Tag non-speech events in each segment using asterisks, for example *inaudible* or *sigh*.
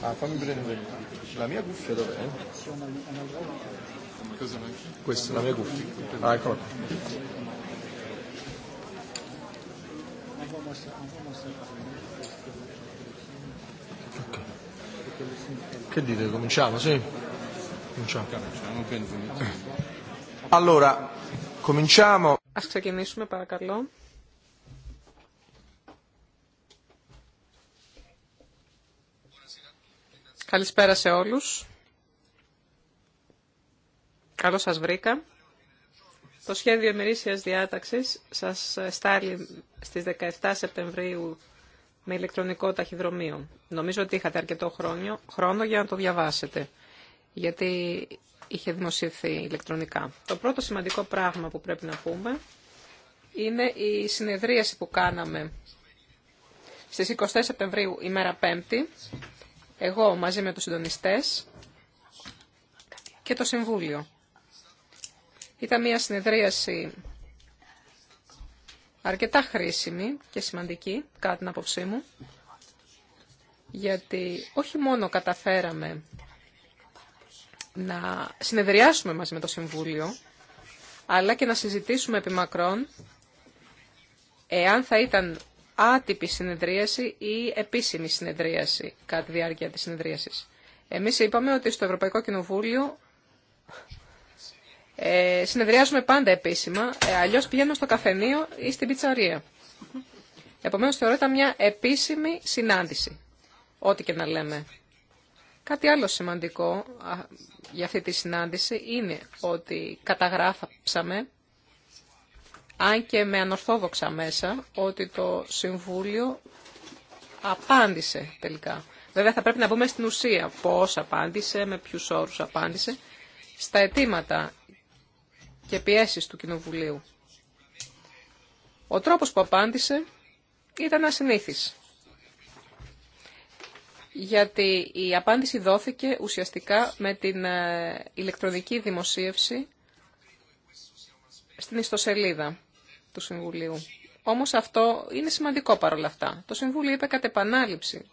Ah, fammi prendere la mia cuffia dov'è? Questa è la mia cuffia. Ah, eccola qua. Che dite, cominciamo, sì? Cominciamo. Allora, cominciamo. Ας ξεκινήσουμε παρακαλώ. Καλησπέρα σε όλους. Καλώς σας βρήκα. Το σχέδιο εμερήσιας διάταξης σας στάλει στις 17 Σεπτεμβρίου με ηλεκτρονικό ταχυδρομείο. Νομίζω ότι είχατε αρκετό χρόνο, χρόνο για να το διαβάσετε, γιατί είχε δημοσιευθεί ηλεκτρονικά. Το πρώτο σημαντικό πράγμα που πρέπει να πούμε είναι η συνεδρίαση που κάναμε στις 24 Σεπτεμβρίου, ημέρα 5η, εγώ μαζί με τους συντονιστές και το Συμβούλιο. Ήταν μια συνεδρίαση αρκετά χρήσιμη και σημαντική, κατά την άποψή μου, γιατί όχι μόνο καταφέραμε να συνεδριάσουμε μαζί με το Συμβούλιο, αλλά και να συζητήσουμε επί εάν θα ήταν άτυπη συνεδρίαση ή επίσημη συνεδρίαση κατά τη διάρκεια της συνεδρίασης. Εμείς είπαμε ότι στο Ευρωπαϊκό Κοινοβούλιο ε, συνεδριάζουμε πάντα επίσημα, ε, αλλιώς πηγαίνουμε στο καφενείο ή στην πιτσαρία. Επομένως ήταν μια επίσημη συνάντηση, ό,τι και να λέμε. Κάτι άλλο σημαντικό για αυτή τη συνάντηση είναι ότι καταγράφαψαμε αν και με ανορθόδοξα μέσα, ότι το Συμβούλιο απάντησε τελικά. Βέβαια θα πρέπει να μπούμε στην ουσία πώς απάντησε, με ποιους όρους απάντησε, στα αιτήματα και πιέσεις του Κοινοβουλίου. Ο τρόπος που απάντησε ήταν ασυνήθις. Γιατί η απάντηση δόθηκε ουσιαστικά με την ε, ηλεκτρονική δημοσίευση στην ιστοσελίδα του Συμβουλίου. αυτό είναι σημαντικό παρόλα αυτά. Το Συμβούλιο είπε κατ' επανάληψη,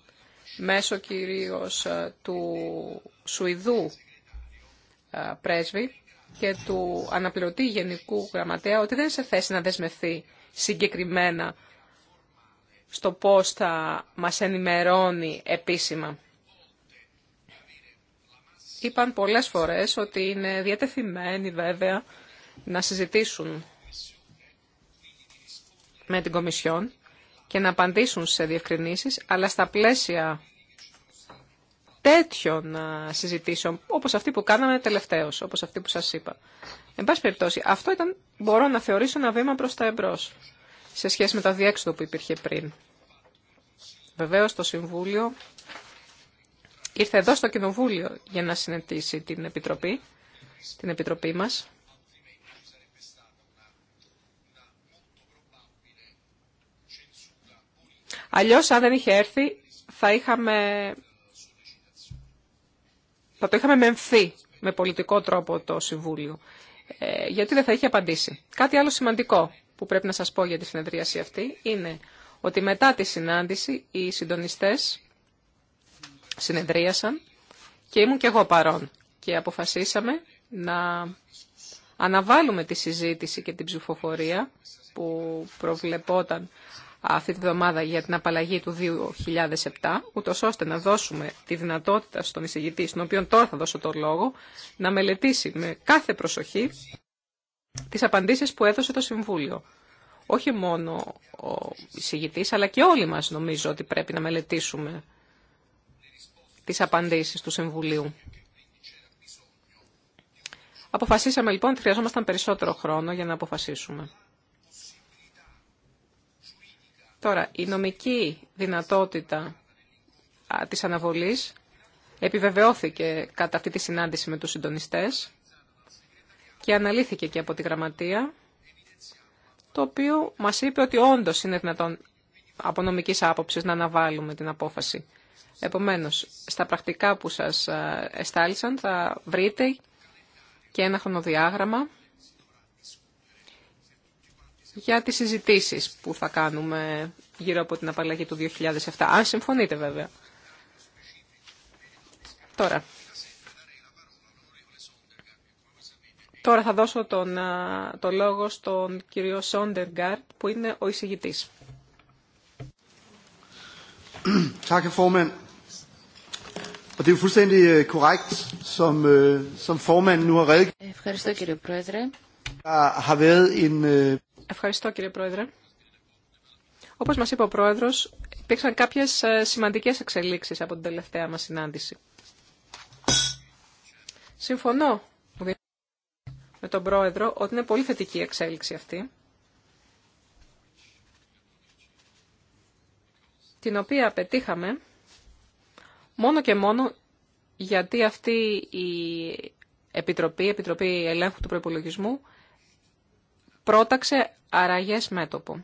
μέσω κυρίω ε, του Σουηδού ε, πρέσβη και του αναπληρωτή γενικού γραμματέα, ότι δεν είναι σε θέση να δεσμευθεί συγκεκριμένα στο πώς θα μας ενημερώνει επίσημα. Είπαν πολλές φορές ότι είναι διατεθειμένοι βέβαια να συζητήσουν με την Κομισιόν και να απαντήσουν σε διευκρινήσεις, αλλά στα πλαίσια τέτοιων συζητήσεων, όπως αυτή που κάναμε τελευταίως, όπως αυτή που σας είπα. Εν πάση περιπτώσει, αυτό ήταν, μπορώ να θεωρήσω ένα βήμα προς τα εμπρός, σε σχέση με το διέξοδο που υπήρχε πριν. Βεβαίως, το Συμβούλιο ήρθε εδώ στο Κοινοβούλιο για να συνετήσει την Επιτροπή, την Επιτροπή μας. Αλλιώς, αν δεν είχε έρθει, θα, είχαμε... θα το είχαμε μεμφθεί με πολιτικό τρόπο το Συμβούλιο. Ε, γιατί δεν θα είχε απαντήσει. Κάτι άλλο σημαντικό που πρέπει να σας πω για τη συνεδρίαση αυτή είναι ότι μετά τη συνάντηση οι συντονιστές συνεδρίασαν και ήμουν και εγώ παρόν και αποφασίσαμε να αναβάλουμε τη συζήτηση και την ψηφοφορία που προβλεπόταν αυτή τη βδομάδα για την απαλλαγή του 2007, ούτω ώστε να δώσουμε τη δυνατότητα στον εισηγητή, στον οποίο τώρα θα δώσω το λόγο, να μελετήσει με κάθε προσοχή τις απαντήσεις που έδωσε το Συμβούλιο. Όχι μόνο ο εισηγητής, αλλά και όλοι μας νομίζω ότι πρέπει να μελετήσουμε τις απαντήσεις του Συμβουλίου. Αποφασίσαμε λοιπόν ότι χρειαζόμασταν περισσότερο χρόνο για να αποφασίσουμε. Τώρα, η νομική δυνατότητα της αναβολής επιβεβαιώθηκε κατά αυτή τη συνάντηση με τους συντονιστές και αναλύθηκε και από τη γραμματεία, το οποίο μας είπε ότι όντως είναι δυνατόν από νομικής άποψης να αναβάλουμε την απόφαση. Επομένως, στα πρακτικά που σας εστάλησαν θα βρείτε και ένα χρονοδιάγραμμα για τις συζητήσεις που θα κάνουμε γύρω από την απαλλαγή του 2007. Αν συμφωνείτε βέβαια. Τώρα. Τώρα θα δώσω τον, το λόγο στον κύριο Σόντεργαρτ που είναι ο εισηγητής. Ευχαριστώ κύριε Πρόεδρε. Ευχαριστώ κύριε Πρόεδρε. Όπως μας είπε ο Πρόεδρος, υπήρξαν κάποιες ε, σημαντικές εξελίξεις από την τελευταία μας συνάντηση. Συμφωνώ με τον Πρόεδρο ότι είναι πολύ θετική η εξέλιξη αυτή, την οποία πετύχαμε μόνο και μόνο γιατί αυτή η Επιτροπή, Επιτροπή Ελέγχου του Προϋπολογισμού, πρόταξε αραγές μέτωπο.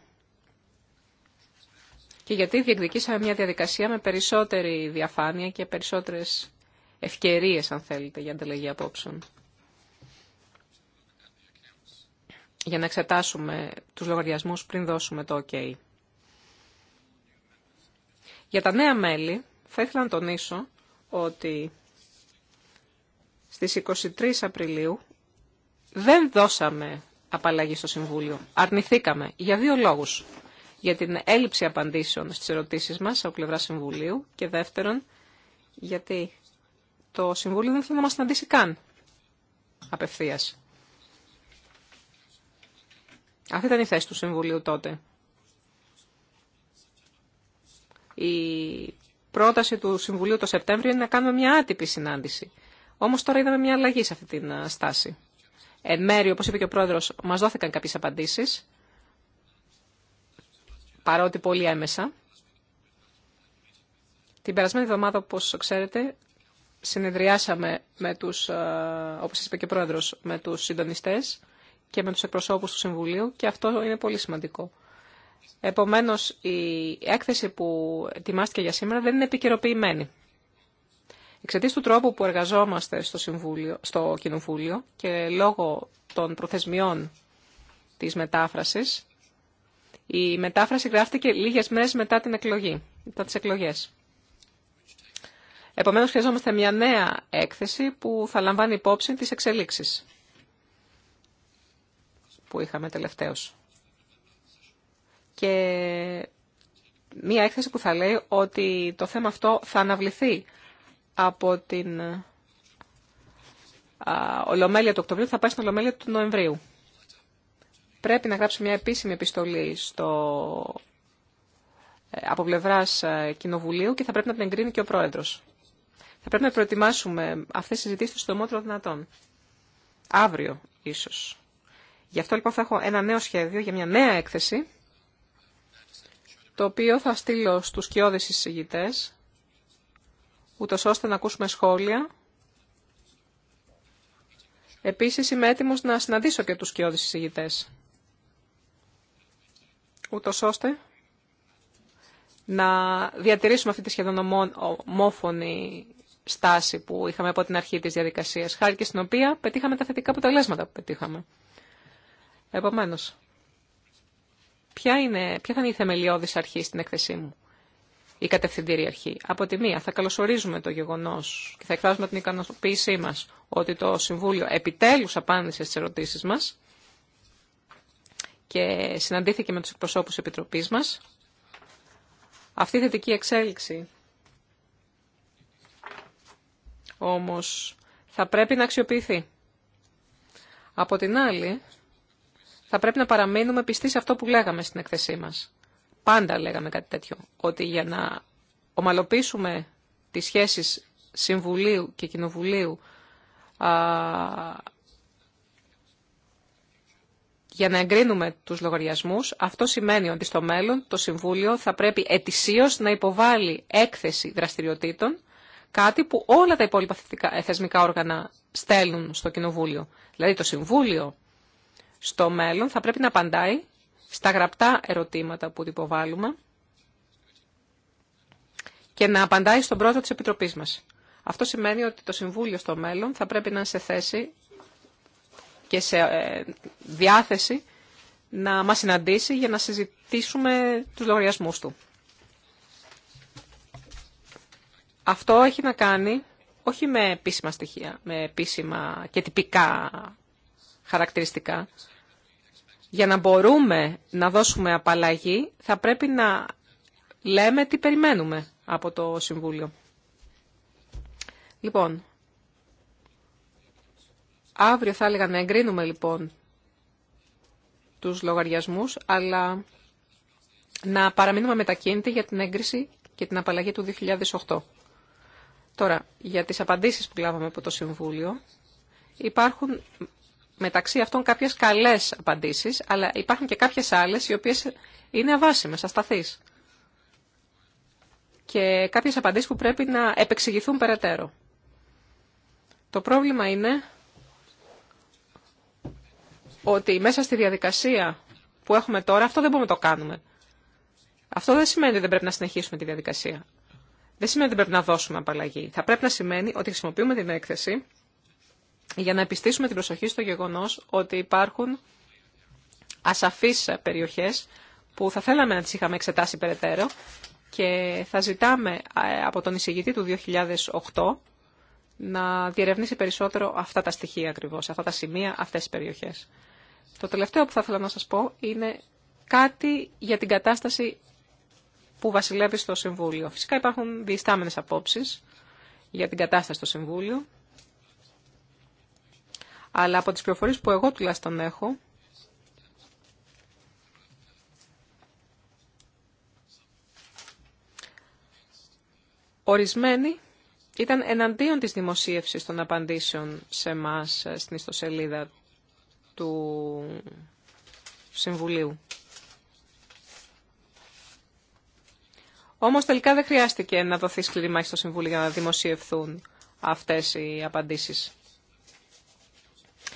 Και γιατί διεκδικήσαμε μια διαδικασία με περισσότερη διαφάνεια και περισσότερες ευκαιρίες, αν θέλετε, για ανταλλαγή απόψεων. Για να εξετάσουμε τους λογαριασμούς πριν δώσουμε το OK. Για τα νέα μέλη, θα ήθελα να τονίσω ότι στις 23 Απριλίου δεν δώσαμε απαλλαγή στο Συμβούλιο. Αρνηθήκαμε για δύο λόγους. Για την έλλειψη απαντήσεων στις ερωτήσεις μας από πλευρά Συμβουλίου και δεύτερον γιατί το Συμβούλιο δεν θέλει να μας συναντήσει καν απευθεία. Αυτή ήταν η θέση του Συμβουλίου τότε. Η πρόταση του Συμβουλίου το Σεπτέμβριο είναι να κάνουμε μια άτυπη συνάντηση. Όμως τώρα είδαμε μια αλλαγή σε αυτή την ε, στάση. Εν μέρη, όπως είπε και ο πρόεδρος, μας δόθηκαν κάποιες απαντήσεις, παρότι πολύ έμεσα. Την περασμένη εβδομάδα, όπως ξέρετε, συνεδριάσαμε με τους, ε, όπως είπε και ο πρόεδρος, με τους συντονιστές και με τους εκπροσώπους του Συμβουλίου και αυτό είναι πολύ σημαντικό. Επομένως, η έκθεση που ετοιμάστηκε για σήμερα δεν είναι επικαιροποιημένη. Εξαιτία του τρόπου που εργαζόμαστε στο, συμβούλιο, στο Κοινοβούλιο και λόγω των προθεσμιών της μετάφρασης, η μετάφραση γράφτηκε λίγες μέρες μετά την εκλογή, μετά τις Επομένως, χρειαζόμαστε μια νέα έκθεση που θα λαμβάνει υπόψη τις εξελίξεις που είχαμε τελευταίως. Και μια έκθεση που θα λέει ότι το θέμα αυτό θα αναβληθεί από την Ολομέλεια του Οκτωβρίου θα πάει στην Ολομέλεια του Νοεμβρίου. Πρέπει να γράψουμε μια επίσημη επιστολή στο... Ε, από πλευρά ε, Κοινοβουλίου και θα πρέπει να την εγκρίνει και ο Πρόεδρο. Θα πρέπει να προετοιμάσουμε αυτέ τι συζητήσει στο συντομότερο δυνατόν. Αύριο, ίσω. Γι' αυτό λοιπόν θα έχω ένα νέο σχέδιο για μια νέα έκθεση, το οποίο θα στείλω στους κοιόδες εισηγητές ούτως ώστε να ακούσουμε σχόλια. Επίσης είμαι έτοιμος να συναντήσω και τους κοιόδης εισηγητές. Ούτως ώστε να διατηρήσουμε αυτή τη σχεδόν ομόφωνη στάση που είχαμε από την αρχή της διαδικασίας, χάρη και στην οποία πετύχαμε τα θετικά αποτελέσματα που πετύχαμε. Επομένως, ποια, είναι, ποια θα είναι η θεμελιώδης αρχή στην έκθεσή μου η κατευθυντήρια αρχή. Από τη μία, θα καλωσορίζουμε το γεγονό και θα εκφράσουμε την ικανοποίησή μα ότι το Συμβούλιο επιτέλου απάντησε στι ερωτήσει μα και συναντήθηκε με του εκπροσώπους τη Επιτροπή μα. Αυτή η θετική εξέλιξη όμως θα πρέπει να αξιοποιηθεί. Από την άλλη, θα πρέπει να παραμείνουμε πιστοί σε αυτό που λέγαμε στην εκθεσή μας. Πάντα λέγαμε κάτι τέτοιο, ότι για να ομαλοποιήσουμε τις σχέσεις Συμβουλίου και Κοινοβουλίου για να εγκρίνουμε τους λογαριασμούς, αυτό σημαίνει ότι στο μέλλον το Συμβούλιο θα πρέπει ετησίως να υποβάλει έκθεση δραστηριοτήτων, κάτι που όλα τα υπόλοιπα ε, θεσμικά όργανα στέλνουν στο Κοινοβούλιο. Δηλαδή το Συμβούλιο στο μέλλον θα πρέπει να απαντάει στα γραπτά ερωτήματα που υποβάλλουμε και να απαντάει στον πρόεδρο της Επιτροπής μας. Αυτό σημαίνει ότι το Συμβούλιο στο μέλλον θα πρέπει να είναι σε θέση και σε ε, διάθεση να μας συναντήσει για να συζητήσουμε τους λογαριασμούς του. Αυτό έχει να κάνει όχι με επίσημα στοιχεία, με επίσημα και τυπικά χαρακτηριστικά, για να μπορούμε να δώσουμε απαλλαγή θα πρέπει να λέμε τι περιμένουμε από το Συμβούλιο. Λοιπόν, αύριο θα έλεγα να εγκρίνουμε λοιπόν τους λογαριασμούς, αλλά να παραμείνουμε μετακίνητοι για την έγκριση και την απαλλαγή του 2008. Τώρα, για τις απαντήσεις που λάβαμε από το Συμβούλιο, υπάρχουν μεταξύ αυτών κάποιες καλές απαντήσεις, αλλά υπάρχουν και κάποιες άλλες οι οποίες είναι αβάσιμες, ασταθείς. Και κάποιες απαντήσεις που πρέπει να επεξηγηθούν περαιτέρω. Το πρόβλημα είναι ότι μέσα στη διαδικασία που έχουμε τώρα αυτό δεν μπορούμε να το κάνουμε. Αυτό δεν σημαίνει ότι δεν πρέπει να συνεχίσουμε τη διαδικασία. Δεν σημαίνει ότι δεν πρέπει να δώσουμε απαλλαγή. Θα πρέπει να σημαίνει ότι χρησιμοποιούμε την έκθεση για να επιστήσουμε την προσοχή στο γεγονός ότι υπάρχουν ασαφείς περιοχές που θα θέλαμε να τις είχαμε εξετάσει περαιτέρω και θα ζητάμε ε, από τον εισηγητή του 2008 να διερευνήσει περισσότερο αυτά τα στοιχεία ακριβώς, αυτά τα σημεία, αυτές τις περιοχές. Το τελευταίο που θα ήθελα να σας πω είναι κάτι για την κατάσταση που βασιλεύει στο Συμβούλιο. Φυσικά υπάρχουν διεστάμενες απόψεις για την κατάσταση στο Συμβούλιο. Αλλά από τις πληροφορίες που εγώ τουλάχιστον έχω, ορισμένοι ήταν εναντίον της δημοσίευσης των απαντήσεων σε μας ε, στην ιστοσελίδα του Συμβουλίου. Όμως τελικά δεν χρειάστηκε να δοθεί σκληρή μάχη στο Συμβούλιο για να δημοσιευθούν αυτές οι απαντήσεις.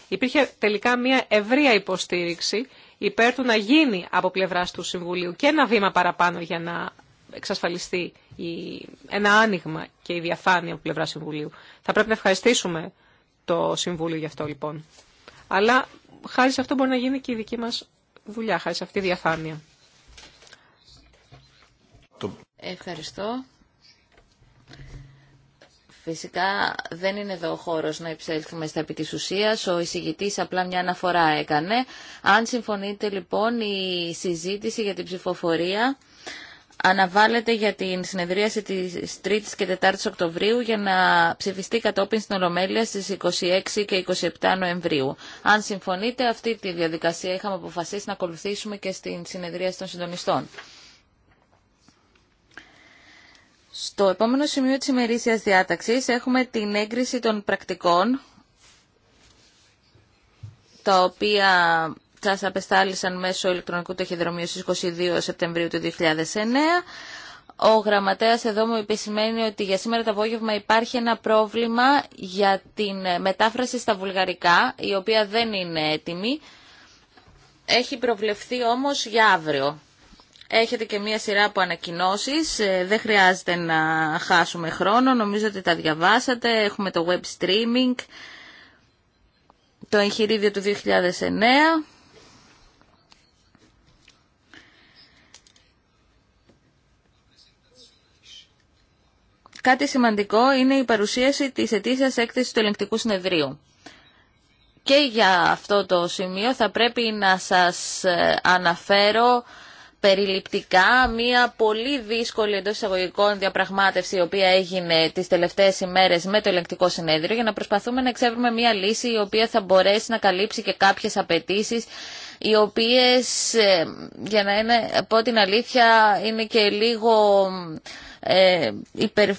Υπήρχε τελικά μια ευρεία υποστήριξη υπέρ του να γίνει από πλευρά του Συμβουλίου και ένα βήμα παραπάνω για να εξασφαλιστεί ένα άνοιγμα και η διαφάνεια από πλευρά Συμβουλίου. Θα πρέπει να ευχαριστήσουμε το Συμβούλιο γι' αυτό λοιπόν. Αλλά χάρη σε αυτό μπορεί να γίνει και η δική μας δουλειά, χάρη σε αυτή τη διαφάνεια. Ευχαριστώ. Φυσικά δεν είναι εδώ ο χώρο να υψέλθουμε στα επί της ουσίας. Ο εισηγητή απλά μια αναφορά έκανε. Αν συμφωνείτε λοιπόν η συζήτηση για την ψηφοφορία αναβάλλεται για την συνεδρίαση της 3 η και 4 η Οκτωβρίου για να ψηφιστεί κατόπιν στην Ολομέλεια στις 26 και 27 Νοεμβρίου. Αν συμφωνείτε αυτή τη διαδικασία είχαμε αποφασίσει να ακολουθήσουμε και στην συνεδρίαση των συντονιστών. Στο επόμενο σημείο της ημερήσιας διάταξης έχουμε την έγκριση των πρακτικών, τα οποία σας απεστάλησαν μέσω ηλεκτρονικού ταχυδρομείου στις 22 Σεπτεμβρίου του 2009. Ο γραμματέας εδώ μου επισημαίνει ότι για σήμερα το απόγευμα υπάρχει ένα πρόβλημα για την μετάφραση στα βουλγαρικά, η οποία δεν είναι έτοιμη. Έχει προβλεφθεί όμως για αύριο. Έχετε και μία σειρά από ανακοινώσεις, ε, δεν χρειάζεται να χάσουμε χρόνο, νομίζω ότι τα διαβάσατε, έχουμε το web streaming, το εγχειρίδιο του 2009... Κάτι σημαντικό είναι η παρουσίαση της ετήσιας έκθεσης του ελεγκτικού συνεδρίου. Και για αυτό το σημείο θα πρέπει να σας ε, αναφέρω περιληπτικά μια πολύ δύσκολη εντό εισαγωγικών διαπραγμάτευση η οποία έγινε τις τελευταίες ημέρες με το ελεγκτικό συνέδριο για να προσπαθούμε να εξεύρουμε μια λύση η οποία θα μπορέσει να καλύψει και κάποιες απαιτήσει οι οποίες ε, για να είναι, πω την αλήθεια είναι και λίγο ε, υπερ,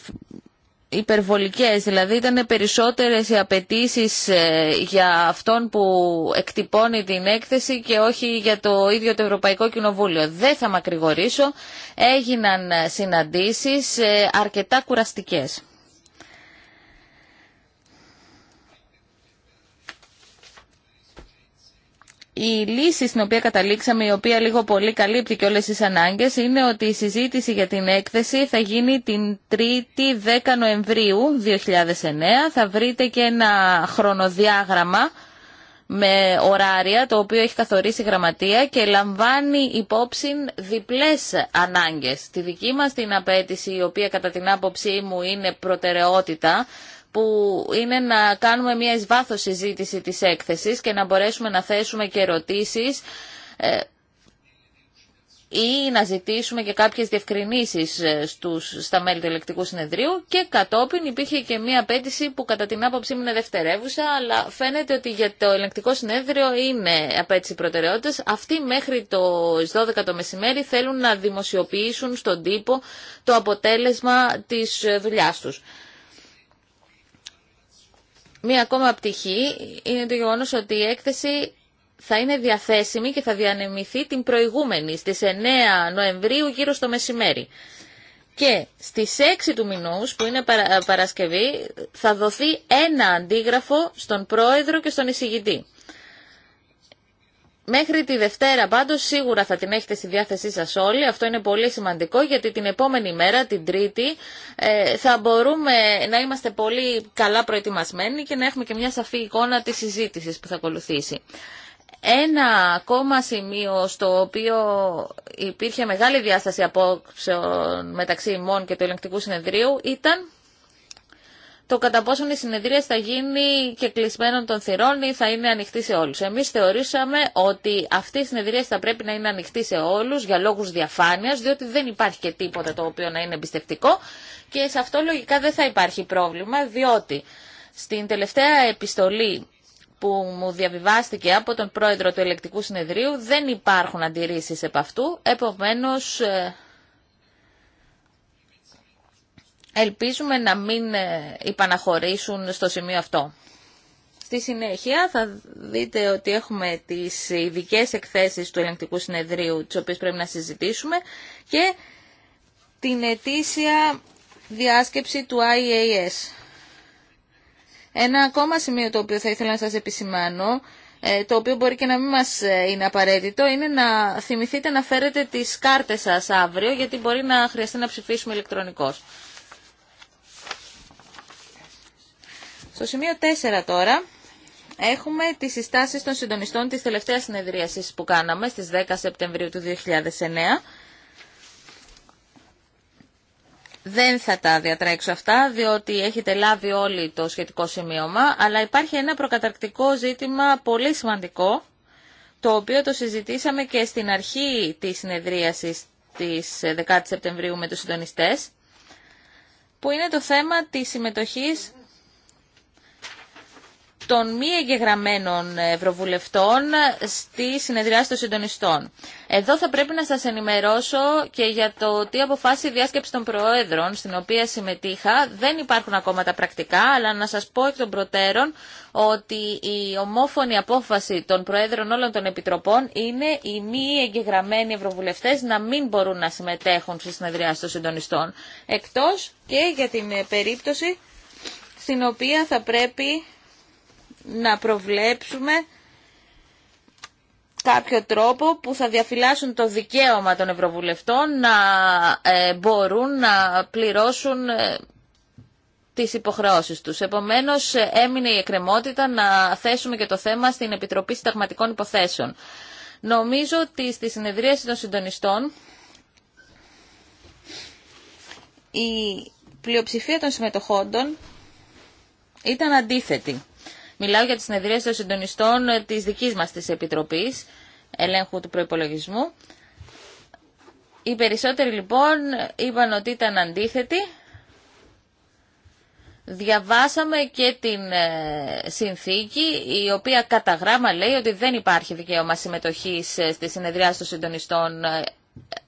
υπερβολικές, δηλαδή ήταν περισσότερες οι απαιτήσει ε, για αυτόν που εκτυπώνει την έκθεση και όχι για το ίδιο το Ευρωπαϊκό Κοινοβούλιο. Δεν θα μακρηγορήσω, έγιναν συναντήσεις ε, αρκετά κουραστικές. η λύση στην οποία καταλήξαμε, η οποία λίγο πολύ καλύπτει και όλες τις ανάγκες, είναι ότι η συζήτηση για την έκθεση θα γίνει την 3η 10 Νοεμβρίου 2009. Θα βρείτε και ένα χρονοδιάγραμμα με ωράρια, το οποίο έχει καθορίσει η γραμματεία και λαμβάνει υπόψη διπλές ανάγκες. Τη δική μας την απέτηση, η οποία κατά την άποψή μου είναι προτεραιότητα, που είναι να κάνουμε μια εις συζήτηση της έκθεσης και να μπορέσουμε να θέσουμε και ερωτήσεις ε, ή να ζητήσουμε και κάποιες διευκρινήσεις ε, στους, στα μέλη του ελεκτικού συνεδρίου και κατόπιν υπήρχε και μία απέτηση που κατά την άποψή μου είναι δευτερεύουσα αλλά φαίνεται ότι για το ελεκτικό συνέδριο είναι απέτηση προτεραιότητας. Αυτοί μέχρι το 12 το μεσημέρι θέλουν να δημοσιοποιήσουν στον τύπο το αποτέλεσμα της δουλειάς τους. Μία ακόμα πτυχή είναι το γεγονός ότι η έκθεση θα είναι διαθέσιμη και θα διανεμηθεί την προηγούμενη, στις 9 Νοεμβρίου γύρω στο μεσημέρι. Και στις 6 του μηνός που είναι Παρασκευή, θα δοθεί ένα αντίγραφο στον πρόεδρο και στον εισηγητή. Μέχρι τη Δευτέρα πάντως σίγουρα θα την έχετε στη διάθεσή σας όλοι. Αυτό είναι πολύ σημαντικό γιατί την επόμενη μέρα, την Τρίτη, ε, θα μπορούμε να είμαστε πολύ καλά προετοιμασμένοι και να έχουμε και μια σαφή εικόνα της συζήτησης που θα ακολουθήσει. Ένα ακόμα σημείο στο οποίο υπήρχε μεγάλη διάσταση απόψεων μεταξύ ημών και του ελεγκτικού συνεδρίου ήταν το κατά πόσον η συνεδρία θα γίνει και κλεισμένων των θυρών ή θα είναι ανοιχτή σε όλους. Εμείς θεωρήσαμε ότι αυτή η συνεδρία θα πρέπει να είναι ανοιχτή σε όλους για λόγους διαφάνειας, διότι δεν υπάρχει και τίποτα το οποίο να είναι εμπιστευτικό και σε αυτό λογικά δεν θα υπάρχει πρόβλημα, διότι στην τελευταία επιστολή που μου διαβιβάστηκε από τον πρόεδρο του ελεκτικού συνεδρίου δεν υπάρχουν αντιρρήσεις επ' αυτού, επομένως ε, Ελπίζουμε να μην ε, υπαναχωρήσουν στο σημείο αυτό. Στη συνέχεια θα δείτε ότι έχουμε τις ειδικέ εκθέσεις του ελεγκτικού συνεδρίου, τις οποίες πρέπει να συζητήσουμε, και την ετήσια διάσκεψη του IAS. Ένα ακόμα σημείο το οποίο θα ήθελα να σας επισημάνω, ε, το οποίο μπορεί και να μην μας ε, είναι απαραίτητο, είναι να θυμηθείτε να φέρετε τις κάρτες σας αύριο, γιατί μπορεί να χρειαστεί να ψηφίσουμε ηλεκτρονικώς. Στο σημείο 4 τώρα έχουμε τις συστάσεις των συντονιστών της τελευταίας συνεδρίασης που κάναμε στις 10 Σεπτεμβρίου του 2009. Δεν θα τα διατρέξω αυτά, διότι έχετε λάβει όλοι το σχετικό σημείωμα, αλλά υπάρχει ένα προκαταρκτικό ζήτημα πολύ σημαντικό, το οποίο το συζητήσαμε και στην αρχή της συνεδρίασης της 10 Σεπτεμβρίου με τους συντονιστές, που είναι το θέμα της συμμετοχής των μη εγγεγραμμένων ευρωβουλευτών στη συνεδριάση των συντονιστών. Εδώ θα πρέπει να σας ενημερώσω και για το τι αποφάσισε η διάσκεψη των προέδρων στην οποία συμμετείχα. Δεν υπάρχουν ακόμα τα πρακτικά, αλλά να σας πω εκ των προτέρων ότι η ομόφωνη απόφαση των προέδρων όλων των επιτροπών είναι οι μη εγγεγραμμένοι ευρωβουλευτές να μην μπορούν να συμμετέχουν στη συνεδριάση των συντονιστών. Εκτός και για την περίπτωση στην οποία θα πρέπει να προβλέψουμε κάποιο τρόπο που θα διαφυλάσσουν το δικαίωμα των Ευρωβουλευτών να ε, μπορούν να πληρώσουν ε, τις υποχρεώσεις τους. Επομένως, ε, έμεινε η εκκρεμότητα να θέσουμε και το θέμα στην Επιτροπή Συνταγματικών Υποθέσεων. Νομίζω ότι στη συνεδρίαση των συντονιστών η πλειοψηφία των συμμετοχόντων ήταν αντίθετη. Μιλάω για τις συνεδρίες των συντονιστών ε, της δικής μας της Επιτροπής Ελέγχου του Προϋπολογισμού. Οι περισσότεροι λοιπόν είπαν ότι ήταν αντίθετοι. Διαβάσαμε και την ε, συνθήκη η οποία κατά γράμμα λέει ότι δεν υπάρχει δικαίωμα συμμετοχής ε, στη συνεδριά των συντονιστών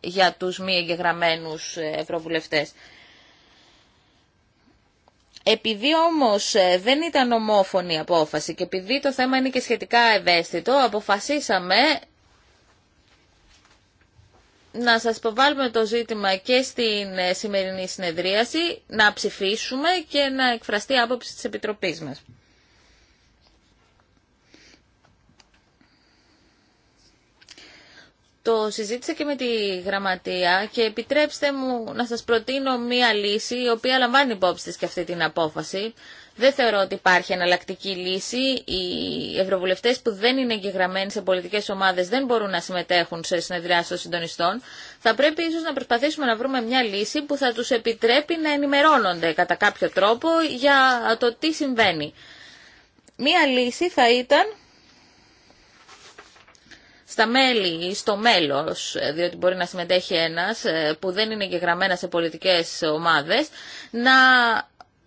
για τους μη εγγεγραμμένους ευρωβουλευτές. Επειδή όμως ε, δεν ήταν ομόφωνη η απόφαση και επειδή το θέμα είναι και σχετικά ευαίσθητο, αποφασίσαμε να σας υποβάλουμε το ζήτημα και στην ε, σημερινή συνεδρίαση, να ψηφίσουμε και να εκφραστεί άποψη της Επιτροπής μας. Το συζήτησα και με τη γραμματεία και επιτρέψτε μου να σας προτείνω μία λύση η οποία λαμβάνει υπόψη της και αυτή την απόφαση. Δεν θεωρώ ότι υπάρχει εναλλακτική λύση. Οι ευρωβουλευτέ που δεν είναι εγγεγραμμένοι σε πολιτικέ ομάδε δεν μπορούν να συμμετέχουν σε συνεδριάσει των συντονιστών. Θα πρέπει ίσω να προσπαθήσουμε να βρούμε μια λύση που θα του επιτρέπει να ενημερώνονται κατά κάποιο τρόπο για το τι συμβαίνει. Μια λύση θα ήταν στα μέλη ή στο μέλος, ε, διότι μπορεί να συμμετέχει ένας ε, που δεν είναι και γραμμένα σε πολιτικές ομάδες, να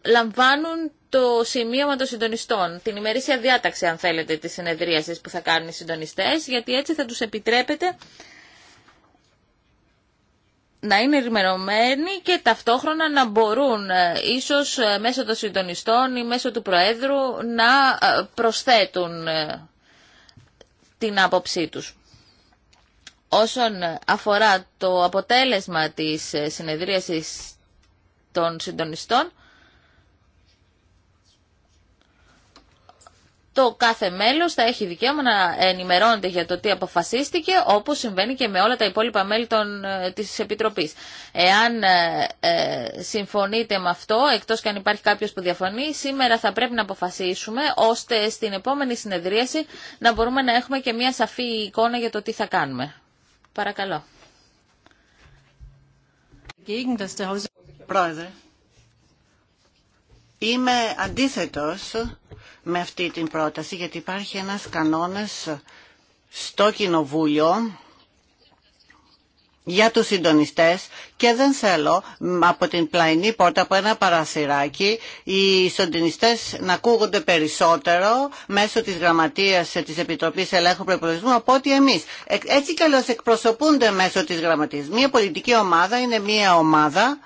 λαμβάνουν το σημείωμα των συντονιστών, την ημερήσια διάταξη αν θέλετε της συνεδρίασης που θα κάνουν οι συντονιστές, γιατί έτσι θα τους επιτρέπεται να είναι ερημερωμένοι και ταυτόχρονα να μπορούν ε, ίσως μέσω των συντονιστών ή μέσω του Προέδρου να προσθέτουν την άποψή τους. Όσον αφορά το αποτέλεσμα της συνεδρίασης των συντονιστών, το κάθε μέλος θα έχει δικαίωμα να ενημερώνεται για το τι αποφασίστηκε, όπως συμβαίνει και με όλα τα υπόλοιπα μέλη των, ε, της Επιτροπής. Εάν ε, ε, συμφωνείτε με αυτό, εκτός και αν υπάρχει κάποιος που διαφωνεί, σήμερα θα πρέπει να αποφασίσουμε, ώστε στην επόμενη συνεδρίαση να μπορούμε να έχουμε και μια σαφή εικόνα για το τι θα κάνουμε. Παρακαλώ. Πρόεδρε, είμαι αντίθετος με αυτή την πρόταση γιατί υπάρχει ένας κανόνας στο Κοινοβούλιο για τους συντονιστές και δεν θέλω από την πλαϊνή πόρτα, από ένα παρασυράκι, οι συντονιστές να ακούγονται περισσότερο μέσω της γραμματείας της Επιτροπής Ελέγχου Προϋπολογισμού από ότι εμείς. Ε, έτσι καλώς εκπροσωπούνται μέσω της γραμματείας. Μία πολιτική ομάδα είναι μία ομάδα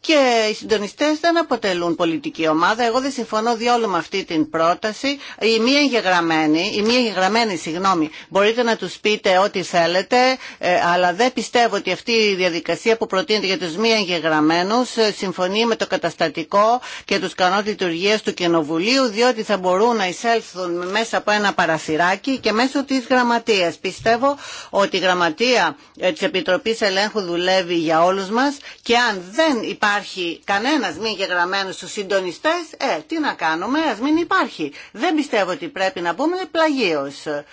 και οι συντονιστές δεν αποτελούν πολιτική ομάδα. Εγώ δεν συμφωνώ διόλου με αυτή την πρόταση. Η μία εγγεγραμμένη, η μία εγγεγραμμένη, συγγνώμη, μπορείτε να τους πείτε ό,τι θέλετε, ε, αλλά δεν πιστεύω ότι αυτή η διαδικασία που προτείνεται για τους μία εγγεγραμμένους ε, συμφωνεί με το καταστατικό και τους κανόνες λειτουργία του Κοινοβουλίου, διότι θα μπορούν να εισέλθουν μέσα από ένα παραθυράκι και μέσω της γραμματείας. Πιστεύω ότι η γραμματεία ε, της Επιτροπής Ελέγχου δουλεύει για όλου μα και αν δεν υπάρχει υπάρχει κανένας μη εγγεγραμμένος στους συντονιστές, ε, τι να κάνουμε, ας μην υπάρχει. Δεν πιστεύω ότι πρέπει να πούμε πλαγίως ε,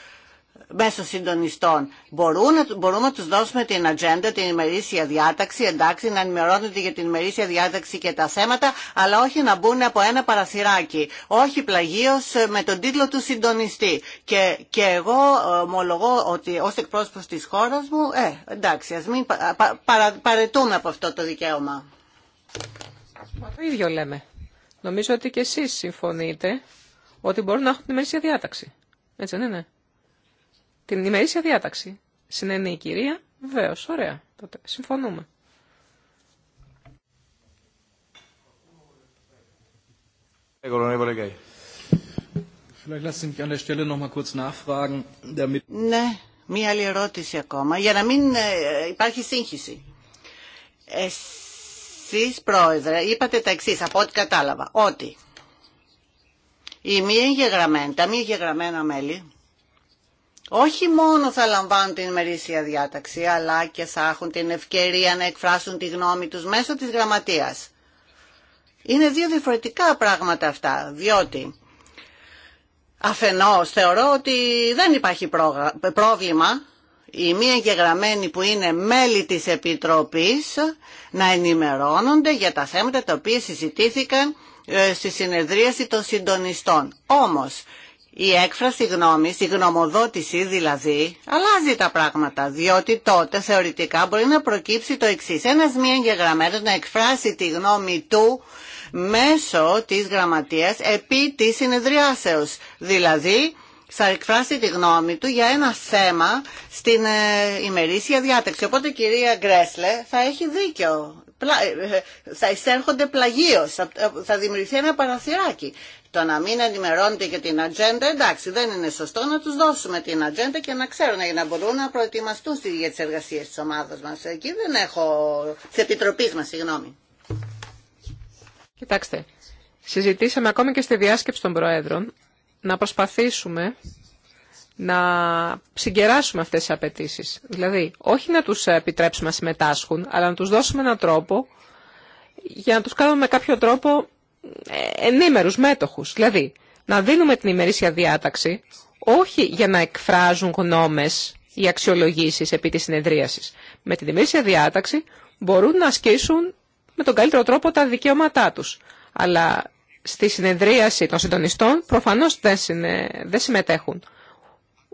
μέσω συντονιστών. Μπορούμε, μπορούμε να τους δώσουμε την ατζέντα, την ημερήσια διάταξη, εντάξει, να ενημερώνονται για την ημερήσια διάταξη και τα θέματα, αλλά όχι να μπουν από ένα παραθυράκι. Όχι πλαγίως ε, με τον τίτλο του συντονιστή. Και, και εγώ ε, ομολογώ ότι ως εκπρόσωπος της χώρας μου, ε, εντάξει, ας μην πα, πα, παρετούμε από αυτό το δικαίωμα. Μα το ίδιο λέμε. Νομίζω ότι και εσείς συμφωνείτε ότι μπορούν να έχουν την ημερήσια διάταξη. Έτσι δεν είναι. Ναι. Την ημερήσια διάταξη. Συνένει η κυρία. Βεβαίω, ωραία. Τότε συμφωνούμε. Ναι, μία άλλη ερώτηση ακόμα, για να μην ε, υπάρχει σύγχυση εσείς πρόεδρε είπατε τα εξής από ό,τι κατάλαβα ότι οι μη τα μη εγγεγραμμένα μέλη όχι μόνο θα λαμβάνουν την ημερήσια διάταξη αλλά και θα έχουν την ευκαιρία να εκφράσουν τη γνώμη τους μέσω της γραμματείας. Είναι δύο διαφορετικά πράγματα αυτά διότι αφενός θεωρώ ότι δεν υπάρχει πρόβλημα η μία εγγεγραμμένοι που είναι μέλη της Επιτροπής να ενημερώνονται για τα θέματα τα οποία συζητήθηκαν ε, στη συνεδρίαση των συντονιστών. Όμως, η έκφραση γνώμης, η γνωμοδότηση δηλαδή, αλλάζει τα πράγματα, διότι τότε θεωρητικά μπορεί να προκύψει το εξής. Ένας μία εγγεγραμμένος να εκφράσει τη γνώμη του μέσω της γραμματείας επί της συνεδριάσεως. Δηλαδή, θα εκφράσει τη γνώμη του για ένα θέμα στην ε, ημερήσια διάταξη. Οπότε κυρία Γκρέσλε θα έχει δίκιο. Ε, ε, θα εισέρχονται πλαγίως, θα δημιουργηθεί ένα παραθυράκι. Το να μην ενημερώνεται για την ατζέντα, εντάξει, δεν είναι σωστό να τους δώσουμε την ατζέντα και να ξέρουν για να μπορούν να προετοιμαστούν για τις εργασίες της ομάδας μας. Εκεί δεν έχω, της επιτροπή μας, συγγνώμη. Κοιτάξτε, συζητήσαμε ακόμη και στη διάσκεψη των Προέδρων να προσπαθήσουμε να συγκεράσουμε αυτές τις απαιτήσει. Δηλαδή, όχι να τους επιτρέψουμε να συμμετάσχουν, αλλά να τους δώσουμε έναν τρόπο για να τους κάνουμε με κάποιο τρόπο ε, ενήμερους μέτοχους. Δηλαδή, να δίνουμε την ημερήσια διάταξη, όχι για να εκφράζουν γνώμες ή αξιολογήσεις επί της συνεδρίασης. Με την ημερήσια διάταξη μπορούν να ασκήσουν με τον καλύτερο τρόπο τα δικαιώματά τους. Αλλά στη συνεδρίαση των συντονιστών προφανώς δεν, συνε... δεν συμμετέχουν.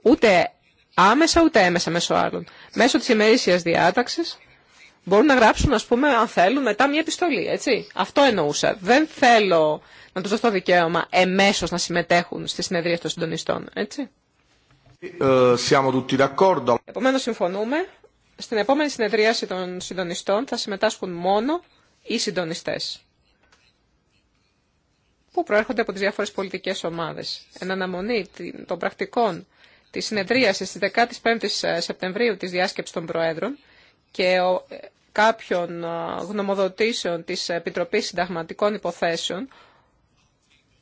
Ούτε άμεσα ούτε έμεσα μέσω άλλων. Μέσω της ημερήσιας διάταξης μπορούν να γράψουν, ας πούμε, αν θέλουν, μετά μια επιστολή, έτσι. Αυτό εννοούσα. Δεν θέλω να τους δώσω το δικαίωμα εμέσως να συμμετέχουν στη συνεδρία των συντονιστών, έτσι. Ε, Επομένως, συμφωνούμε. Στην επόμενη συνεδρίαση των συντονιστών θα συμμετάσχουν μόνο οι συντονιστές που προέρχονται από τις διάφορες πολιτικές ομάδες. Εν αναμονή των πρακτικών της συνεδρίασης της 15ης ε, Σεπτεμβρίου της διάσκεψης των Προέδρων και ε, κάποιων ε, γνωμοδοτήσεων της Επιτροπής Συνταγματικών Υποθέσεων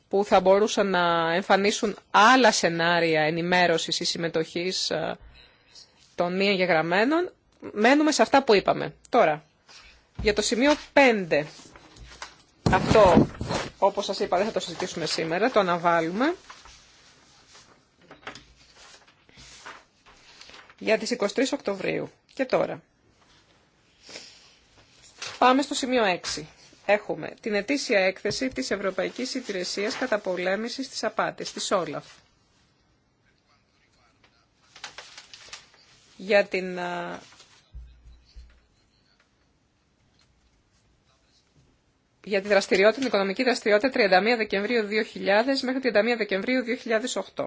που θα μπορούσαν να εμφανίσουν άλλα σενάρια ενημέρωσης ή συμμετοχής των μη εγγεγραμμένων, μένουμε σε αυτά που είπαμε. Τώρα, για το σημείο 5, αυτό όπως σας είπα δεν θα το συζητήσουμε σήμερα, το αναβάλουμε. Για τις 23 Οκτωβρίου. Και τώρα. Πάμε στο σημείο 6. Έχουμε την ετήσια έκθεση της Ευρωπαϊκής Υπηρεσίας Καταπολέμησης της Απάτης, της Όλαφ. Για την για τη δραστηριότητα, την οικονομική δραστηριότητα 31 Δεκεμβρίου 2000 μέχρι 31 Δεκεμβρίου 2008.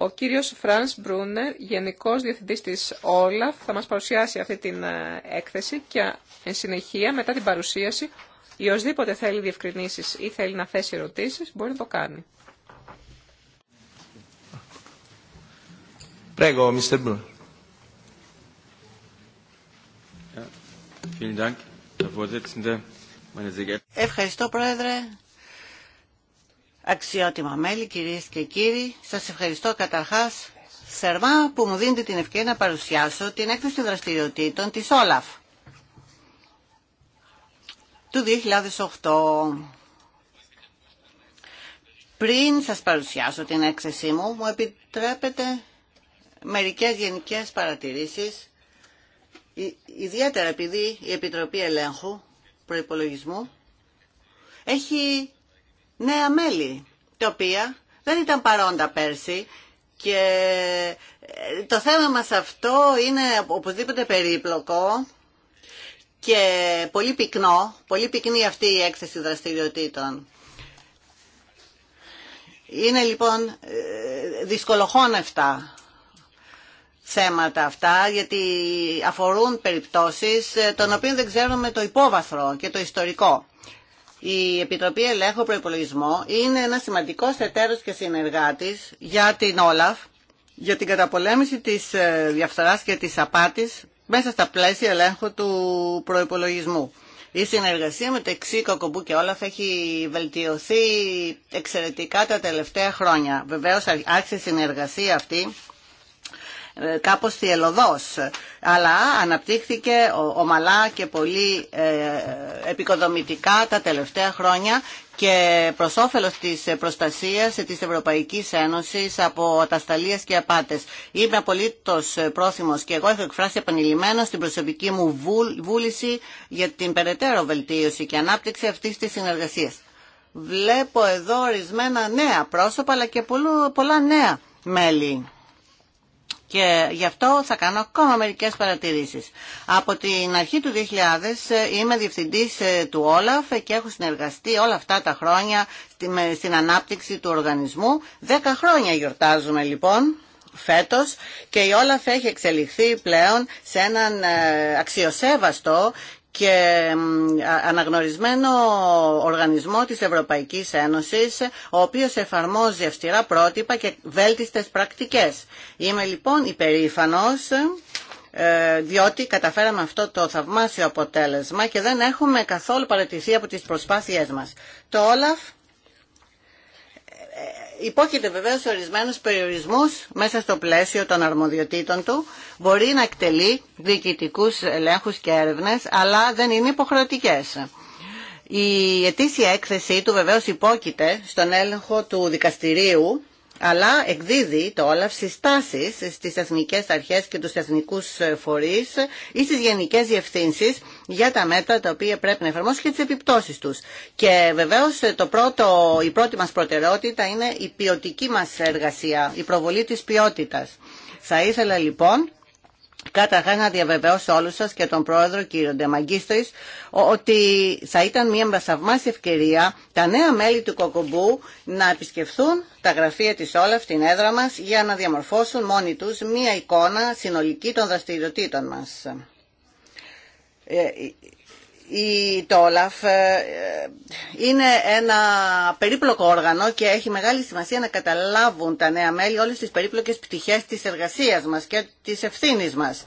Ο κύριος Φρανς Μπρούνερ, Γενικός Διευθυντής της ΟΛΑΦ, θα μας παρουσιάσει αυτή την ε, έκθεση και εν συνεχεία μετά την παρουσίαση ή οσδήποτε θέλει διευκρινήσεις ή θέλει να θέσει ερωτήσεις μπορεί να το κάνει. Prego, Mr. Ευχαριστώ Πρόεδρε. Αξιότιμα μέλη, κυρίες και κύριοι, σας ευχαριστώ καταρχάς θερμά που μου δίνετε την ευκαιρία να παρουσιάσω την έκθεση δραστηριοτήτων της Όλαφ του 2008. Πριν σας παρουσιάσω την έκθεσή μου, μου επιτρέπετε μερικές γενικές παρατηρήσεις ιδιαίτερα επειδή η Επιτροπή Ελέγχου Προϋπολογισμού έχει νέα μέλη, τα οποία δεν ήταν παρόντα πέρσι και ε, το θέμα μας αυτό είναι οπωσδήποτε περίπλοκο και πολύ πυκνό, πολύ πυκνή αυτή η έκθεση δραστηριοτήτων. Είναι λοιπόν ε, ε, δυσκολοχώνευτα θέματα αυτά, γιατί αφορούν περιπτώσεις ε, των οποίων δεν ξέρουμε το υπόβαθρο και το ιστορικό. Η Επιτροπή Ελέγχου Προϋπολογισμού είναι ένα σημαντικό εταίρος και συνεργάτης για την Όλαφ, για την καταπολέμηση της ε, διαφθοράς και της απάτης μέσα στα πλαίσια ελέγχου του προϋπολογισμού. Η συνεργασία με το εξήκο κοκομπού και ΟΛΑΦ έχει βελτιωθεί εξαιρετικά τα τελευταία χρόνια. Βεβαίως άρχισε η συνεργασία αυτή κάπως θυελωδός, αλλά αναπτύχθηκε ομαλά και πολύ ε, επικοδομητικά τα τελευταία χρόνια και προς όφελος της προστασίας της Ευρωπαϊκής Ένωσης από ατασταλίες και απάτες. Είμαι απολύτως πρόθυμος και εγώ έχω εκφράσει επανειλημμένα στην προσωπική μου βούληση για την περαιτέρω βελτίωση και ανάπτυξη αυτής της συνεργασίας. Βλέπω εδώ ορισμένα νέα πρόσωπα αλλά και πολλά νέα μέλη και γι' αυτό θα κάνω ακόμα μερικές παρατηρήσεις. Από την αρχή του 2000 ε, είμαι διευθυντής ε, του Όλαφ ε, και έχω συνεργαστεί όλα αυτά τα χρόνια στην ανάπτυξη του οργανισμού. Δέκα χρόνια γιορτάζουμε λοιπόν φέτος και η Όλαφ έχει εξελιχθεί πλέον σε έναν αξιοσέβαστο και αναγνωρισμένο οργανισμό της Ευρωπαϊκής Ένωσης, ο οποίος εφαρμόζει αυστηρά πρότυπα και βέλτιστες πρακτικές. Είμαι λοιπόν υπερήφανος ε, διότι καταφέραμε αυτό το θαυμάσιο αποτέλεσμα και δεν έχουμε καθόλου παρατηθεί από τις προσπάθειές μας. Το Όλαφ υπόκειται βεβαίως σε ορισμένους περιορισμούς μέσα στο πλαίσιο των αρμοδιοτήτων του. Μπορεί να εκτελεί διοικητικούς ελέγχους και έρευνες, αλλά δεν είναι υποχρεωτικές. Η ετήσια έκθεση του βεβαίως υπόκειται στον έλεγχο του δικαστηρίου, αλλά εκδίδει το όλαυ συστάσεις στις εθνικές αρχές και του εθνικούς φορείς ή στις γενικές διευθύνσεις για τα μέτρα τα οποία πρέπει να εφαρμόσουν και τι επιπτώσει τους. Και βεβαίω, το η πρώτη μας προτεραιότητα είναι η ποιοτική μας εργασία, η προβολή της ποιότητα. Θα ήθελα λοιπόν Καταρχά να διαβεβαιώσω όλους σας και τον πρόεδρο κύριο Ντεμαγκίστοης ότι θα ήταν μια μπασαυμάση ευκαιρία τα νέα μέλη του Κοκομπού να επισκεφθούν τα γραφεία της Όλαφ την έδρα μας για να διαμορφώσουν μόνοι τους μια εικόνα συνολική των δραστηριοτήτων μας. Ε, η Τόλαφ ε, είναι ένα περίπλοκο όργανο και έχει μεγάλη σημασία να καταλάβουν τα νέα μέλη όλες τις περίπλοκες πτυχές της εργασίας μας και της ευθύνης μας.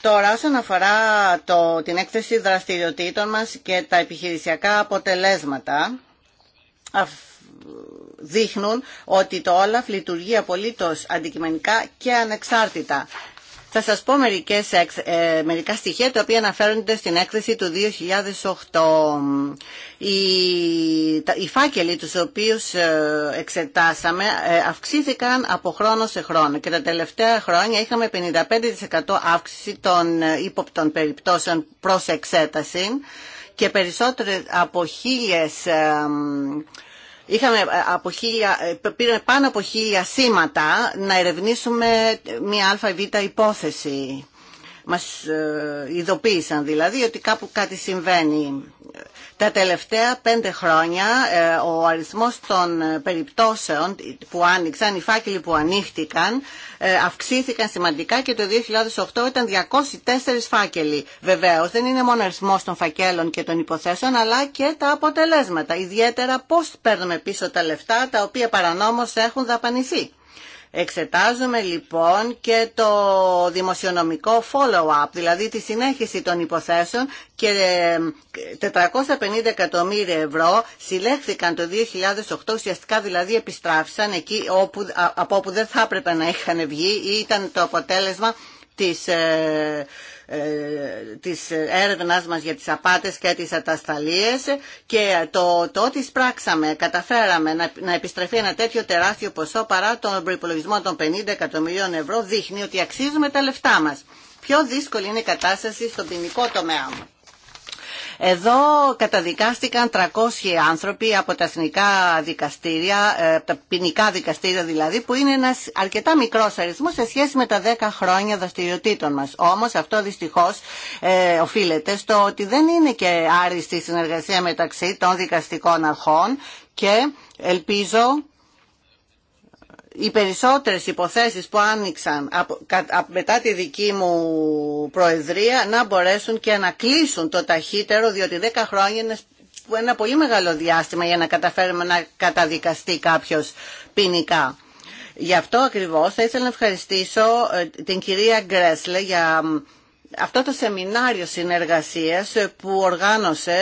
Τώρα, όσον αφορά το, την έκθεση δραστηριοτήτων μας και τα επιχειρησιακά αποτελέσματα, δείχνουν ότι το Όλαφ λειτουργεί απολύτως αντικειμενικά και ανεξάρτητα. Θα σας πω μερικές, ε, μερικά στοιχεία τα οποία αναφέρονται στην έκθεση του 2008. Οι, οι φάκελοι τους οποίους ε, εξετάσαμε ε, αυξήθηκαν από χρόνο σε χρόνο και τα τελευταία χρόνια είχαμε 55% αύξηση των ε, ύποπτων περιπτώσεων προς εξέταση και περισσότερες από χίλιες Είχαμε ε, από χίλια, ε, πήρε πάνω από χίλια σήματα να ερευνήσουμε μια ΑΒ υπόθεση. Μας ε, ειδοποίησαν δηλαδή ότι κάπου κάτι συμβαίνει. Τα τελευταία πέντε χρόνια ε, ο αριθμός των ε, περιπτώσεων που άνοιξαν, οι φάκελοι που ανοίχτηκαν, ε, αυξήθηκαν σημαντικά και το 2008 ήταν 204 φάκελοι. Βεβαίως δεν είναι μόνο ο αριθμός των φακέλων και των υποθέσεων, αλλά και τα αποτελέσματα. Ιδιαίτερα πώς παίρνουμε πίσω τα λεφτά τα οποία παρανόμως έχουν δαπανηθεί. Εξετάζουμε λοιπόν και το δημοσιονομικό follow-up, δηλαδή τη συνέχιση των υποθέσεων και 450 ε, εκατομμύρια ευρώ συλλέχθηκαν το 2008, ουσιαστικά δηλαδή επιστράφησαν εκεί όπου, από όπου δεν θα έπρεπε να είχαν βγει ή ήταν το αποτέλεσμα της ε, της έρευνάς μας για τις απάτες και τις ατασταλίες και το, το ότι σπράξαμε, καταφέραμε να, να επιστρεφεί ένα τέτοιο τεράστιο ποσό παρά τον προϋπολογισμό των 50 εκατομμυρίων ευρώ δείχνει ότι αξίζουμε τα λεφτά μας. Πιο δύσκολη είναι η κατάσταση στον ποινικό τομέα μου. Εδώ καταδικάστηκαν 300 άνθρωποι από τα εθνικά δικαστήρια, ε, τα ποινικά δικαστήρια δηλαδή, που είναι ένας αρκετά μικρό αριθμός σε σχέση με τα 10 χρόνια δραστηριοτήτων μας. Όμως αυτό δυστυχώς ε, οφείλεται στο ότι δεν είναι και άριστη συνεργασία μεταξύ των δικαστικών αρχών και ελπίζω οι περισσότερες υποθέσεις που άνοιξαν μετά τη δική μου προεδρία να μπορέσουν και να κλείσουν το ταχύτερο διότι 10 χρόνια είναι ένα πολύ μεγάλο διάστημα για να καταφέρουμε να καταδικαστεί κάποιος ποινικά. Γι' αυτό ακριβώς θα ήθελα να ευχαριστήσω ε, την κυρία Γκρέσλε για αυτό το σεμινάριο συνεργασίας που οργάνωσε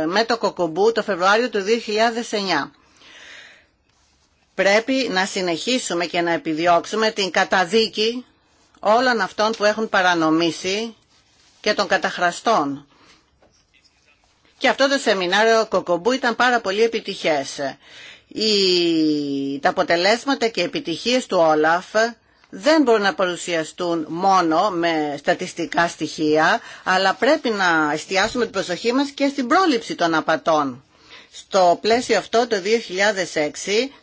ε, με το Κοκομπού το Φεβρουάριο του 2009 πρέπει να συνεχίσουμε και να επιδιώξουμε την καταδίκη όλων αυτών που έχουν παρανομήσει και των καταχραστών. Και αυτό το σεμινάριο Κοκομπού ήταν πάρα πολύ επιτυχές. Η... Τα αποτελέσματα και επιτυχίες του Όλαφ δεν μπορούν να παρουσιαστούν μόνο με στατιστικά στοιχεία, αλλά πρέπει να εστιάσουμε την προσοχή μας και στην πρόληψη των απατών. Στο πλαίσιο αυτό το 2006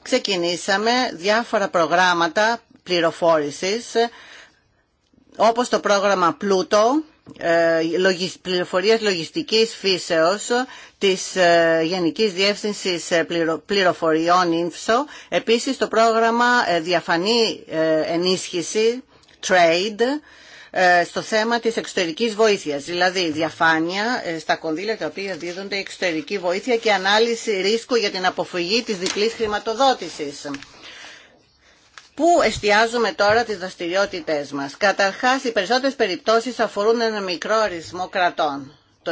ξεκινήσαμε διάφορα προγράμματα πληροφόρησης όπως το πρόγραμμα Πλούτο, ε, πληροφορίας λογιστικής φύσεως της ε, Γενικής Διεύθυνσης ε, Πληροφοριών Ινφσο, επίσης το πρόγραμμα Διαφανή Ενίσχυση Trade, ε, στο θέμα της εξωτερικής βοήθειας, δηλαδή διαφάνεια ε, στα κονδύλια τα οποία δίδονται εξωτερική βοήθεια και ανάλυση ρίσκου για την αποφυγή της διπλής χρηματοδότησης. Πού εστιάζουμε τώρα τις δραστηριότητε μας. Καταρχάς, οι περισσότερες περιπτώσεις αφορούν ένα μικρό αριθμό κρατών το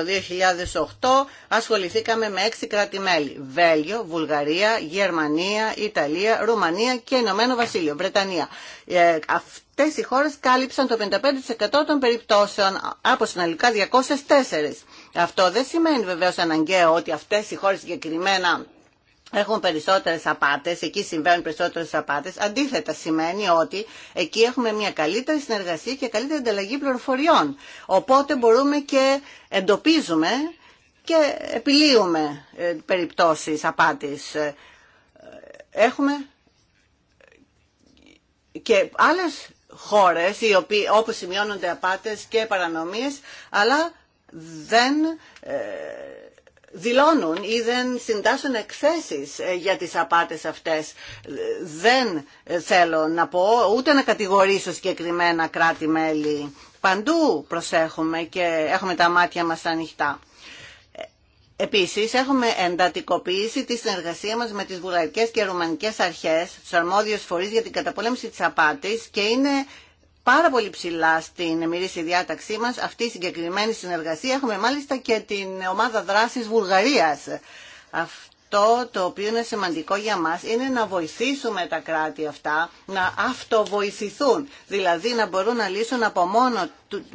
2008 ασχοληθήκαμε με έξι κράτη-μέλη. Βέλγιο, Βουλγαρία, Γερμανία, Ιταλία, Ρουμανία και Ηνωμένο Βασίλειο, Βρετανία. Ε, αυτές οι χώρες κάλυψαν το 55% των περιπτώσεων από συνολικά 204. Αυτό δεν σημαίνει βεβαίως αναγκαίο ότι αυτές οι χώρες συγκεκριμένα έχουν περισσότερες απάτες, εκεί συμβαίνουν περισσότερες απάτες. Αντίθετα σημαίνει ότι εκεί έχουμε μια καλύτερη συνεργασία και καλύτερη ανταλλαγή πληροφοριών. Οπότε μπορούμε και εντοπίζουμε και επιλύουμε ε, περιπτώσεις απάτης. Ε, έχουμε και άλλε χώρε όπου σημειώνονται απάτες και παρανομίες, αλλά δεν ε, δηλώνουν ή δεν συντάσσουν εκθέσεις ε, για τις απάτες αυτές. Δεν ε, θέλω να πω ούτε να κατηγορήσω συγκεκριμένα κράτη-μέλη. Παντού προσέχουμε και έχουμε τα μάτια μας ανοιχτά. Επίσης, έχουμε εντατικοποιήσει τη συνεργασία μας με τις βουλγαρικές και ρουμανικές αρχές, τους αρμόδιους φορείς για την καταπολέμηση της απάτης και είναι πάρα πολύ ψηλά στην εμμυρίση διάταξή μας αυτή η συγκεκριμένη συνεργασία. Έχουμε μάλιστα και την ομάδα δράσης Βουλγαρίας. Αυτό το οποίο είναι σημαντικό για μας είναι να βοηθήσουμε τα κράτη αυτά να αυτοβοηθηθούν, δηλαδή να μπορούν να λύσουν από, μόνο,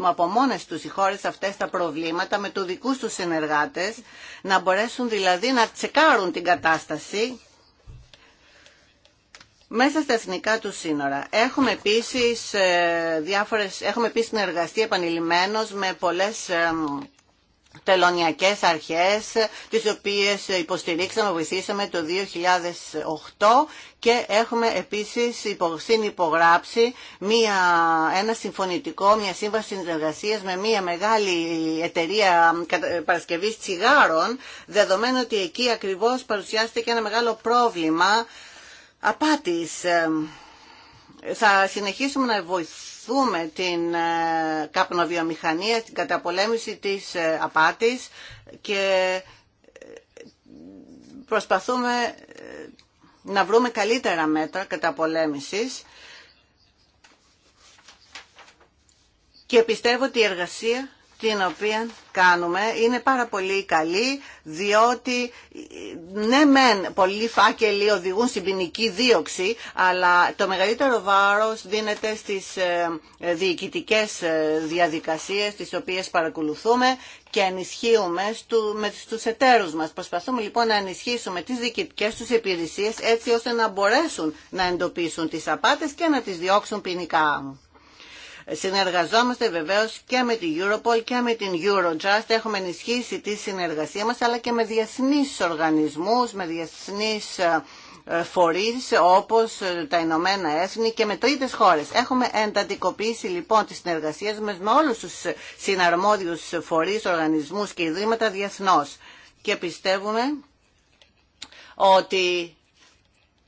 από μόνες τους οι χώρες αυτές τα προβλήματα με τους δικούς τους συνεργάτες, να μπορέσουν δηλαδή να τσεκάρουν την κατάσταση μέσα στα εθνικά του σύνορα. Έχουμε επίσης, ε, διάφορες, έχουμε επίσης συνεργαστεί επανειλημμένως με πολλές ε, τελωνιακές αρχές, τις οποίες υποστηρίξαμε, βοηθήσαμε το 2008 και έχουμε επίσης συνυπογράψει μία, ένα συμφωνητικό, μία σύμβαση συνεργασίας με μία μεγάλη εταιρεία παρασκευής τσιγάρων, δεδομένου ότι εκεί ακριβώς παρουσιάστηκε ένα μεγάλο πρόβλημα απάτης. Θα συνεχίσουμε να βοηθούμε την ε, καπνοβιομηχανία, στην καταπολέμηση της ε, απάτης και ε, προσπαθούμε να βρούμε καλύτερα μέτρα καταπολέμησης και πιστεύω ότι η εργασία την οποία κάνουμε είναι πάρα πολύ καλή διότι ναι μεν πολλοί φάκελοι οδηγούν στην ποινική δίωξη αλλά το μεγαλύτερο βάρος δίνεται στις ε, ε, διοικητικές ε, διαδικασίες τις οποίες παρακολουθούμε και ενισχύουμε τους εταίρους μας. Προσπαθούμε λοιπόν να ενισχύσουμε τις διοικητικές τους υπηρεσίες έτσι ώστε να μπορέσουν να εντοπίσουν τις απάτες και να τις διώξουν ποινικά. Συνεργαζόμαστε βεβαίως και με την Europol και με την Eurojust. Έχουμε ενισχύσει τη συνεργασία μας αλλά και με διεθνείς οργανισμούς, με διεθνείς ε, φορείς όπως ε, τα Ηνωμένα Έθνη και με τρίτες χώρες. Έχουμε εντατικοποιήσει λοιπόν τις συνεργασίες μας με όλους τους ε, συναρμόδιους φορείς, οργανισμούς και ιδρύματα διεθνώς. Και πιστεύουμε ότι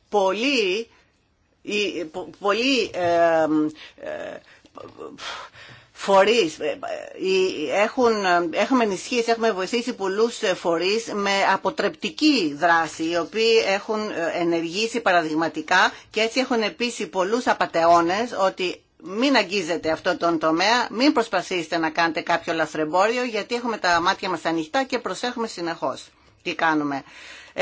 πολλοί, φορείς, ε, ε, ε, έχουν, έχουμε ενισχύσει, έχουμε βοηθήσει πολλούς φορείς με αποτρεπτική δράση, οι οποίοι έχουν ενεργήσει παραδειγματικά και έτσι έχουν επίσης πολλούς απατεώνες ότι μην αγγίζετε αυτό τον τομέα, μην προσπαθήσετε να κάνετε κάποιο λαθρεμπόριο, γιατί έχουμε τα μάτια μας ανοιχτά και προσέχουμε συνεχώς τι κάνουμε.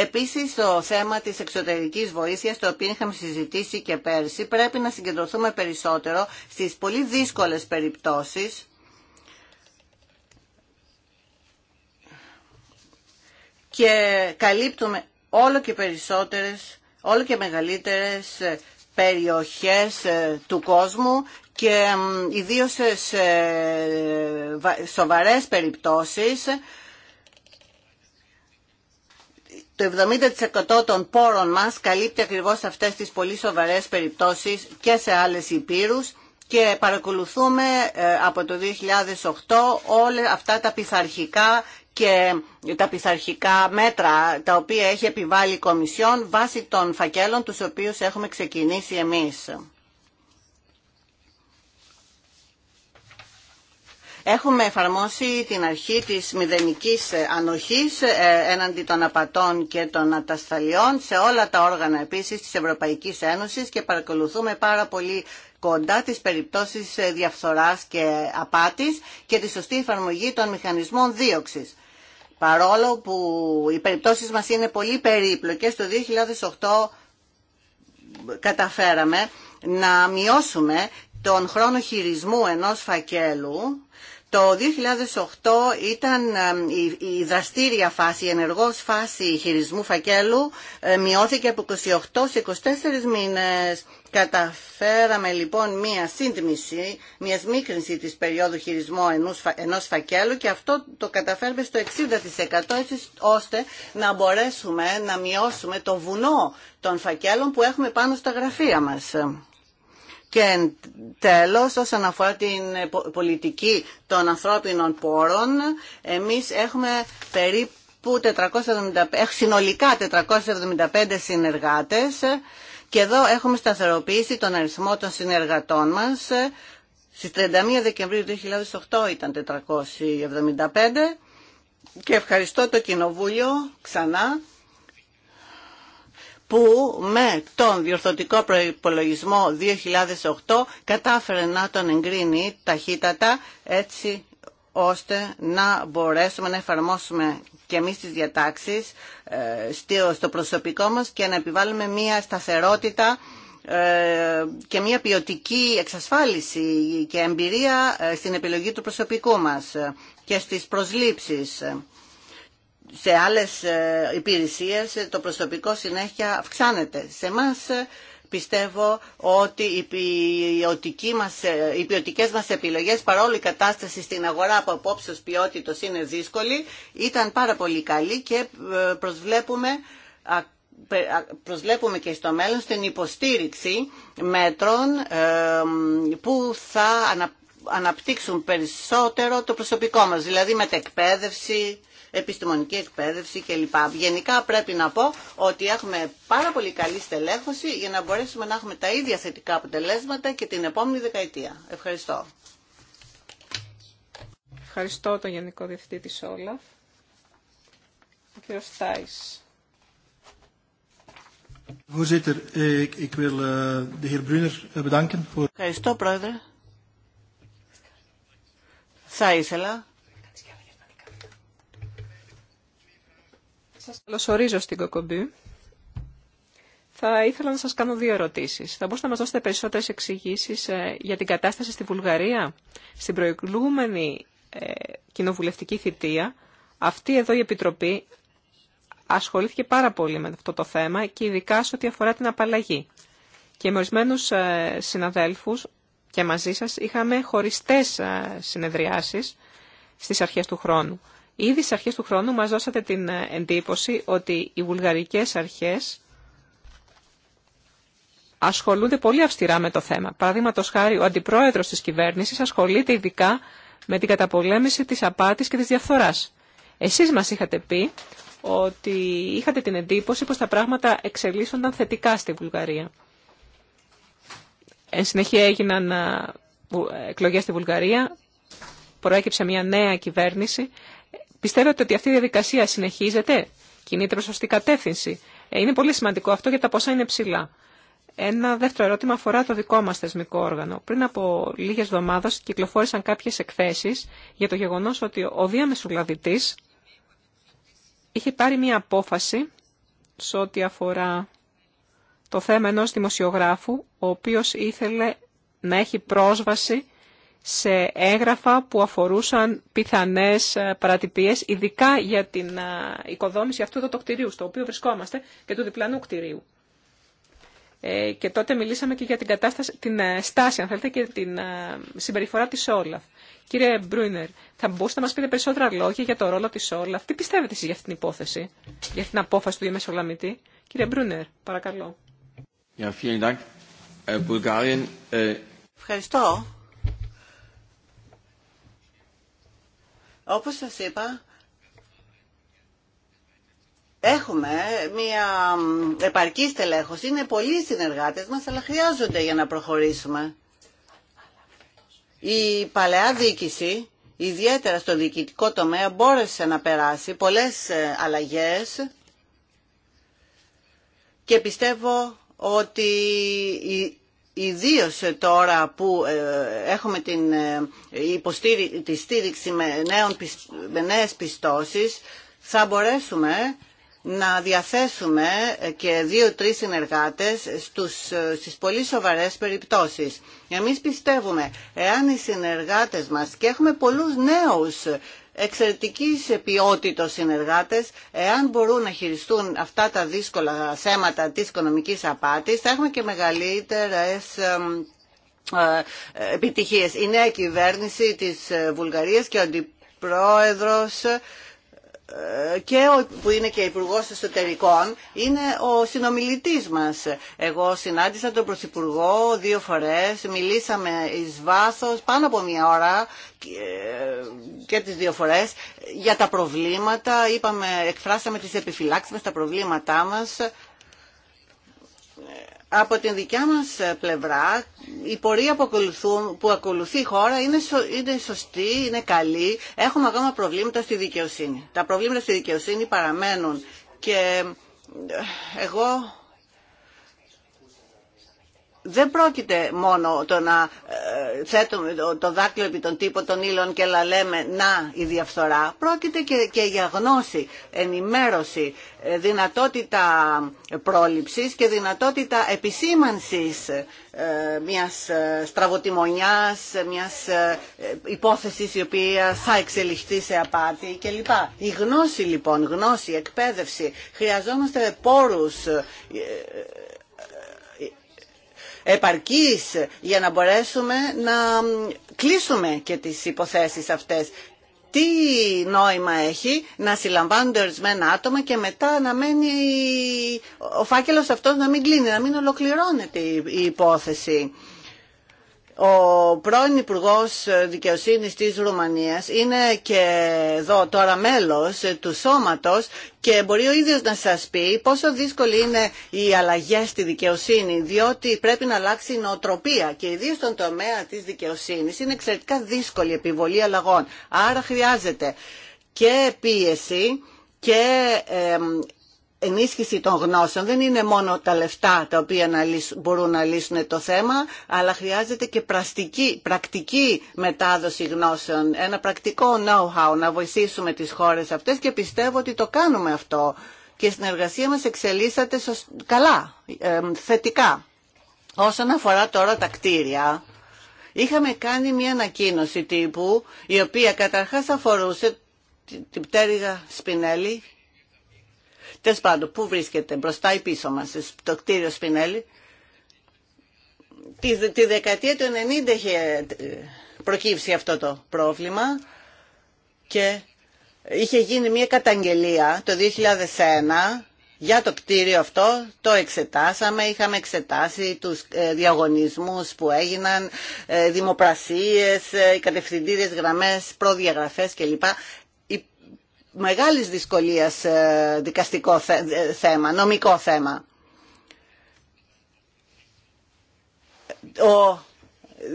Επίσης, το θέμα της εξωτερική βοήθειας, το οποίο είχαμε συζητήσει και πέρσι, πρέπει να συγκεντρωθούμε περισσότερο στις πολύ δύσκολες περιπτώσεις και καλύπτουμε όλο και περισσότερες, όλο και μεγαλύτερες περιοχές ε, του κόσμου και ιδίως σε ε, σοβαρές περιπτώσεις το 70% των πόρων μας καλύπτει ακριβώς αυτές τις πολύ σοβαρές περιπτώσεις και σε άλλες υπήρους και παρακολουθούμε ε, από το 2008 όλα αυτά τα πειθαρχικά και τα πειθαρχικά μέτρα τα οποία έχει επιβάλει η Κομισιόν βάσει των φακέλων τους οποίους έχουμε ξεκινήσει εμείς. Έχουμε εφαρμόσει την αρχή της μηδενικής ανοχής ε, έναντι των απατών και των ατασταλιών σε όλα τα όργανα επίσης της Ευρωπαϊκής Ένωσης και παρακολουθούμε πάρα πολύ κοντά τις περιπτώσεις ε, διαφθοράς και απάτης και τη σωστή εφαρμογή των μηχανισμών δίωξης. Παρόλο που οι περιπτώσεις μας είναι πολύ περίπλοκες, το 2008 καταφέραμε να μειώσουμε τον χρόνο χειρισμού ενός φακέλου το 2008 ήταν ε, η δραστήρια φάση, η ενεργός φάση χειρισμού φακέλου, ε, μειώθηκε από 28 σε 24 μήνες. Καταφέραμε λοιπόν μία σύντμηση, μία σμίκρυνση της περίοδου χειρισμού ενός φακέλου και αυτό το καταφέρουμε στο 60% έτσι ώστε να μπορέσουμε να μειώσουμε το βουνό των φακέλων που έχουμε πάνω στα γραφεία μας. Και τέλος, όσον αφορά την πολιτική των ανθρώπινων πόρων, εμείς έχουμε περίπου 475, συνολικά 475 συνεργάτες και εδώ έχουμε σταθεροποιήσει τον αριθμό των συνεργατών μας. Στις 31 Δεκεμβρίου 2008 ήταν 475 και ευχαριστώ το Κοινοβούλιο ξανά που με τον διορθωτικό προϋπολογισμό 2008 κατάφερε να τον εγκρίνει ταχύτατα έτσι ώστε να μπορέσουμε να εφαρμόσουμε και εμείς τις διατάξεις ε, στο προσωπικό μας και να επιβάλλουμε μια σταθερότητα ε, και μια ποιοτική εξασφάλιση και εμπειρία ε, στην επιλογή του προσωπικού μας και στις προσλήψεις σε άλλες ε, υπηρεσίες ε, το προσωπικό συνέχεια αυξάνεται. Σε εμά ε, πιστεύω ότι οι, ποιοτικέ μας, οι ποιοτικές μας επιλογές, παρόλο η κατάσταση στην αγορά από απόψεως ποιότητος είναι δύσκολη, ήταν πάρα πολύ καλή και προσβλέπουμε προσβλέπουμε και στο μέλλον στην υποστήριξη μέτρων που θα αναπτύξουν περισσότερο το προσωπικό μας, δηλαδή μετεκπαίδευση, επιστημονική εκπαίδευση κλπ. Γενικά πρέπει να πω ότι έχουμε πάρα πολύ καλή στελέχωση για να μπορέσουμε να έχουμε τα ίδια θετικά αποτελέσματα και την επόμενη δεκαετία. Ευχαριστώ. Ευχαριστώ τον Γενικό Διευθυντή της Όλαφ, ο κ. Eh, eh, Ευχαριστώ, Πρόεδρε. Θα ήθελα Σας καλωσορίζω στην Κοκομπή. Θα ήθελα να σας κάνω δύο ερωτήσεις. Θα μπορούσατε να μας δώσετε περισσότερες εξηγήσεις ε, για την κατάσταση στη Βουλγαρία. Στην προηγούμενη ε, κοινοβουλευτική θητεία, αυτή εδώ η Επιτροπή ασχολήθηκε πάρα πολύ με αυτό το θέμα και ειδικά σε ό,τι αφορά την απαλλαγή. Και με ορισμένου ε, συναδέλφους και μαζί σας είχαμε χωριστές συνεδριάσεις στις αρχές του χρόνου. Ήδη στις αρχές του χρόνου μας δώσατε την ε, εντύπωση ότι οι βουλγαρικές αρχές ασχολούνται πολύ αυστηρά με το θέμα. Παραδείγματο χάρη, ο αντιπρόεδρος της κυβέρνησης ασχολείται ειδικά με την καταπολέμηση της απάτης και της διαφθοράς. Εσείς μας είχατε πει ότι είχατε την εντύπωση πως τα πράγματα εξελίσσονταν θετικά στη Βουλγαρία. Εν συνεχεία έγιναν ε, εκλογές στη Βουλγαρία, προέκυψε μια νέα κυβέρνηση. Πιστεύετε ότι αυτή η διαδικασία συνεχίζεται, κινείται προς σωστή κατεύθυνση. Ε, είναι πολύ σημαντικό αυτό γιατί τα ποσά είναι ψηλά. Ένα δεύτερο ερώτημα αφορά το δικό μα θεσμικό όργανο. Πριν από λίγες εβδομάδε κυκλοφόρησαν κάποιες εκθέσεις για το γεγονός ότι ο Μεσουλαδητή είχε πάρει μία απόφαση σε ό,τι αφορά το θέμα ενό δημοσιογράφου, ο οποίο ήθελε να έχει πρόσβαση σε έγγραφα που αφορούσαν πιθανές ε, παρατυπίες, ειδικά για την ε, οικοδόμηση αυτού του κτηρίου, στο οποίο βρισκόμαστε, και του διπλανού κτηρίου. Ε, και τότε μιλήσαμε και για την κατάσταση, την στάση, αν θέλετε, και την συμπεριφορά της Όλαφ. Κύριε Μπρούινερ, θα μπορούσατε να μας πείτε περισσότερα λόγια για το ρόλο της Όλαφ. Τι πιστεύετε εσείς για αυτή την υπόθεση, για την απόφαση του διαμεσολαμητή. Κύριε Μπρούινερ, παρακαλώ. Äh, äh, Ευχαριστώ. Όπως σας είπα, Έχουμε μια επαρκή στελέχωση. Είναι πολλοί συνεργάτες μας, αλλά χρειάζονται για να προχωρήσουμε. Η παλαιά διοίκηση, ιδιαίτερα στο διοικητικό τομέα, μπόρεσε να περάσει πολλές ε, αλλαγές και πιστεύω ότι Ιδίω τώρα που ε, έχουμε την ε, υποστήρι, τη στήριξη με, νέων, με νέες πιστώσεις, θα μπορέσουμε να διαθέσουμε ε, και δύο-τρεις συνεργάτες στους, στις πολύ σοβαρές περιπτώσεις. Εμείς πιστεύουμε, εάν οι συνεργάτες μας, και έχουμε πολλούς νέους εξαιρετικής ποιότητος συνεργάτες, εάν μπορούν να χειριστούν αυτά τα δύσκολα θέματα της οικονομικής απάτης, θα έχουμε και μεγαλύτερες ε, ε, επιτυχίες. Η νέα κυβέρνηση της Βουλγαρίας και ο αντιπρόεδρος και που είναι και υπουργό Εσωτερικών είναι ο συνομιλητής μας. Εγώ συνάντησα τον Πρωθυπουργό δύο φορές, μιλήσαμε εις βάθος πάνω από μια ώρα ε, και τις δύο φορές για τα προβλήματα, είπαμε, εκφράσαμε τις επιφυλάξεις μας, τα προβλήματά μας ε, από την δικιά μας πλευρά, η πορεία που, που ακολουθεί η χώρα είναι, είναι σωστή, είναι καλή. Έχουμε ακόμα προβλήματα στη δικαιοσύνη. Τα προβλήματα στη δικαιοσύνη παραμένουν και ε, εγώ δεν πρόκειται μόνο το να ε, θέτουμε το δάκτυλο επί τον τύπο των ύλων και να λέμε να η διαφθορά. Πρόκειται και, και για γνώση, ενημέρωση, ε, δυνατότητα πρόληψης και δυνατότητα επισήμανσης ε, μιας στραβοτιμονιάς, μιας υπόθεσης η οποία θα εξελιχθεί σε απάτη κλπ. Η γνώση λοιπόν, γνώση, εκπαίδευση, χρειαζόμαστε πόρους επαρκής για να μπορέσουμε να κλείσουμε και τις υποθέσεις αυτές. Τι νόημα έχει να συλλαμβάνονται ορισμένα άτομα και μετά να μένει ο φάκελος αυτός να μην κλείνει, να μην ολοκληρώνεται η υπόθεση. Ο πρώην Υπουργό δικαιοσύνη της Ρουμανίας είναι και εδώ τώρα μέλο του σώματο, και μπορεί ο ίδιος να σα πει πόσο δύσκολη είναι οι αλλαγέ στη δικαιοσύνη διότι πρέπει να αλλάξει η νοοτροπία και ιδίω στον τομέα της δικαιοσύνη είναι εξαιρετικά δύσκολη η επιβολή αλλαγών. Άρα χρειάζεται και πίεση και ενίσχυση των γνώσεων δεν είναι μόνο τα λεφτά τα οποία μπορούν να λύσουν το θέμα, αλλά χρειάζεται και πρακτικη πρακτική μετάδοση γνώσεων, ένα πρακτικό know-how, να βοηθήσουμε τις χώρες αυτές και πιστεύω ότι το κάνουμε αυτό. Και η συνεργασία μας εξελίσσεται καλά, θετικά. Όσον αφορά τώρα τα κτίρια, είχαμε κάνει μια ανακοίνωση τύπου, η οποία καταρχάς αφορούσε την πτέρυγα Σπινέλη Τέλος πάντων, πού βρίσκεται, μπροστά ή πίσω μας, το κτίριο Σπινέλη. Τη, τη δεκαετία του 90 είχε ε, προκύψει αυτό το πρόβλημα και είχε γίνει μια καταγγελία το 2001 για το κτίριο αυτό το εξετάσαμε, είχαμε εξετάσει τους ε, διαγωνισμούς που έγιναν, ε, δημοπρασίες, κατευθυντήριες γραμμές, προδιαγραφές κλπ μεγάλης δυσκολίας ε, δικαστικό ε, θέμα, νομικό θέμα. Ο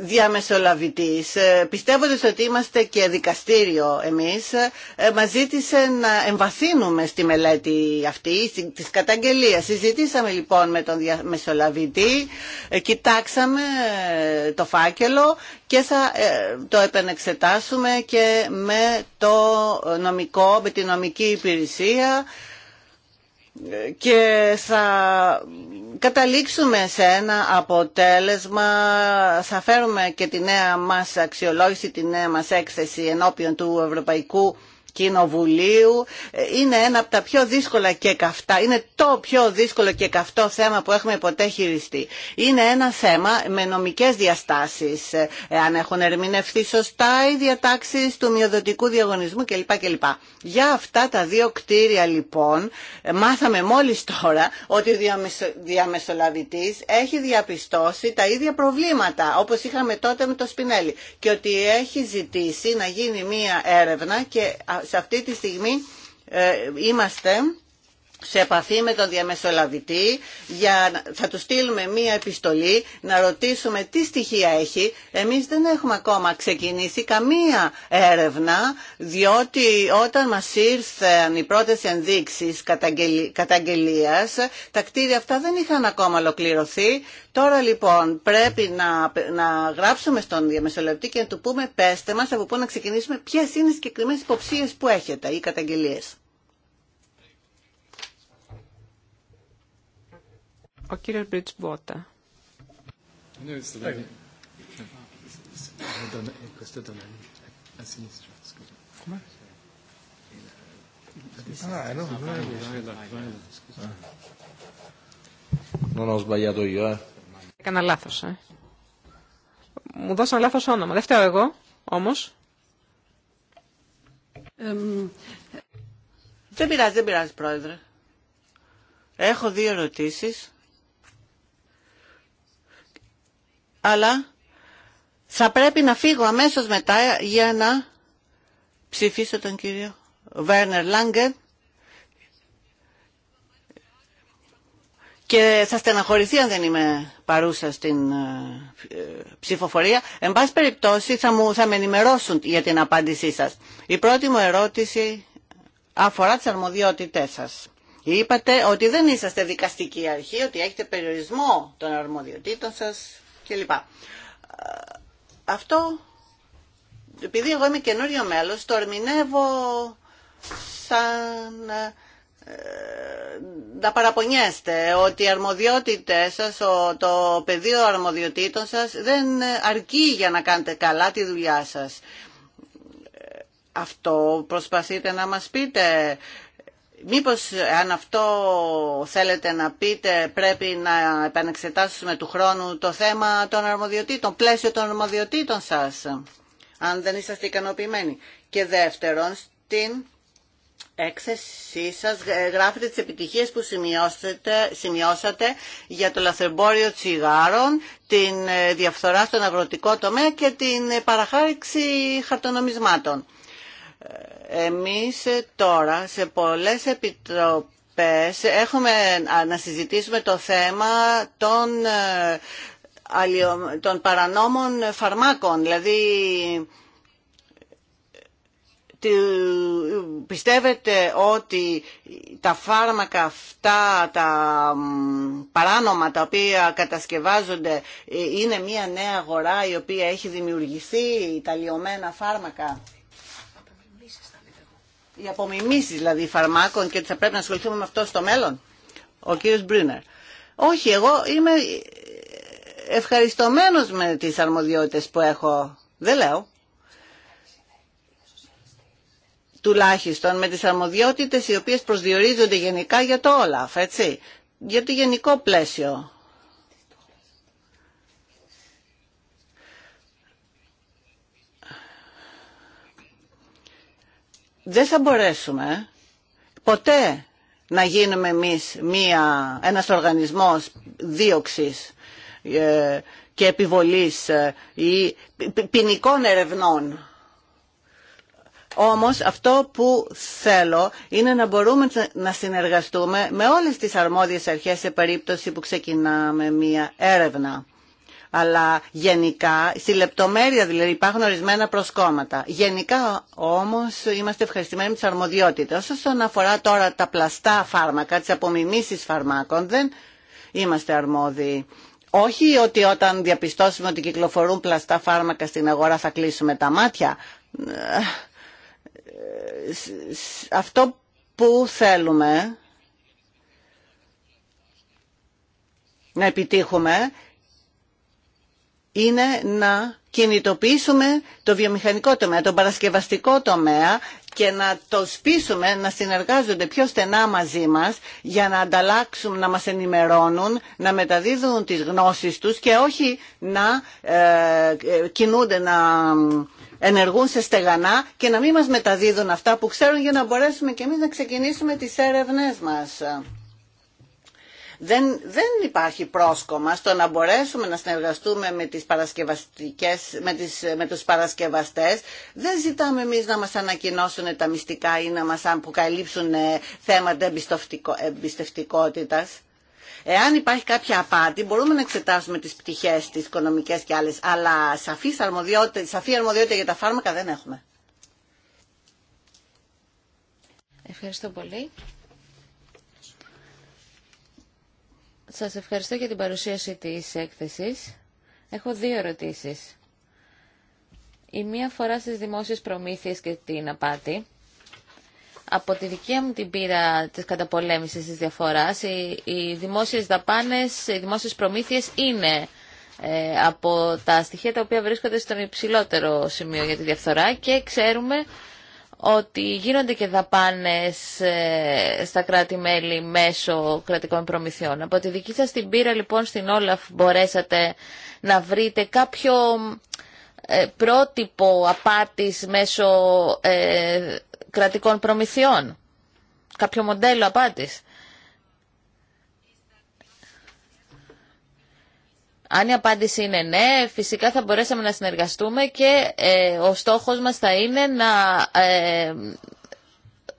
διαμεσολαβητής, ε, πιστεύοντας ότι είμαστε και δικαστήριο εμείς, ε, μας ζήτησε να εμβαθύνουμε στη μελέτη αυτή, της καταγγελίας. Συζητήσαμε λοιπόν με τον διαμεσολαβητή, ε, κοιτάξαμε το φάκελο και θα το επενεξετάσουμε και με, το νομικό, με τη νομική υπηρεσία και θα καταλήξουμε σε ένα αποτέλεσμα, θα φέρουμε και τη νέα μας αξιολόγηση, τη νέα μας έκθεση ενώπιον του Ευρωπαϊκού Κοινοβουλίου είναι ένα από τα πιο δύσκολα και καυτά, είναι το πιο δύσκολο και καυτό θέμα που έχουμε ποτέ χειριστεί. Είναι ένα θέμα με νομικές διαστάσεις, ε, αν έχουν ερμηνευτεί σωστά οι διατάξεις του μειοδοτικού διαγωνισμού κλπ. κλπ. Για αυτά τα δύο κτίρια λοιπόν, μάθαμε μόλις τώρα ότι ο διαμεσολαβητής έχει διαπιστώσει τα ίδια προβλήματα, όπως είχαμε τότε με το Σπινέλη, και ότι έχει ζητήσει να γίνει μία έρευνα και σε αυτή τη στιγμή ε, είμαστε σε επαφή με τον διαμεσολαβητή, για, θα του στείλουμε μία επιστολή, να ρωτήσουμε τι στοιχεία έχει. Εμείς δεν έχουμε ακόμα ξεκινήσει καμία έρευνα, διότι όταν μας ήρθαν οι πρώτες ενδείξεις καταγγελίας, τα κτίρια αυτά δεν είχαν ακόμα ολοκληρωθεί. Τώρα λοιπόν πρέπει να, να γράψουμε στον διαμεσολαβητή και να του πούμε πέστε μας από πού να ξεκινήσουμε ποιες είναι οι συγκεκριμένες υποψίες που έχετε ή καταγγελίες. Ο κύριος Έκανα λάθο, ε. Μου δώσαν λάθος όνομα. Δεν φταίω εγώ, όμως. Δεν πειράζει, δεν πειράζει, πρόεδρε. Έχω δύο ερωτήσει. αλλά θα πρέπει να φύγω αμέσως μετά για να ψηφίσω τον κύριο Βέρνερ Λάγκεν και θα στεναχωρηθεί αν δεν είμαι παρούσα στην ε, ε, ψηφοφορία. Εν πάση περιπτώσει θα, μου, θα με ενημερώσουν για την απάντησή σας. Η πρώτη μου ερώτηση αφορά τις αρμοδιότητές σας. Είπατε ότι δεν είσαστε δικαστική αρχή, ότι έχετε περιορισμό των αρμοδιοτήτων σας κλπ. Ε, αυτό, επειδή εγώ είμαι καινούριο μέλος, το ερμηνεύω σαν ε, να παραπονιέστε ότι οι αρμοδιότητες σας, το πεδίο αρμοδιοτήτων σας δεν αρκεί για να κάνετε καλά τη δουλειά σας. Ε, αυτό προσπαθείτε να μας πείτε Μήπως αν αυτό θέλετε να πείτε πρέπει να επαναξετάσουμε του χρόνου το θέμα των αρμοδιοτήτων, πλαίσιο των αρμοδιοτήτων σας, αν δεν είσαστε ικανοποιημένοι. Και δεύτερον, στην έκθεσή σας γράφετε τις επιτυχίες που σημειώσατε για το λαθρεμπόριο τσιγάρων, την ε, διαφθορά στον αγροτικό τομέα και την παραχάριξη χαρτονομισμάτων. Ε, εμείς ε, τώρα σε πολλές επιτροπές έχουμε να συζητήσουμε το θέμα των, ε, των παρανόμων φαρμάκων, δηλαδή πιστεύετε ότι τα φάρμακα αυτά, τα παράνομα τα οποία κατασκευάζονται ε, είναι μια νέα αγορά η οποία έχει δημιουργηθεί, τα λιωμένα φάρμακα οι απομιμήσεις δηλαδή φαρμάκων και ότι θα πρέπει να ασχοληθούμε με αυτό στο μέλλον. Ο κύριο Μπρίνερ. Όχι, εγώ είμαι ευχαριστομένος με τις αρμοδιότητες που έχω. Δεν λέω. Τουλάχιστον με τις αρμοδιότητες οι οποίες προσδιορίζονται γενικά για το Όλαφ, έτσι. Για το γενικό πλαίσιο δεν θα μπορέσουμε ποτέ να γίνουμε εμείς μία, ένας οργανισμός δίωξης ε, και επιβολής ε, ή ποινικών ερευνών. Όμως αυτό που θέλω είναι να μπορούμε να συνεργαστούμε με όλες τις αρμόδιες αρχές σε περίπτωση που ξεκινάμε μία έρευνα αλλά γενικά, στη λεπτομέρεια δηλαδή υπάρχουν ορισμένα προσκόμματα. Γενικά όμως είμαστε ευχαριστημένοι με τις αρμοδιότητες. Όσον αφορά τώρα τα πλαστά φάρμακα, τις απομιμήσεις φαρμάκων, δεν είμαστε αρμόδιοι. Όχι ότι όταν διαπιστώσουμε ότι κυκλοφορούν πλαστά φάρμακα στην αγορά θα κλείσουμε τα μάτια. Αυτό που θέλουμε να επιτύχουμε είναι να κινητοποιήσουμε το βιομηχανικό τομέα, τον παρασκευαστικό τομέα και να το σπίσουμε να συνεργάζονται πιο στενά μαζί μας για να ανταλλάξουν, να μας ενημερώνουν, να μεταδίδουν τις γνώσεις τους και όχι να ε, ε, κινούνται, να ε, ενεργούν σε στεγανά και να μην μας μεταδίδουν αυτά που ξέρουν για να μπορέσουμε και εμείς να ξεκινήσουμε τις έρευνές μας. Δεν, δεν υπάρχει πρόσκομα στο να μπορέσουμε να συνεργαστούμε με, τις παρασκευαστικές, με, τις, με τους παρασκευαστές. Δεν ζητάμε εμείς να μας ανακοινώσουν τα μυστικά ή να μας αποκαλύψουν ε, θέματα εμπιστευτικότητας. Εάν υπάρχει κάποια απάτη, μπορούμε να εξετάσουμε τις πτυχές, τις οικονομικές και άλλες, αλλά σαφή αρμοδιότητα, σαφή αρμοδιότητα για τα φάρμακα δεν έχουμε. Ευχαριστώ πολύ. Σας ευχαριστώ για την παρουσίαση της έκθεσης. Έχω δύο ερωτήσεις. Η μία φορά στις δημόσιες προμήθειες και την απάτη. Από τη δική μου την πείρα της καταπολέμησης της διαφοράς, οι, οι δημόσιες δαπάνες, οι δημόσιες προμήθειες είναι ε, από τα στοιχεία τα οποία βρίσκονται στον υψηλότερο σημείο για τη διαφθορά και ξέρουμε ότι γίνονται και δαπάνες ε, στα κράτη-μέλη μέσω κρατικών προμηθειών. Από τη δική σας την πείρα λοιπόν στην Όλαφ μπορέσατε να βρείτε κάποιο ε, πρότυπο απάτης μέσω ε, κρατικών προμηθειών, κάποιο μοντέλο απάτης. Αν η απάντηση είναι ναι, φυσικά θα μπορέσαμε να συνεργαστούμε και ε, ο στόχος μας θα είναι να ε,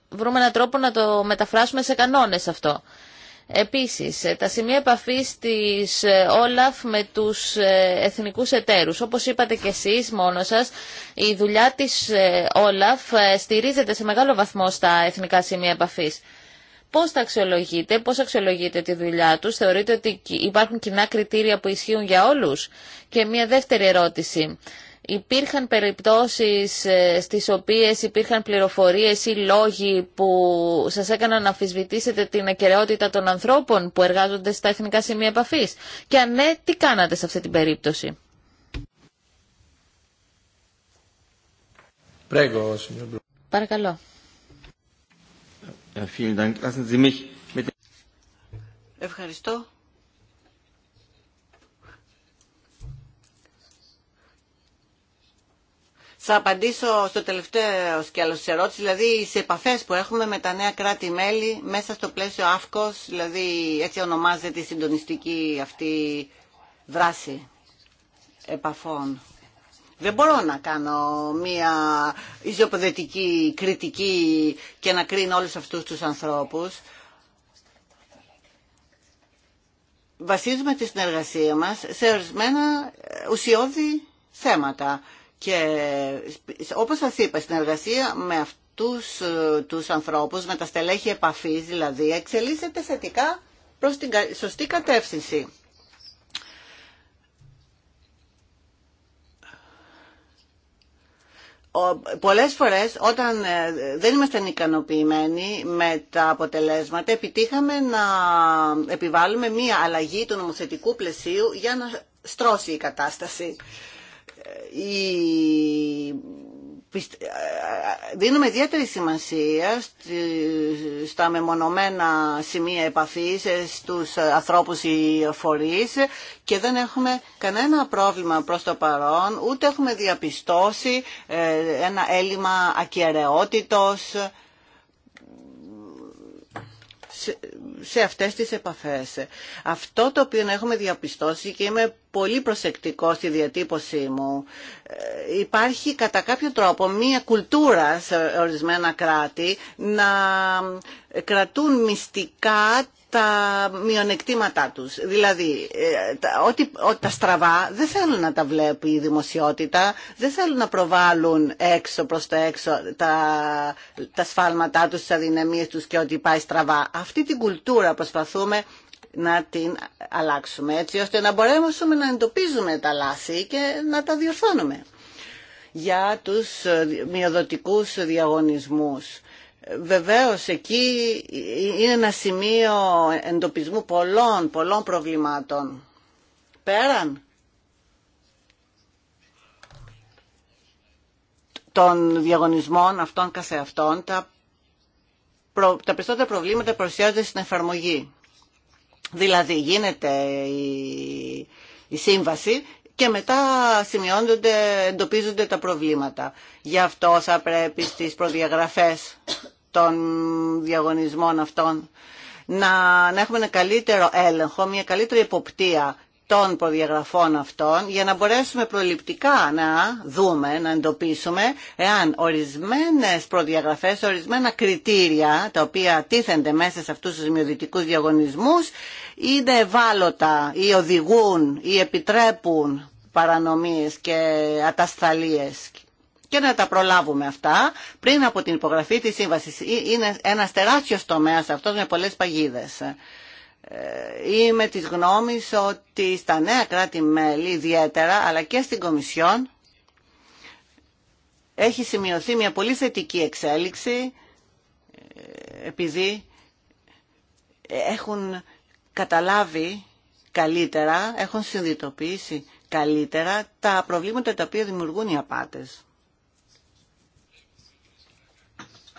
βρούμε έναν τρόπο να το μεταφράσουμε σε κανόνες αυτό. Επίσης, ε, τα σημεία επαφής της Όλαφ με τους εθνικούς εταίρους. Όπως είπατε και εσείς μόνο σας, η δουλειά της Όλαφ στηρίζεται σε μεγάλο βαθμό στα εθνικά σημεία επαφής. Πώς τα αξιολογείτε, πώς αξιολογείτε τη δουλειά τους, θεωρείτε ότι υπάρχουν κοινά κριτήρια που ισχύουν για όλους. Και μια δεύτερη ερώτηση. Υπήρχαν περιπτώσεις ε, στις οποίες υπήρχαν πληροφορίες ή λόγοι που σας έκαναν να αφισβητήσετε την ακεραιότητα των ανθρώπων που εργάζονται στα εθνικά σημεία επαφής. Και αν ναι, τι κάνατε σε αυτή την περίπτωση. Παρακαλώ. Ευχαριστώ. Θα απαντήσω στο τελευταίο σκέλος της ερώτησης, δηλαδή σε επαφές που έχουμε με τα νέα κράτη-μέλη μέσα στο πλαίσιο ΑΦΚΟΣ, δηλαδή έτσι ονομάζεται η συντονιστική αυτή δράση επαφών. Δεν μπορώ να κάνω μία ισοποδετική κριτική και να κρίνω όλους αυτούς τους ανθρώπους. Βασίζουμε τη συνεργασία μας σε ορισμένα ουσιώδη θέματα. Και όπως σας είπα, συνεργασία με αυτούς ε, τους ανθρώπους, με τα στελέχη επαφής δηλαδή, εξελίσσεται θετικά προς την σωστή κατεύθυνση. πολλές φορές όταν ε, δεν είμαστε ικανοποιημένοι με τα αποτελέσματα επιτύχαμε να επιβάλλουμε μία αλλαγή του νομοθετικού πλαισίου για να στρώσει η κατάσταση. Ε, ε, ε, ε, δίνουμε ιδιαίτερη σημασία στα μεμονωμένα σημεία επαφής, στους ανθρώπους ή φορείς και δεν έχουμε κανένα πρόβλημα προς το παρόν, ούτε έχουμε διαπιστώσει ένα έλλειμμα ακιαρεότητος σε αυτές τις επαφές. Αυτό το οποίο έχουμε διαπιστώσει και είμαι πολύ προσεκτικό στη διατύπωσή μου. Ε, υπάρχει κατά κάποιο τρόπο μία κουλτούρα σε ορισμένα κράτη να κρατούν μυστικά τα μειονεκτήματά τους. Δηλαδή, ε, ότι, τα στραβά δεν θέλουν να τα βλέπει η δημοσιότητα, δεν θέλουν να προβάλλουν έξω προς τα έξω τα, τα σφάλματά τους, τις αδυναμίες τους και ότι πάει στραβά. Αυτή την κουλτούρα προσπαθούμε να την αλλάξουμε έτσι ώστε να μπορέσουμε να εντοπίζουμε τα λάθη και να τα διορθώνουμε. Για τους μειοδοτικούς διαγωνισμούς. Βεβαίως εκεί είναι ένα σημείο εντοπισμού πολλών, πολλών προβλημάτων. Πέραν των διαγωνισμών αυτών καθεαυτών, τα, τα περισσότερα προβλήματα παρουσιάζονται στην εφαρμογή. Δηλαδή γίνεται η, η σύμβαση και μετά σημειώνονται, εντοπίζονται τα προβλήματα. Γι' αυτό θα πρέπει στις προδιαγραφές των διαγωνισμών αυτών να, έχουμε ένα καλύτερο έλεγχο, μια καλύτερη εποπτεία των προδιαγραφών αυτών για να μπορέσουμε προληπτικά να δούμε, να εντοπίσουμε εάν ορισμένες προδιαγραφές, ορισμένα κριτήρια τα οποία τίθενται μέσα σε αυτούς τους μειοδυτικούς διαγωνισμούς είναι ευάλωτα ή οδηγούν ή επιτρέπουν παρανομίες και ατασταλίες και να τα προλάβουμε αυτά πριν από την υπογραφή της σύμβασης. Είναι ένας τεράστιος τομέας αυτός με πολλές παγίδες. Ε, είμαι της γνώμης ότι στα νέα κράτη-μέλη ιδιαίτερα, αλλά και στην Κομισιόν, έχει σημειωθεί μια πολύ θετική εξέλιξη, ε, επειδή έχουν καταλάβει καλύτερα, έχουν συνειδητοποιήσει καλύτερα τα προβλήματα τα οποία δημιουργούν οι απάτες.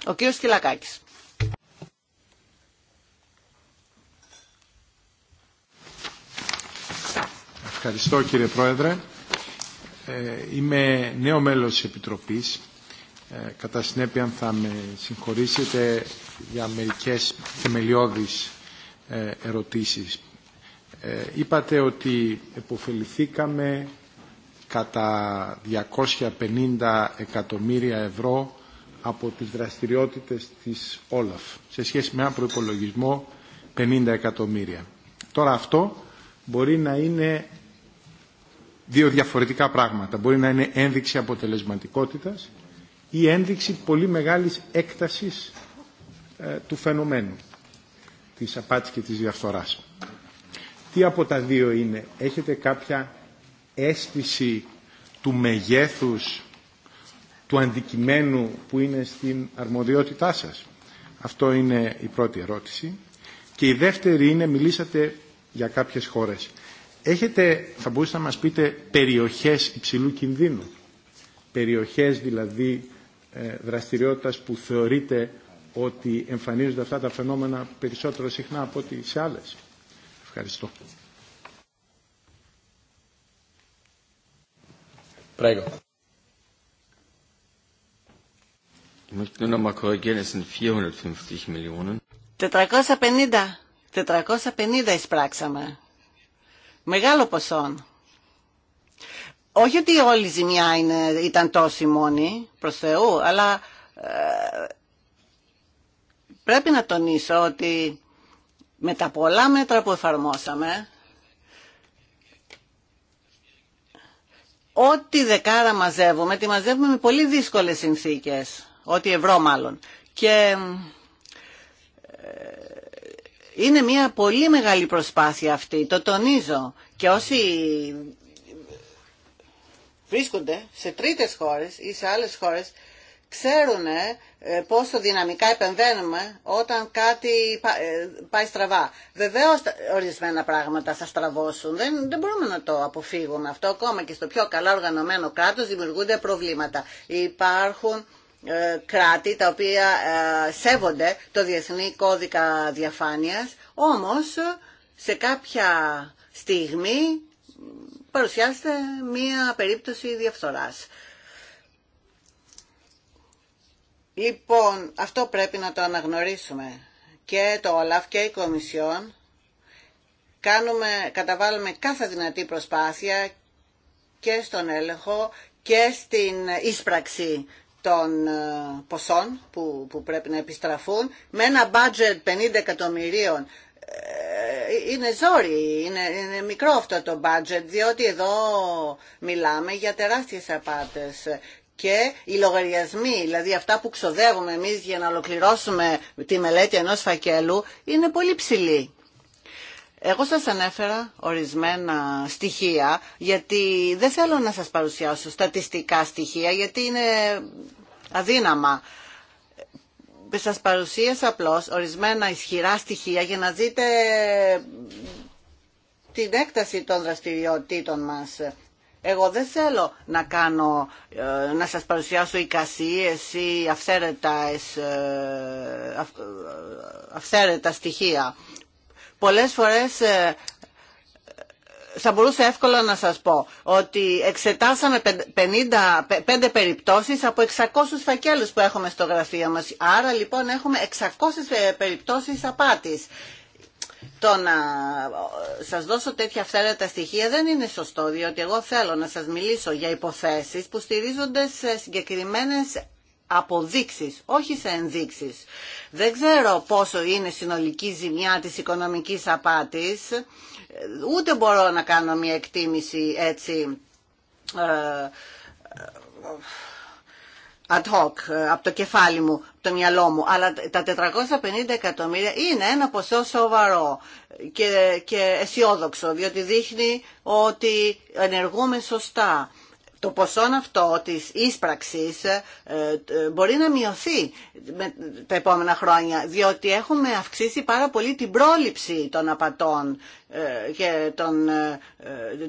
Ο κύριος Ευχαριστώ κύριε Πρόεδρε. Ε, είμαι νέο μέλος της Επιτροπής. Ε, κατά συνέπεια θα με συγχωρήσετε για μερικές θεμελιώδεις ε, ερωτήσεις. Είπατε ότι εποφεληθήκαμε κατά 250 εκατομμύρια ευρώ από τις δραστηριότητες της Όλαφ σε σχέση με ένα προϋπολογισμό 50 εκατομμύρια. Τώρα αυτό μπορεί να είναι δύο διαφορετικά πράγματα. Μπορεί να είναι ένδειξη αποτελεσματικότητας ή ένδειξη πολύ μεγάλης έκτασης ε, του φαινομένου της απάτης και της διαφθοράς. Τι από τα δύο είναι. Έχετε κάποια αίσθηση του μεγέθους του αντικειμένου που είναι στην αρμοδιότητά σας. Αυτό είναι η πρώτη ερώτηση. Και η δεύτερη είναι, μιλήσατε για κάποιες χώρες. Έχετε, θα μπορούσατε να μας πείτε, περιοχές υψηλού κινδύνου. Περιοχές δηλαδή ε, δραστηριότητας που θεωρείτε ότι εμφανίζονται αυτά τα φαινόμενα περισσότερο συχνά από ό,τι σε άλλες. Ευχαριστώ. möchte nur 450 Millionen. 450, 450 εισπράξαμε μεγάλο ποσό. Όχι ότι όλη η ζημιά ήταν τόση μόνη προς Θεού, αλλά ε, πρέπει να τονίσω ότι με τα πολλά μέτρα που εφαρμόσαμε, ό,τι δεκάρα μαζεύουμε, τη μαζεύουμε με πολύ δύσκολες συνθήκες, ό,τι ευρώ μάλλον. Και είναι μια πολύ μεγάλη προσπάθεια αυτή, το τονίζω. Και όσοι βρίσκονται σε τρίτες χώρες ή σε άλλες χώρες, ξέρουν ε, πόσο δυναμικά επεμβαίνουμε όταν κάτι ε, πάει στραβά. Βεβαίω ορισμένα πράγματα θα στραβώσουν, δεν, δεν μπορούμε να το αποφύγουμε αυτό. Ακόμα και στο πιο καλά οργανωμένο κράτος δημιουργούνται προβλήματα. Υπάρχουν ε, κράτη τα οποία ε, σέβονται το Διεθνή Κώδικα Διαφάνειας, όμως σε κάποια στιγμή παρουσιάζεται μία περίπτωση διαφθοράς. Λοιπόν, αυτό πρέπει να το αναγνωρίσουμε. Και το ΟΛΑΦ και η Κομισιόν κάνουμε, καταβάλουμε κάθε δυνατή προσπάθεια και στον έλεγχο και στην ίσπραξη των ε, ποσών που, που πρέπει να επιστραφούν με ένα budget 50 εκατομμυρίων ε, είναι ζόρι, είναι, είναι, μικρό αυτό το budget, διότι εδώ μιλάμε για τεράστιες απάτες και οι λογαριασμοί, δηλαδή αυτά που ξοδεύουμε εμείς για να ολοκληρώσουμε τη μελέτη ενός φακέλου, είναι πολύ ψηλοί. Εγώ σας ανέφερα ορισμένα στοιχεία, γιατί δεν θέλω να σας παρουσιάσω στατιστικά στοιχεία, γιατί είναι αδύναμα. Σας παρουσίασα απλώς ορισμένα ισχυρά στοιχεία για να δείτε την έκταση των δραστηριοτήτων μας. Εγώ δεν θέλω να κάνω, ε, να σας παρουσιάσω εικασίες ή αυθαίρετα ε, ε, στοιχεία. Πολλές φορές ε, θα μπορούσα εύκολα να σας πω ότι εξετάσαμε πέντε περιπτώσεις από 600 φακέλους που έχουμε στο γραφείο μας. Άρα λοιπόν έχουμε 600 ε, περιπτώσεις απάτης. Το να ε, σας δώσω τέτοια αυθαίρετα στοιχεία δεν είναι σωστό, διότι εγώ θέλω να σας μιλήσω για υποθέσεις που στηρίζονται σε συγκεκριμένες αποδείξεις, όχι σε ενδείξεις. Δεν ξέρω πόσο είναι συνολική ζημιά της οικονομικής απάτης, ούτε μπορώ να κάνω μια εκτίμηση έτσι ε, ε, ad hoc, ε, από το κεφάλι μου, από το μυαλό μου, αλλά τα 450 εκατομμύρια είναι ένα ποσό σοβαρό και, και αισιόδοξο, διότι δείχνει ότι ενεργούμε σωστά το ποσό αυτό της ίσπραξης ε, ε, μπορεί να μειωθεί τα επόμενα χρόνια, διότι έχουμε αυξήσει πάρα πολύ την πρόληψη των απατών ε, και των,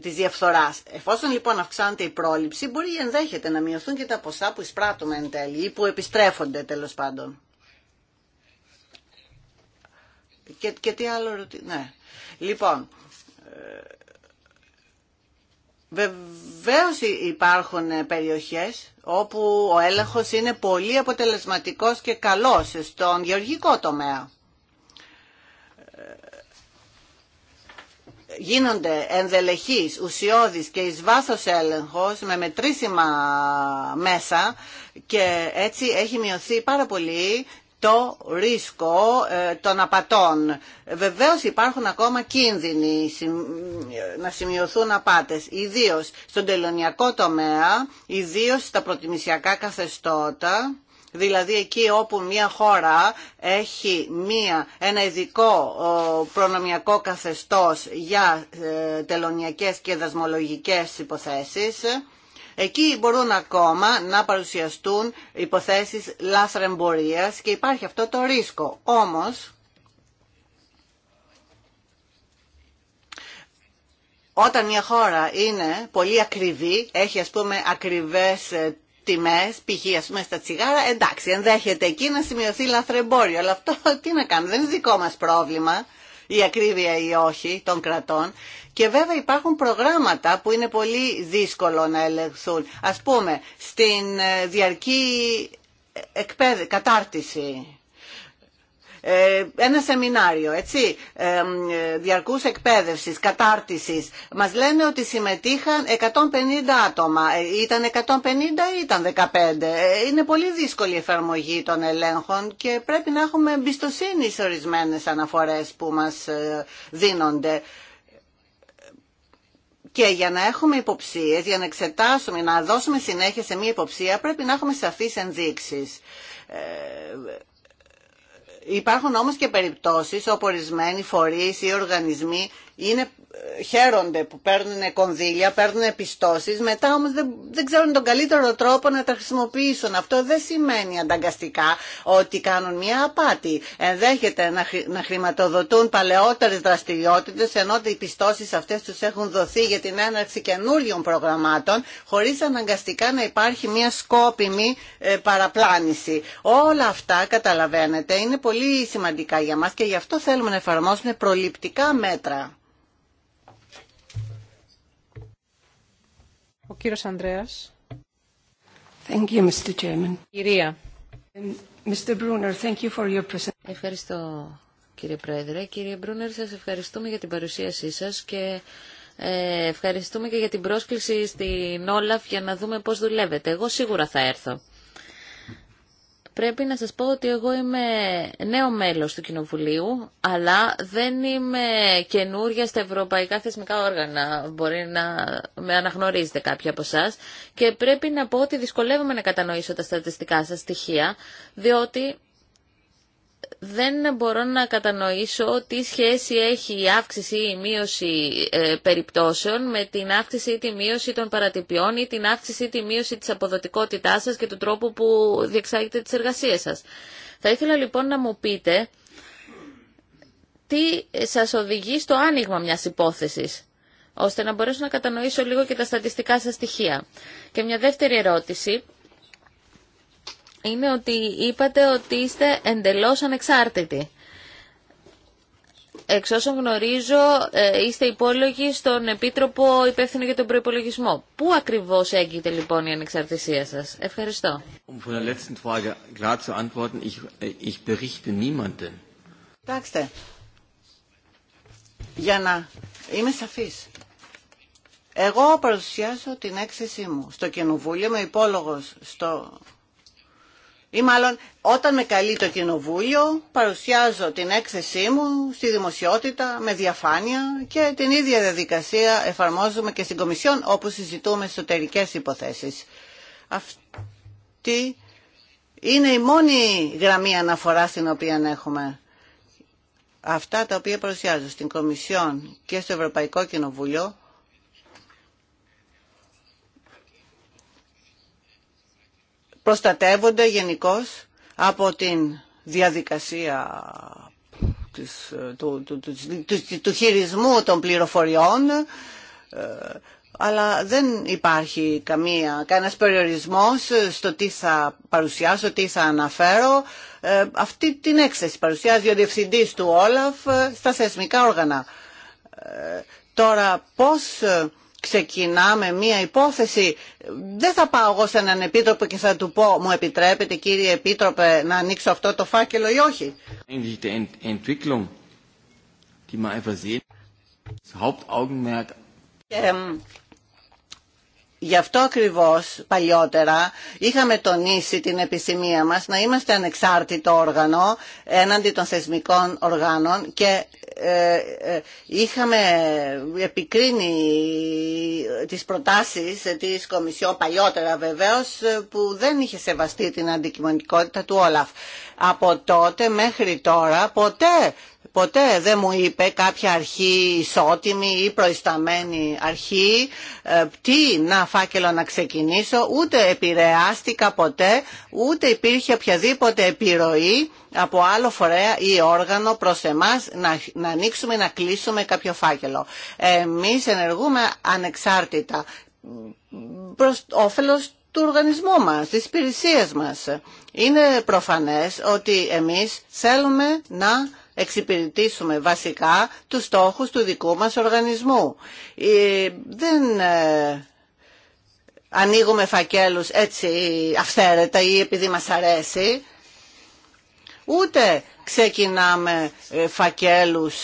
της διαφθοράς. Εφόσον λοιπόν αυξάνεται η πρόληψη, μπορεί ενδέχεται να μειωθούν και τα ποσά που εισπράττουμε εν τέλει ή που επιστρέφονται τέλος πάντων. Και, και τι άλλο ρωτή... Ναι. Λοιπόν, Βεβαίως υπάρχουν περιοχές όπου ο έλεγχος είναι πολύ αποτελεσματικός και καλός στον γεωργικό τομέα. Γίνονται ενδελεχείς, ουσιώδης και εις βάθος έλεγχος με μετρήσιμα μέσα και έτσι έχει μειωθεί πάρα πολύ το ρίσκο ε, των απατών. Βεβαίως υπάρχουν ακόμα κίνδυνοι να σημειωθούν απάτες, ιδίως στον τελωνιακό τομέα, ιδίως στα προτιμησιακά καθεστώτα, δηλαδή εκεί όπου μια χώρα έχει μια, ένα ειδικό προνομιακό καθεστώς για ε, τελωνιακές και δασμολογικές υποθέσεις, Εκεί μπορούν ακόμα να παρουσιαστούν υποθέσεις λάθρεμπορίας και υπάρχει αυτό το ρίσκο. Όμως, όταν μια χώρα είναι πολύ ακριβή, έχει ας πούμε ακριβές ε, τιμές, π.χ. ας πούμε στα τσιγάρα, εντάξει, ενδέχεται εκεί να σημειωθεί λαθρεμπόριο. Αλλά αυτό *laughs* τι να κάνουμε, δεν είναι δικό μα πρόβλημα η ακρίβεια ή όχι των κρατών. Και βέβαια υπάρχουν προγράμματα που είναι πολύ δύσκολο να ελεγχθούν. Ας πούμε, στην ε, διαρκή ε, εκπαίδευση, κατάρτιση ε, ένα σεμινάριο, έτσι, διαρκούς εκπαίδευσης, κατάρτισης. Μας λένε ότι συμμετείχαν 150 άτομα. Ε, ήταν 150 ή ήταν 15. Ε, είναι πολύ δύσκολη η εφαρμογή των ελέγχων και πρέπει να έχουμε εμπιστοσύνη σε ορισμένες αναφορές που μας δίνονται. Και για να έχουμε υποψίες, για να εξετάσουμε, να δώσουμε συνέχεια σε μία υποψία, πρέπει να έχουμε σαφείς ενδείξεις. Υπάρχουν όμως και περιπτώσεις όπου ορισμένοι φορείς ή οργανισμοί είναι, ε, χαίρονται που παίρνουν κονδύλια, παίρνουν επιστώσεις, μετά όμως δεν, δεν ξέρουν τον καλύτερο τρόπο να τα χρησιμοποιήσουν. Αυτό δεν σημαίνει ανταγκαστικά ότι κάνουν μια απάτη. Ενδέχεται να, να χρηματοδοτούν παλαιότερες δραστηριότητες, ενώ οι πιστώσεις αυτές τους έχουν δοθεί για την έναρξη καινούριων προγραμμάτων, χωρίς αναγκαστικά να υπάρχει μια σκόπιμη ε, παραπλάνηση. Όλα αυτά, καταλαβαίνετε, είναι πολύ πολύ σημαντικά για μας και γι' αυτό θέλουμε να εφαρμόσουμε προληπτικά μέτρα. Ο κύριος Ανδρέας. Thank you, Mr. Chairman. Κυρία. Mr. Brunner, thank you for your Ευχαριστώ κύριε Πρόεδρε. Κύριε Μπρούνερ, σας ευχαριστούμε για την παρουσίασή σας και ε, ευχαριστούμε και για την πρόσκληση στην Όλαφ για να δούμε πώς δουλεύετε. Εγώ σίγουρα θα έρθω. Πρέπει να σας πω ότι εγώ είμαι νέο μέλος του Κοινοβουλίου, αλλά δεν είμαι καινούρια στα ευρωπαϊκά θεσμικά όργανα. Μπορεί να με αναγνωρίζετε κάποιοι από εσά. Και πρέπει να πω ότι δυσκολεύομαι να κατανοήσω τα στατιστικά σας στοιχεία, διότι δεν μπορώ να κατανοήσω τι σχέση έχει η αύξηση ή η μείωση ε, περιπτώσεων με την αύξηση ή τη μείωση των παρατυπιών ή την αύξηση ή τη μείωση της αποδοτικότητάς σας και του τρόπου που διεξάγετε τις εργασίες σας. Θα ήθελα λοιπόν να μου πείτε τι σας οδηγεί στο άνοιγμα μιας υπόθεσης ώστε να μπορέσω να κατανοήσω λίγο και τα στατιστικά σας στοιχεία. Και μια δεύτερη ερώτηση είναι ότι είπατε ότι είστε εντελώς ανεξάρτητοι. Εξ όσων γνωρίζω, ε, είστε υπόλογοι στον Επίτροπο Υπεύθυνο για τον Προϋπολογισμό. Πού ακριβώς έγκυται λοιπόν η ανεξαρτησία σας. Ευχαριστώ. για να είμαι σαφής. Εγώ παρουσιάζω την έκθεσή μου στο Κοινοβούλιο, είμαι υπόλογος στο ή μάλλον όταν με καλεί το κοινοβούλιο παρουσιάζω την έκθεσή μου στη δημοσιότητα με διαφάνεια και την ίδια διαδικασία εφαρμόζουμε και στην Κομισιόν όπου συζητούμε εσωτερικές υποθέσεις. Αυτή είναι η μόνη γραμμή αναφορά στην οποία έχουμε. Αυτά τα οποία παρουσιάζω στην Κομισιόν και στο Ευρωπαϊκό Κοινοβούλιο προστατεύονται γενικώ από την διαδικασία του, χειρισμού των πληροφοριών ε, αλλά δεν υπάρχει καμία, κανένας περιορισμός στο τι θα παρουσιάσω, τι θα αναφέρω. Ε, αυτή την έκθεση παρουσιάζει ο διευθυντής του Όλαφ στα θεσμικά όργανα. Ε, τώρα πώς ξεκινάμε μία υπόθεση, δεν θα πάω εγώ σε έναν επίτροπο και θα του πω «Μου επιτρέπετε κύριε επίτροπε να ανοίξω αυτό το φάκελο ή όχι». Γι' αυτό ακριβώς παλιότερα είχαμε τονίσει την επισημία μας να είμαστε ανεξάρτητο όργανο έναντι των θεσμικών οργάνων και ε, ε, είχαμε επικρίνει τις προτάσεις της κομισιό παλιότερα βεβαίως που δεν είχε σεβαστεί την αντικειμενικότητα του Όλαφ. Από τότε μέχρι τώρα ποτέ Ποτέ δεν μου είπε κάποια αρχή ισότιμη ή προϊσταμένη αρχή ε, τι να φάκελο να ξεκινήσω, ούτε επηρεάστηκα ποτέ, ούτε υπήρχε οποιαδήποτε επιρροή από άλλο φορέα ή όργανο προς εμάς να, να ανοίξουμε, να κλείσουμε κάποιο φάκελο. Εμείς ενεργούμε ανεξάρτητα προς όφελος του οργανισμού μας, της υπηρεσία μας. Είναι προφανές ότι εμείς θέλουμε να εξυπηρετήσουμε βασικά τους στόχους του δικού μας οργανισμού. Ε, δεν ε, ανοίγουμε φακέλους έτσι αυθαίρετα ή επειδή μας αρέσει, ούτε ξεκινάμε ε, φακέλους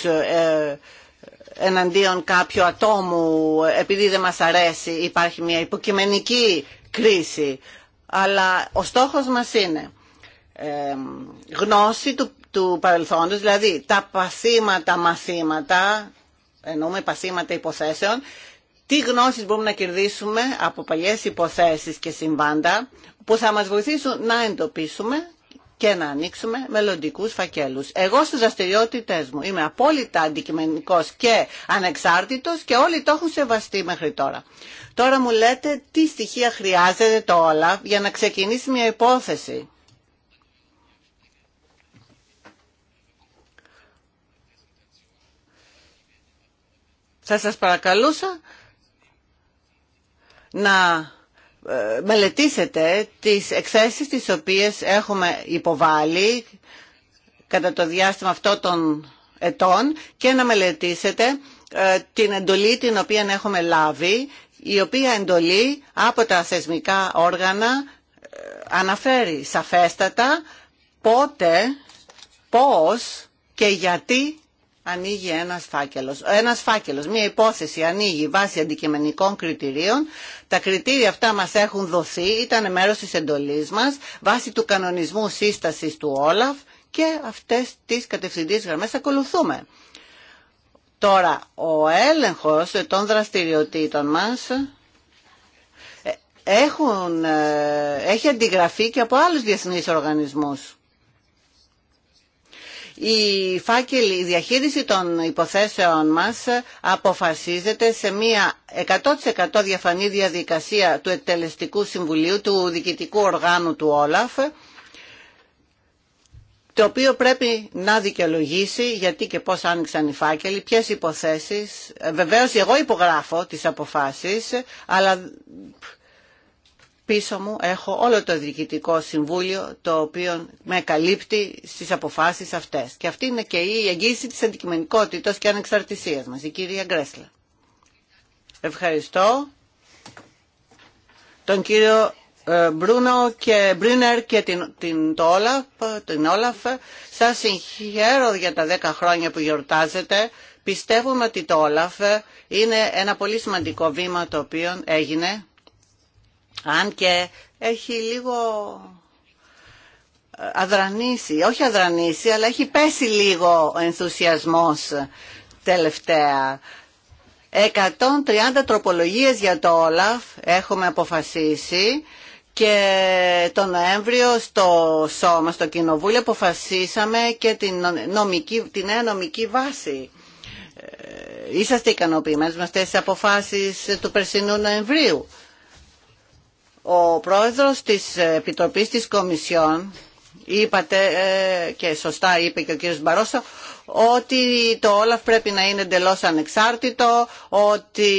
εναντίον κάποιου ατόμου επειδή δεν μας αρέσει υπάρχει μια υποκειμενική κρίση αλλά ο στόχος μας είναι γνώση του του παρελθόντος, δηλαδή τα παθήματα μαθήματα, εννοούμε παθήματα υποθέσεων, τι γνώσεις μπορούμε να κερδίσουμε από παλιές υποθέσεις και συμβάντα που θα μας βοηθήσουν να εντοπίσουμε και να ανοίξουμε μελλοντικού φακέλους. Εγώ στις δραστηριότητε μου είμαι απόλυτα αντικειμενικός και ανεξάρτητος και όλοι το έχουν σεβαστεί μέχρι τώρα. Τώρα μου λέτε τι στοιχεία χρειάζεται το όλα για να ξεκινήσει μια υπόθεση. Θα σας παρακαλούσα να ε, μελετήσετε τις εκθέσεις τις οποίες έχουμε υποβάλει κατά το διάστημα αυτό των ετών και να μελετήσετε ε, την εντολή την οποία έχουμε λάβει, η οποία εντολή από τα θεσμικά όργανα ε, αναφέρει σαφέστατα πότε, πώς και γιατί ανοίγει ένας φάκελος. Ένα φάκελο, μια υπόθεση ανοίγει βάσει αντικειμενικών κριτηρίων. Τα κριτήρια αυτά μας έχουν δοθεί, ήταν μέρος της εντολής μας, βάσει του κανονισμού σύστασης του Όλαφ και αυτές τις κατευθυντήριες γραμμέ ακολουθούμε. Τώρα, ο έλεγχο των δραστηριοτήτων μας ε, ε, έχει αντιγραφεί και από άλλου διεθνεί οργανισμού. Η φάκελη διαχείριση των υποθέσεων μας αποφασίζεται σε μια 100% διαφανή διαδικασία του εκτελεστικού συμβουλίου, του διοικητικού οργάνου του Όλαφ, το οποίο πρέπει να δικαιολογήσει γιατί και πώς άνοιξαν οι φάκελοι, ποιες υποθέσεις. Βεβαίως εγώ υπογράφω τις αποφάσεις, αλλά Πίσω μου έχω όλο το Διοικητικό Συμβούλιο το οποίο με καλύπτει στις αποφάσεις αυτές. Και αυτή είναι και η εγγύηση της αντικειμενικότητας και ανεξαρτησίας μας, η κυρία Γκρέσλα. Ευχαριστώ τον κύριο ε, Μπρούνο και Μπρίνερ και την, την, το Όλαφ, την Σας συγχαίρω για τα 10 χρόνια που γιορτάζετε. Πιστεύουμε ότι το Όλαφ είναι ένα πολύ σημαντικό βήμα το οποίο έγινε αν και έχει λίγο αδρανήσει, όχι αδρανήσει, αλλά έχει πέσει λίγο ο ενθουσιασμός τελευταία. 130 τροπολογίες για το Όλαφ έχουμε αποφασίσει και το Νοέμβριο στο Σώμα, στο Κοινοβούλιο, αποφασίσαμε και την, νομική, την νέα νομική βάση. Ε, είσαστε ικανοποιημένοι με αυτές τις αποφάσεις του περσινού Νοεμβρίου. Ο πρόεδρος της Επιτροπής της Κομισιόν είπατε ε, και σωστά είπε και ο κύριος Μπαρόσο ότι το Όλαφ πρέπει να είναι εντελώ ανεξάρτητο, ότι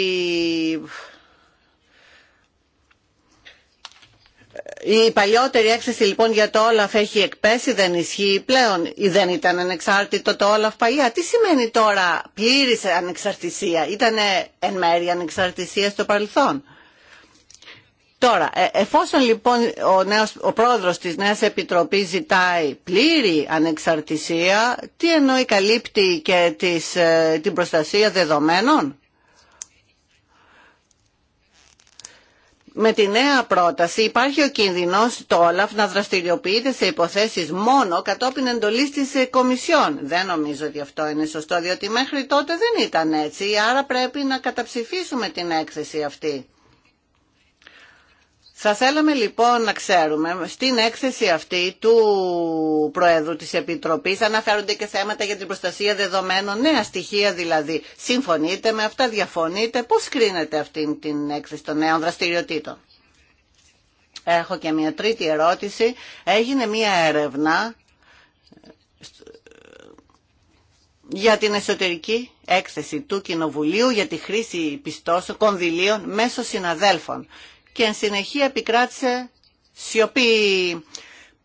ε, η παλιότερη έκθεση λοιπόν για το Όλαφ έχει εκπέσει, δεν ισχύει πλέον ή δεν ήταν ανεξάρτητο το Όλαφ παλιά. Τι σημαίνει τώρα πλήρης ανεξαρτησία, ήταν εν μέρη ανεξαρτησία στο παρελθόν. Τώρα, ε, εφόσον λοιπόν ο, νέος, ο πρόεδρος της Νέας Επιτροπής ζητάει πλήρη ανεξαρτησία, τι εννοεί καλύπτει και της, ε, την προστασία δεδομένων. Με τη νέα πρόταση υπάρχει ο κίνδυνος το Όλαφ να δραστηριοποιείται σε υποθέσεις μόνο κατόπιν εντολής της ε, Κομισιόν. Δεν νομίζω ότι αυτό είναι σωστό, διότι μέχρι τότε δεν ήταν έτσι, άρα πρέπει να καταψηφίσουμε την έκθεση αυτή. Θα θέλαμε λοιπόν να ξέρουμε, στην έκθεση αυτή του Προέδρου της Επιτροπής αναφέρονται και θέματα για την προστασία δεδομένων, νέα στοιχεία δηλαδή. Συμφωνείτε με αυτά, διαφωνείτε, πώς κρίνετε αυτή την έκθεση των νέων δραστηριοτήτων. Έχω και μια τρίτη ερώτηση. Έγινε μια έρευνα για την εσωτερική έκθεση του Κοινοβουλίου για τη χρήση πιστώσεων κονδυλίων μέσω συναδέλφων και εν συνεχεία επικράτησε σιωπή.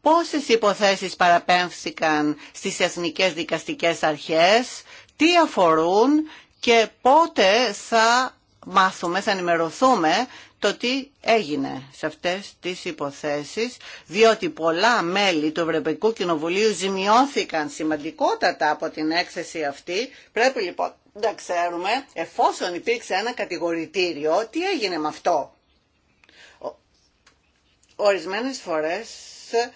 Πόσες υποθέσεις παραπέμφθηκαν στις εθνικές δικαστικές αρχές, τι αφορούν και πότε θα μάθουμε, θα ενημερωθούμε το τι έγινε σε αυτές τις υποθέσεις, διότι πολλά μέλη του Ευρωπαϊκού Κοινοβουλίου ζημιώθηκαν σημαντικότατα από την έκθεση αυτή. Πρέπει λοιπόν να ξέρουμε, εφόσον υπήρξε ένα κατηγορητήριο, τι έγινε με αυτό. Ορισμένες φορές ε,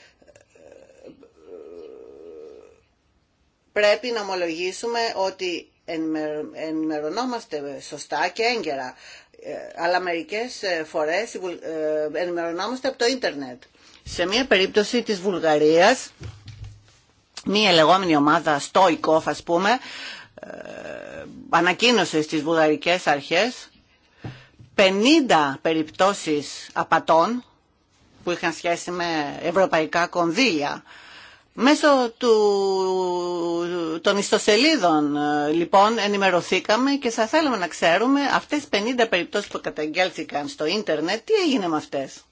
πρέπει να ομολογήσουμε ότι ενημερωνόμαστε σωστά και έγκαιρα, ε, αλλά μερικές ε, φορές ενημερωνόμαστε από το ίντερνετ. Σε μία περίπτωση της Βουλγαρίας, μία λεγόμενη ομάδα Stoikov ας πούμε, ανακοίνωσε στις βουλγαρικές αρχές 50 περιπτώσεις απατών που είχαν σχέση με ευρωπαϊκά κονδύλια. Μέσω του, των ιστοσελίδων ε, λοιπόν ενημερωθήκαμε και θα θέλαμε να ξέρουμε αυτές 50 περιπτώσεις που καταγγέλθηκαν στο ίντερνετ, τι έγινε με αυτές.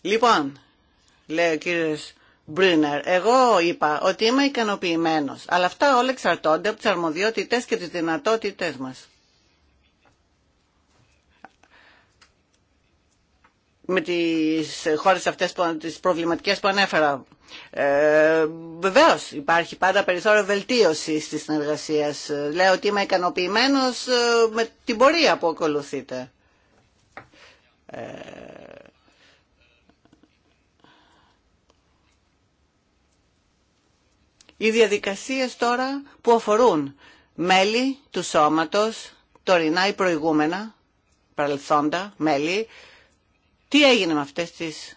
Λοιπόν, λέει ο κύριος Μπρίνερ, εγώ είπα ότι είμαι ικανοποιημένος, αλλά αυτά όλα εξαρτώνται από τις αρμοδιότητες και τις δυνατότητες μας. με τις χώρες αυτές, τις προβληματικές που ανέφερα. Ε, Βεβαίω υπάρχει πάντα περιθώριο βελτίωση τη συνεργασία. Λέω ότι είμαι ικανοποιημένο ε, με την πορεία που ακολουθείτε. Ε, οι διαδικασίες τώρα που αφορούν μέλη του σώματος, τωρινά ή προηγούμενα, παρελθόντα, μέλη, τι έγινε με αυτές τις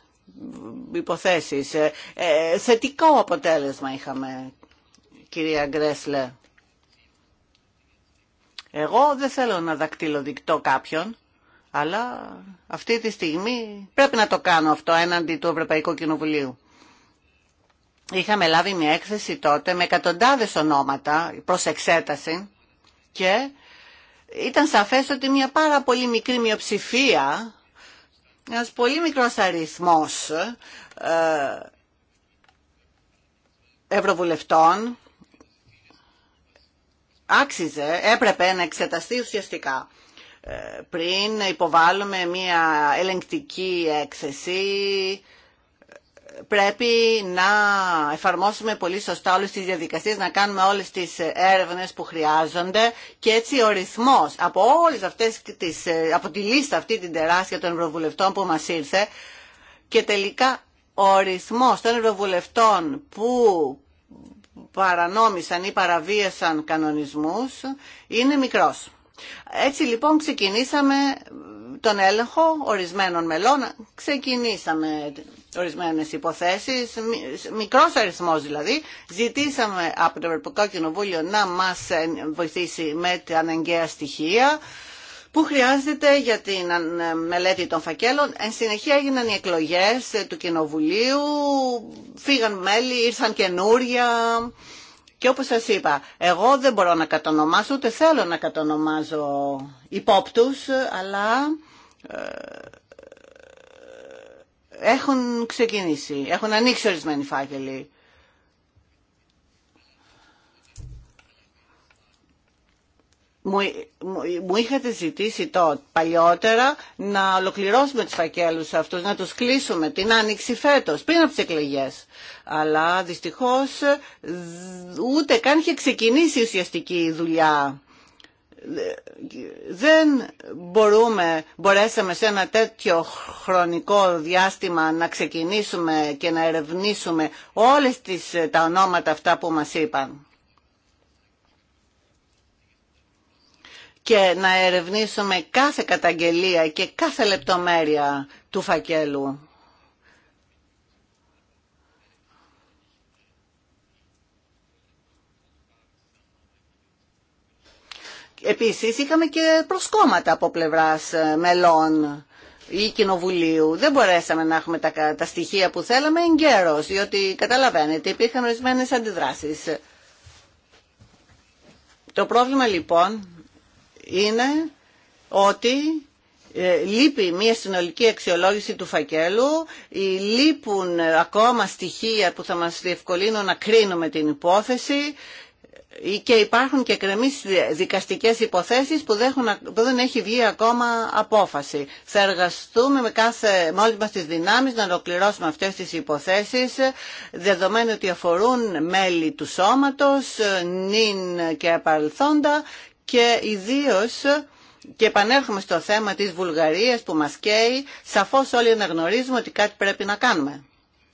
υποθέσεις. Ε, ε, θετικό αποτέλεσμα είχαμε, κυρία Γκρέσλε. Εγώ δεν θέλω να δακτυλοδεικτώ κάποιον, αλλά αυτή τη στιγμή πρέπει να το κάνω αυτό έναντι του Ευρωπαϊκού Κοινοβουλίου. Είχαμε λάβει μια έκθεση τότε με εκατοντάδες ονόματα προς εξέταση και ήταν σαφές ότι μια πάρα πολύ μικρή μειοψηφία ένας πολύ μικρός αριθμός ε, ευρωβουλευτών άξιζε, έπρεπε να εξεταστεί ουσιαστικά ε, πριν υποβάλλουμε μια ελεγκτική έκθεση πρέπει να εφαρμόσουμε πολύ σωστά όλες τις διαδικασίες, να κάνουμε όλες τις έρευνες που χρειάζονται και έτσι ο ρυθμός από όλες αυτές τις, από τη λίστα αυτή την τεράστια των ευρωβουλευτών που μας ήρθε και τελικά ο ρυθμός των ευρωβουλευτών που παρανόμησαν ή παραβίασαν κανονισμούς είναι μικρός. Έτσι λοιπόν ξεκινήσαμε τον έλεγχο ορισμένων μελών, ξεκινήσαμε ορισμένες υποθέσεις, μικρός αριθμός δηλαδή. Ζητήσαμε από το Ευρωπαϊκό Κοινοβούλιο να μας ε, βοηθήσει με τα αναγκαία στοιχεία που χρειάζεται για την ε, μελέτη των φακέλων. Εν συνεχεία έγιναν οι εκλογές ε, του Κοινοβουλίου, φύγαν μέλη, ήρθαν καινούρια. Και όπως σας είπα, εγώ δεν μπορώ να κατονομάσω, ούτε θέλω να κατονομάζω υπόπτους, αλλά έχουν ξεκινήσει, έχουν ανοίξει ορισμένοι φάκελοι. Μου, μου είχατε ζητήσει τότε παλιότερα να ολοκληρώσουμε τους φακέλους αυτούς, να τους κλείσουμε την άνοιξη φέτος, πριν από τις εκλογές. Αλλά δυστυχώς ούτε καν είχε ξεκινήσει η ουσιαστική δουλειά δεν μπορούμε, μπορέσαμε σε ένα τέτοιο χρονικό διάστημα να ξεκινήσουμε και να ερευνήσουμε όλες τις, τα ονόματα αυτά που μας είπαν. Και να ερευνήσουμε κάθε καταγγελία και κάθε λεπτομέρεια του φακέλου. Επίσης είχαμε και προσκόμματα από πλευράς ε, μελών ή κοινοβουλίου. Δεν μπορέσαμε να έχουμε τα, στοιχεία που θέλαμε εγκαίρως, διότι καταλαβαίνετε υπήρχαν ορισμένε αντιδράσεις. Το πρόβλημα λοιπόν είναι ότι ε, λείπει μια συνολική αξιολόγηση του φακέλου, λείπουν ακόμα στοιχεία που θα μας διευκολύνουν να κρίνουμε την υπόθεση και υπάρχουν και κρεμείς δικαστικές υποθέσεις που, δεν έχει βγει ακόμα απόφαση. Θα εργαστούμε με, κάθε, με όλες μας τις δυνάμεις να ολοκληρώσουμε αυτές τις υποθέσεις δεδομένου ότι αφορούν μέλη του σώματος, νυν και παρελθόντα και ιδίως και επανέρχομαι στο θέμα της Βουλγαρίας που μας καίει, σαφώς όλοι αναγνωρίζουμε ότι κάτι πρέπει να κάνουμε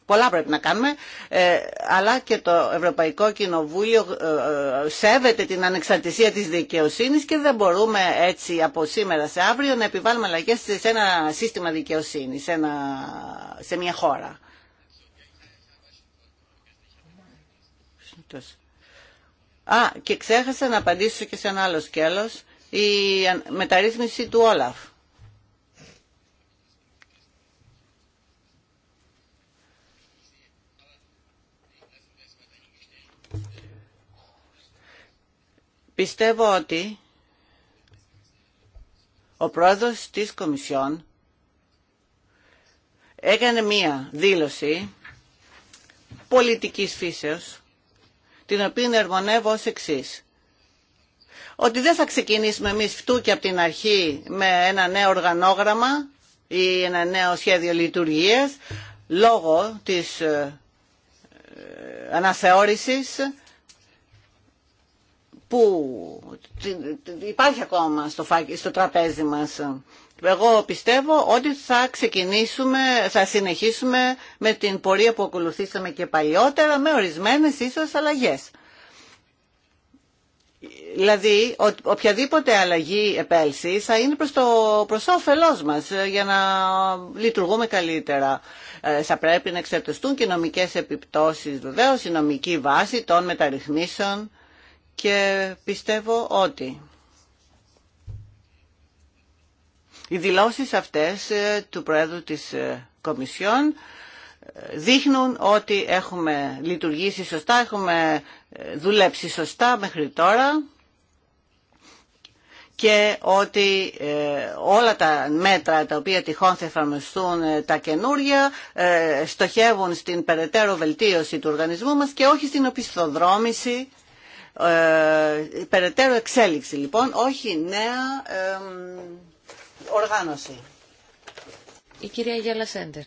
πολλά πρέπει να κάνουμε, ε, αλλά και το Ευρωπαϊκό Κοινοβούλιο ε, ε, σέβεται την ανεξαρτησία της δικαιοσύνης και δεν μπορούμε έτσι από σήμερα σε αύριο να επιβάλλουμε αλλαγές σε ένα σύστημα δικαιοσύνης, σε, μια χώρα. Α, και ξέχασα να απαντήσω και σε ένα άλλο σκέλος, η μεταρρύθμιση του Όλαφ. Πιστεύω ότι ο πρόεδρος της Κομισιόν έκανε μία δήλωση πολιτικής φύσεως, την οποία ερμονεύω ως εξής ότι δεν θα ξεκινήσουμε εμείς φτού και από την αρχή με ένα νέο οργανόγραμμα ή ένα νέο σχέδιο λειτουργίας λόγω της ε, ε, αναθεώρησης που υπάρχει ακόμα στο, στο τραπέζι μας. Εγώ πιστεύω ότι θα ξεκινήσουμε, θα συνεχίσουμε με την πορεία που ακολουθήσαμε και παλιότερα με ορισμένες ίσως αλλαγές. Δηλαδή, οποιαδήποτε αλλαγή επέλση θα είναι προς το προς όφελός μας ε, για να λειτουργούμε καλύτερα. Ε, θα πρέπει να εξεταστούν και νομικές επιπτώσεις βεβαίως, η νομική βάση των μεταρρυθμίσεων και πιστεύω ότι οι δηλώσεις αυτές ε, του Προέδρου της ε, Κομισιόν ε, δείχνουν ότι έχουμε λειτουργήσει σωστά, έχουμε δουλέψει σωστά μέχρι τώρα και ότι όλα τα μέτρα τα οποία τυχόν θα εφαρμοστούν τα καινούργια στοχεύουν στην περαιτέρω βελτίωση του οργανισμού μας και όχι στην οπισθοδρόμηση ε, περαιτέρω εξέλιξη λοιπόν, όχι νέα οργάνωση. Η κυρία Γιάλα Σέντερ.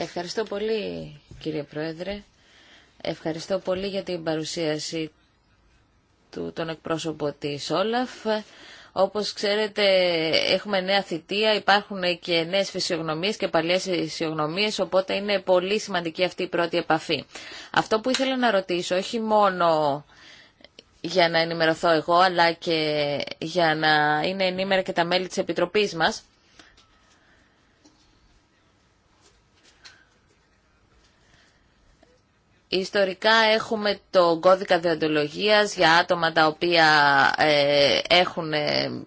Ευχαριστώ πολύ κύριε Πρόεδρε. Ευχαριστώ πολύ για την παρουσίαση του, τον εκπρόσωπο της Όλαφ. Όπως ξέρετε έχουμε νέα θητεία, υπάρχουν και νέες φυσιογνωμίες και παλιές φυσιογνωμίες, οπότε είναι πολύ σημαντική αυτή η πρώτη επαφή. Αυτό που ήθελα να ρωτήσω, όχι μόνο για να ενημερωθώ εγώ, αλλά και για να είναι ενήμερα και τα μέλη της Επιτροπής μας, Ιστορικά έχουμε το κώδικα διοντολογίας για άτομα τα οποία ε, έχουν ε,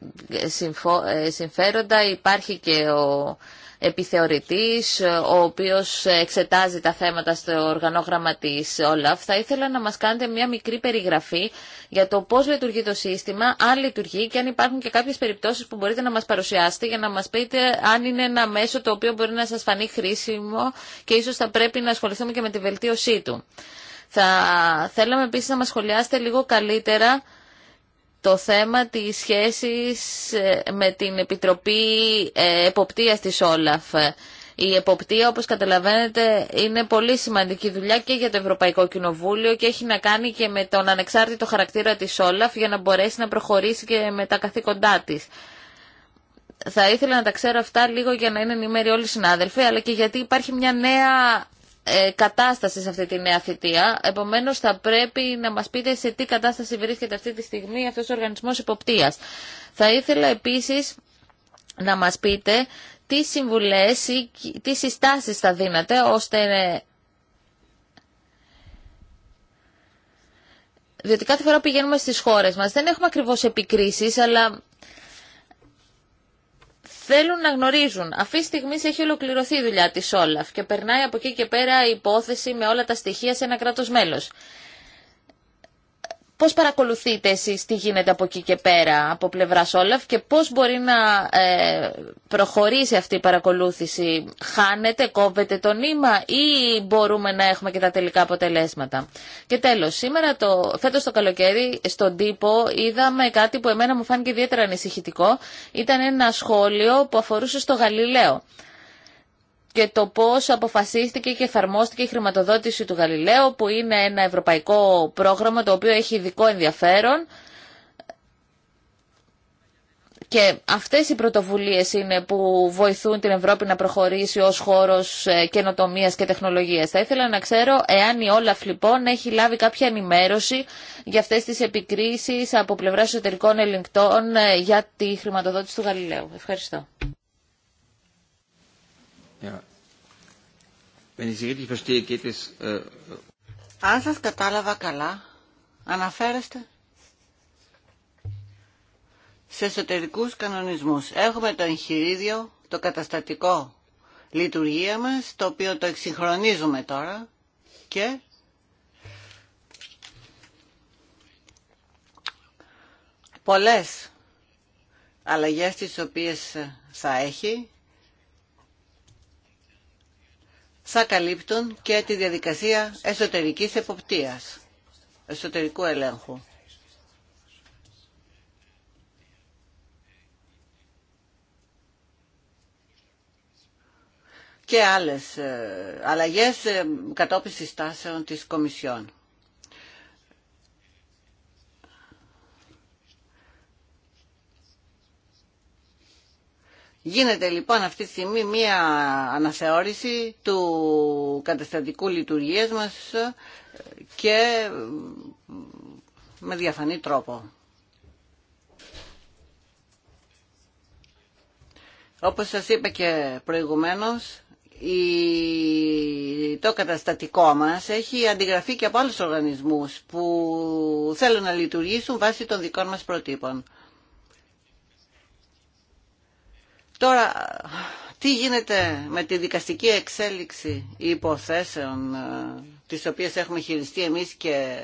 ε, συμφέροντα. Υπάρχει και ο επιθεωρητής, ε, ο οποίος εξετάζει τα θέματα στο οργανόγραμμα της Όλαφ. Θα ήθελα να μας κάνετε μια μικρή περιγραφή για το πώς λειτουργεί το σύστημα, αν λειτουργεί και αν υπάρχουν και κάποιες περιπτώσεις που μπορείτε να μας παρουσιάσετε για να μας πείτε αν είναι ένα μέσο το οποίο μπορεί να σας φανεί χρήσιμο και ίσως θα πρέπει να ασχοληθούμε και με τη βελτίωσή του. Θα θέλαμε επίσης να μας σχολιάσετε λίγο καλύτερα το θέμα της σχέσης ε, με την Επιτροπή ε, Εποπτείας της Όλαφ. Η εποπτεία, όπως καταλαβαίνετε, είναι πολύ σημαντική δουλειά και για το Ευρωπαϊκό Κοινοβούλιο και έχει να κάνει και με τον ανεξάρτητο χαρακτήρα της Όλαφ για να μπορέσει να προχωρήσει και με τα καθήκοντά της. Θα ήθελα να τα ξέρω αυτά λίγο για να είναι ενημέροι όλοι οι συνάδελφοι, αλλά και γιατί υπάρχει μια νέα ε, κατάσταση σε αυτή τη νέα θητεία. Επομένως θα πρέπει να μας πείτε σε τι κατάσταση βρίσκεται αυτή τη στιγμή αυτός ο οργανισμός υποπτία. Θα ήθελα επίσης να μας πείτε τι συμβουλέ ή τι συστάσεις θα δίνατε ώστε διότι κάθε φορά πηγαίνουμε στις χώρες μας δεν έχουμε ακριβώ επικρίσει, αλλά Θέλουν να γνωρίζουν. Αυτή τη στιγμή έχει ολοκληρωθεί η δουλειά τη Όλαφ και περνάει από εκεί και πέρα η υπόθεση με όλα τα στοιχεία σε ένα κράτο μέλο. Πώς παρακολουθείτε εσείς τι γίνεται από εκεί και πέρα από πλευρά Όλαφ και πώς μπορεί να ε, προχωρήσει αυτή η παρακολούθηση. Χάνεται, κόβεται το νήμα ή μπορούμε να έχουμε και τα τελικά αποτελέσματα. Και τέλος, σήμερα το, φέτος το καλοκαίρι στον τύπο είδαμε κάτι που εμένα μου φάνηκε ιδιαίτερα ανησυχητικό. Ήταν ένα σχόλιο που αφορούσε στο Γαλιλαίο και το πώς αποφασίστηκε και εφαρμόστηκε η χρηματοδότηση του Γαλιλαίου που είναι ένα ευρωπαϊκό πρόγραμμα το οποίο έχει ειδικό ενδιαφέρον και αυτές οι πρωτοβουλίες είναι που βοηθούν την Ευρώπη να προχωρήσει ως χώρος ε, καινοτομία και τεχνολογίας. Θα ήθελα να ξέρω εάν η Όλαφ λοιπόν έχει λάβει κάποια ενημέρωση για αυτές τις επικρίσεις από πλευρά εσωτερικών ελεγκτών ε, για τη χρηματοδότηση του Γαλιλαίου. Ευχαριστώ. Äh, Αν σας κατάλαβα καλά, αναφέρεστε σε εσωτερικού κανονισμούς. Έχουμε το εγχειρίδιο, το καταστατικό λειτουργία μας, το οποίο το εξυγχρονίζουμε τώρα και πολλές αλλαγές τις οποίες θα έχει θα καλύπτουν και τη διαδικασία εσωτερικής εποπτείας, εσωτερικού ελέγχου. και άλλες ε, αλλαγές ε, κατόπιν συστάσεων της Κομισιόν. Γίνεται λοιπόν αυτή τη στιγμή μία αναθεώρηση του καταστατικού λειτουργίας μας και με διαφανή τρόπο. Όπως σας είπα και προηγουμένως, η... το καταστατικό μας έχει αντιγραφεί και από άλλους οργανισμούς που θέλουν να λειτουργήσουν βάσει των δικών μας προτύπων. Τώρα, τι γίνεται με τη δικαστική εξέλιξη υποθέσεων ε, τις οποίες έχουμε χειριστεί εμείς και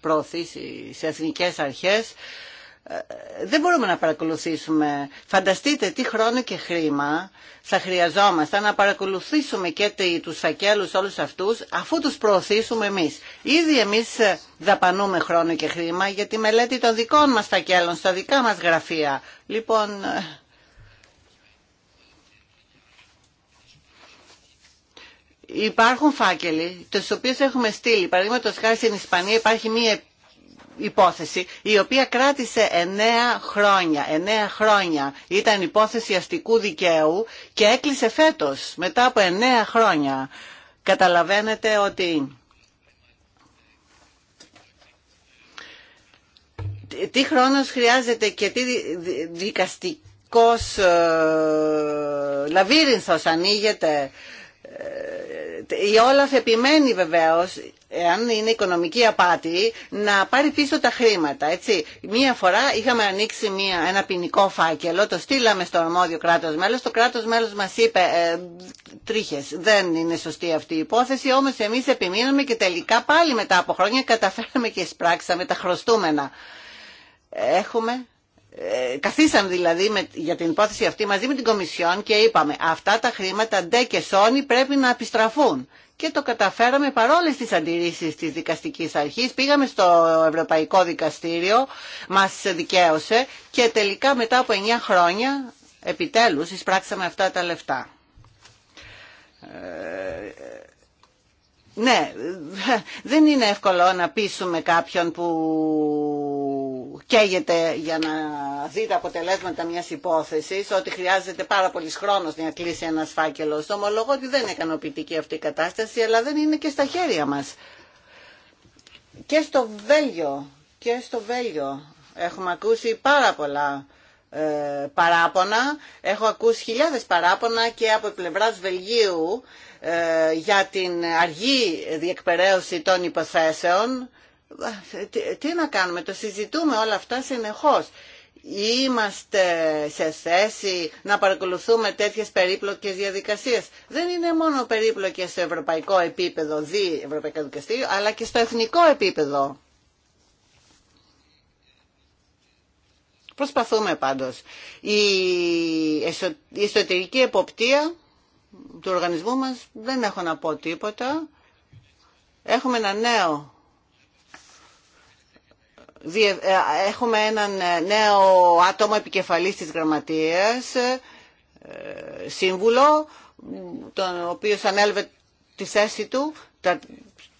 προωθήσει σε εθνικές αρχές, ε, δεν μπορούμε να παρακολουθήσουμε. Φανταστείτε τι χρόνο και χρήμα θα χρειαζόμαστε να παρακολουθήσουμε και τους φακέλους όλους αυτούς αφού τους προωθήσουμε εμείς. Ήδη εμείς ε, δαπανούμε χρόνο και χρήμα για τη μελέτη των δικών μας φακέλων στα δικά μας γραφεία. Λοιπόν, υπάρχουν φάκελοι, τους οποίους έχουμε στείλει. Παραδείγματο χάρη στην Ισπανία υπάρχει μία υπόθεση, η οποία κράτησε εννέα χρόνια. Εννέα χρόνια ήταν υπόθεση αστικού δικαίου και έκλεισε φέτος, μετά από εννέα χρόνια. Καταλαβαίνετε ότι... Τι χρόνος χρειάζεται και τι δικαστικός ε, λαβύρινθος ανοίγεται ε, η Όλαφ επιμένει βεβαίως, εάν είναι οικονομική απάτη, να πάρει πίσω τα χρήματα. Έτσι. Μία φορά είχαμε ανοίξει μία, ένα ποινικό φάκελο, το στείλαμε στο αρμόδιο κράτος μέλος, το κράτος μέλος μας είπε ε, τρίχες, δεν είναι σωστή αυτή η υπόθεση, όμως εμείς επιμείναμε και τελικά πάλι μετά από χρόνια καταφέραμε και εισπράξαμε τα χρωστούμενα. Έχουμε ε, καθίσαμε δηλαδή με, για την υπόθεση αυτή μαζί με την Κομισιόν και είπαμε αυτά τα χρήματα ντε και σόνι πρέπει να επιστραφούν. Και το καταφέραμε παρόλες τις αντιρρήσεις της δικαστικής αρχής. Πήγαμε στο Ευρωπαϊκό Δικαστήριο, μας δικαίωσε και τελικά μετά από 9 χρόνια επιτέλους εισπράξαμε αυτά τα λεφτά. Ε, ναι, δεν είναι εύκολο να πείσουμε κάποιον που καίγεται για να δει τα αποτελέσματα μιας υπόθεσης ότι χρειάζεται πάρα πολύ χρόνος να κλείσει ένα φάκελο Ομολογώ ότι δεν είναι ικανοποιητική αυτή η κατάσταση, αλλά δεν είναι και στα χέρια μας. Και στο Βέλγιο, και στο Βέλγιο έχουμε ακούσει πάρα πολλά ε, παράπονα. Έχω ακούσει χιλιάδες παράπονα και από πλευράς Βελγίου ε, για την αργή διεκπαιρέωση των υποθέσεων, τι να κάνουμε, το συζητούμε όλα αυτά συνεχώς. Είμαστε σε θέση να παρακολουθούμε τέτοιες περίπλοκες διαδικασίες. Δεν είναι μόνο περίπλοκες στο ευρωπαϊκό επίπεδο, δι Ευρωπαϊκό Δικαστήριο, αλλά και στο εθνικό επίπεδο. Προσπαθούμε πάντως. Η εσωτερική εποπτεία του οργανισμού μας δεν έχω να πω τίποτα. Έχουμε ένα νέο ε, Έχουμε έναν ε, νέο άτομο επικεφαλής της γραμματείας, ε, σύμβουλο, τον οποίο ανέλαβε τη θέση του τα,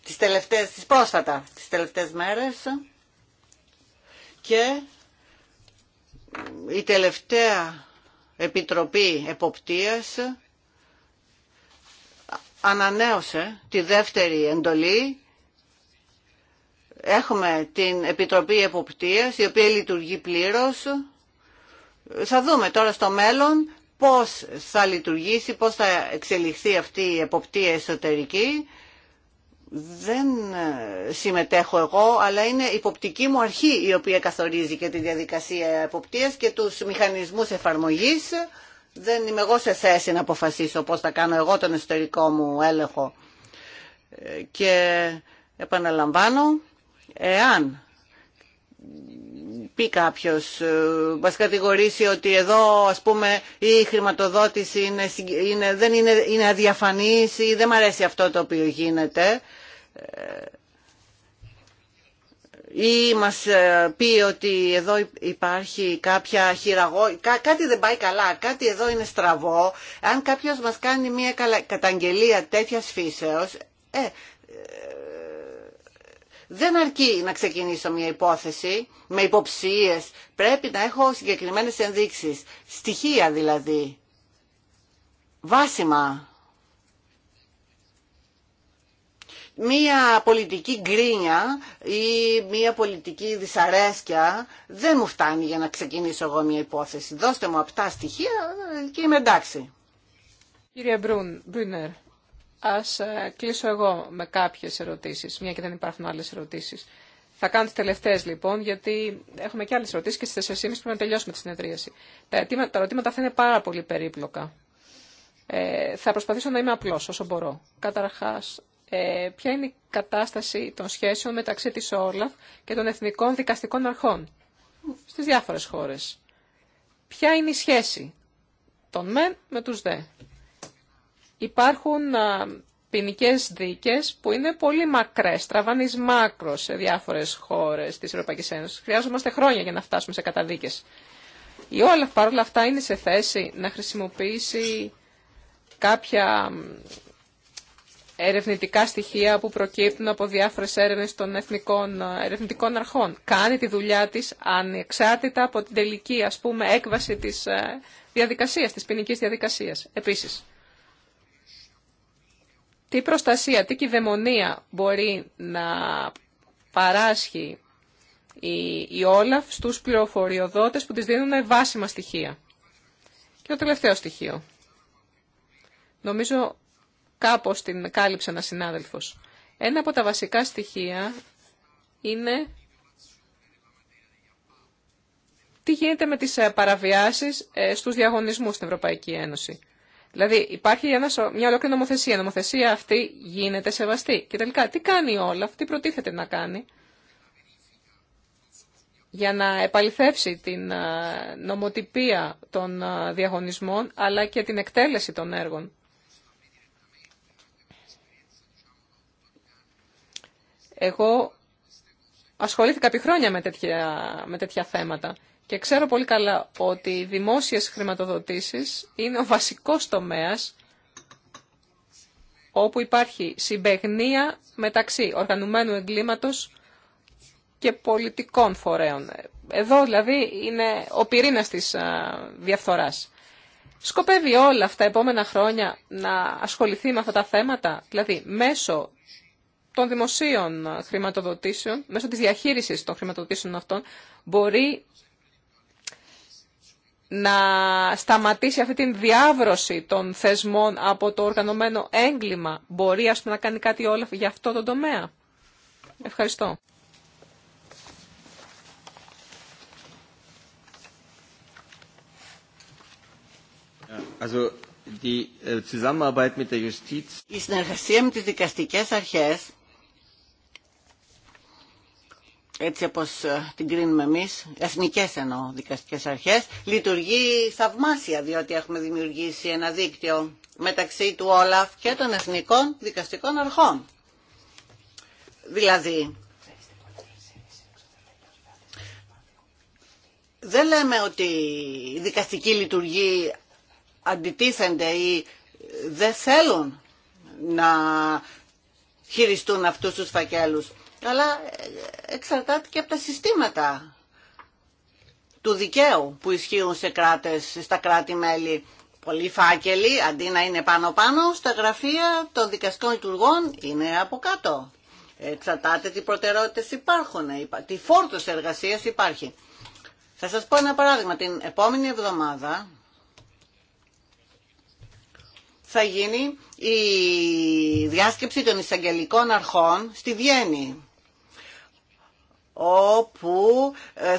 τις, τελευταίες, τις πρόσφατα, τις τελευταίες μέρες και η τελευταία επιτροπή εποπτείας ανανέωσε τη δεύτερη εντολή. Έχουμε την Επιτροπή Εποπτείας, η οποία λειτουργεί πλήρως. Θα δούμε τώρα στο μέλλον πώς θα λειτουργήσει, πώς θα εξελιχθεί αυτή η εποπτεία εσωτερική. Δεν ε, συμμετέχω εγώ, αλλά είναι η υποπτική μου αρχή η οποία καθορίζει και τη διαδικασία εποπτείας και τους μηχανισμούς εφαρμογής δεν είμαι εγώ σε θέση να αποφασίσω πώς θα κάνω εγώ τον εσωτερικό μου έλεγχο. Και επαναλαμβάνω, εάν πει κάποιος, ε, μας κατηγορήσει ότι εδώ ας πούμε η χρηματοδότηση είναι, δεν είναι, είναι αδιαφανής ή δεν μ' αρέσει αυτό το οποίο γίνεται, ε, ή μας ε, πει ότι εδώ υπάρχει κάποια χειραγώ... κάτι δεν πάει καλά, κάτι εδώ είναι στραβό. Αν κάποιος μας κάνει μια καταγγελία τέτοιας φύσεως, ε, ε, δεν αρκεί να ξεκινήσω μια υπόθεση με υποψίες. Πρέπει να έχω συγκεκριμένες ενδείξεις, στοιχεία δηλαδή, βάσιμα. μία πολιτική γκρίνια ή μία πολιτική δυσαρέσκεια δεν μου φτάνει για να ξεκινήσω εγώ μία υπόθεση. Δώστε μου αυτά στοιχεία και είμαι εντάξει. Κύριε Μπρούν, Μπρούνερ, ας ε, κλείσω εγώ με κάποιες ερωτήσεις, μια και δεν υπάρχουν άλλες ερωτήσεις. Θα κάνω τι τελευταίε λοιπόν, γιατί έχουμε και άλλες ερωτήσεις και στι 4.30 πρέπει να τελειώσουμε τη συνεδρίαση. Τα, ερωτήματα θα είναι πάρα πολύ περίπλοκα. Ε, θα προσπαθήσω να είμαι απλός όσο μπορώ. Καταρχάς, ε, ποια είναι η κατάσταση των σχέσεων μεταξύ της ΟΛΑΦ και των εθνικών δικαστικών αρχών στις διάφορες χώρες. Ποια είναι η σχέση των μεν με τους δε. Υπάρχουν ποινικέ δίκες που είναι πολύ μακρές, τραβανείς μάκρο σε διάφορες χώρες της Ευρωπαϊκής Ένωσης. Χρειάζομαστε χρόνια για να φτάσουμε σε καταδίκες. Η Όλαφ παρόλα αυτά είναι σε θέση να χρησιμοποιήσει κάποια ερευνητικά στοιχεία που προκύπτουν από διάφορες έρευνες των εθνικών ε, ερευνητικών αρχών. Κάνει τη δουλειά της ανεξάρτητα από την τελική ας πούμε, έκβαση της ε, διαδικασίας, της ποινική διαδικασίας. Επίσης, τι προστασία, τι κυδαιμονία μπορεί να παράσχει η, η Όλαφ στους πληροφοριοδότες που της δίνουν βάσιμα στοιχεία. Και το τελευταίο στοιχείο. Νομίζω Κάπως την κάλυψε ένα συνάδελφος. Ένα από τα βασικά στοιχεία είναι τι γίνεται με τις ε, παραβιάσεις ε, στους διαγωνισμούς στην Ευρωπαϊκή Ένωση. Δηλαδή υπάρχει μια ολόκληρη νομοθεσία. Η νομοθεσία αυτή γίνεται σεβαστή. Και τελικά τι κάνει όλα, τι προτίθεται να κάνει για να επαληθεύσει την ε, νομοτυπία των διαγωνισμών αλλά και την εκτέλεση των έργων. Εγώ ασχολήθηκα επί χρόνια με τέτοια, με τέτοια θέματα και ξέρω πολύ καλά ότι οι δημόσιες χρηματοδοτήσεις είναι ο βασικός τομέας όπου υπάρχει συμπεγνία μεταξύ οργανωμένου εγκλήματος και πολιτικών φορέων. Εδώ δηλαδή είναι ο πυρήνας της διαφθοράς. Σκοπεύει όλα αυτά τα επόμενα χρόνια να ασχοληθεί με αυτά τα θέματα, δηλαδή μέσω των δημοσίων ε, χρηματοδοτήσεων, μέσω της διαχείρισης των χρηματοδοτήσεων αυτών, μπορεί να σταματήσει αυτή την διάβρωση των θεσμών από το οργανωμένο έγκλημα. Μπορεί, ας πούμε, να κάνει κάτι όλο για αυτό το τομέα. Ευχαριστώ. Ε, äh, Η συνεργασία με τις δικαστικές αρχές έτσι όπως ε, την κρίνουμε εμείς, εθνικές εννοώ δικαστικές αρχές, λειτουργεί θαυμάσια διότι έχουμε δημιουργήσει ένα δίκτυο μεταξύ του Όλαφ και των εθνικών δικαστικών αρχών. Δηλαδή, δεν λέμε ότι οι δικαστικοί λειτουργοί αντιτίθενται ή δεν θέλουν να χειριστούν αυτούς τους φακέλους αλλά ε, εξαρτάται και από τα συστήματα του δικαίου που ισχύουν σε κράτες, στα κράτη-μέλη. Πολλοί φάκελοι, αντί να είναι πάνω-πάνω, στα γραφεία των δικαστικών λειτουργών είναι από κάτω. Εξαρτάται τι προτεραιότητες υπάρχουν, ε, τι φόρτος εργασίας υπάρχει. Θα σας πω ένα παράδειγμα. Την επόμενη εβδομάδα θα γίνει η διάσκεψη των εισαγγελικών αρχών στη Βιέννη όπου ε,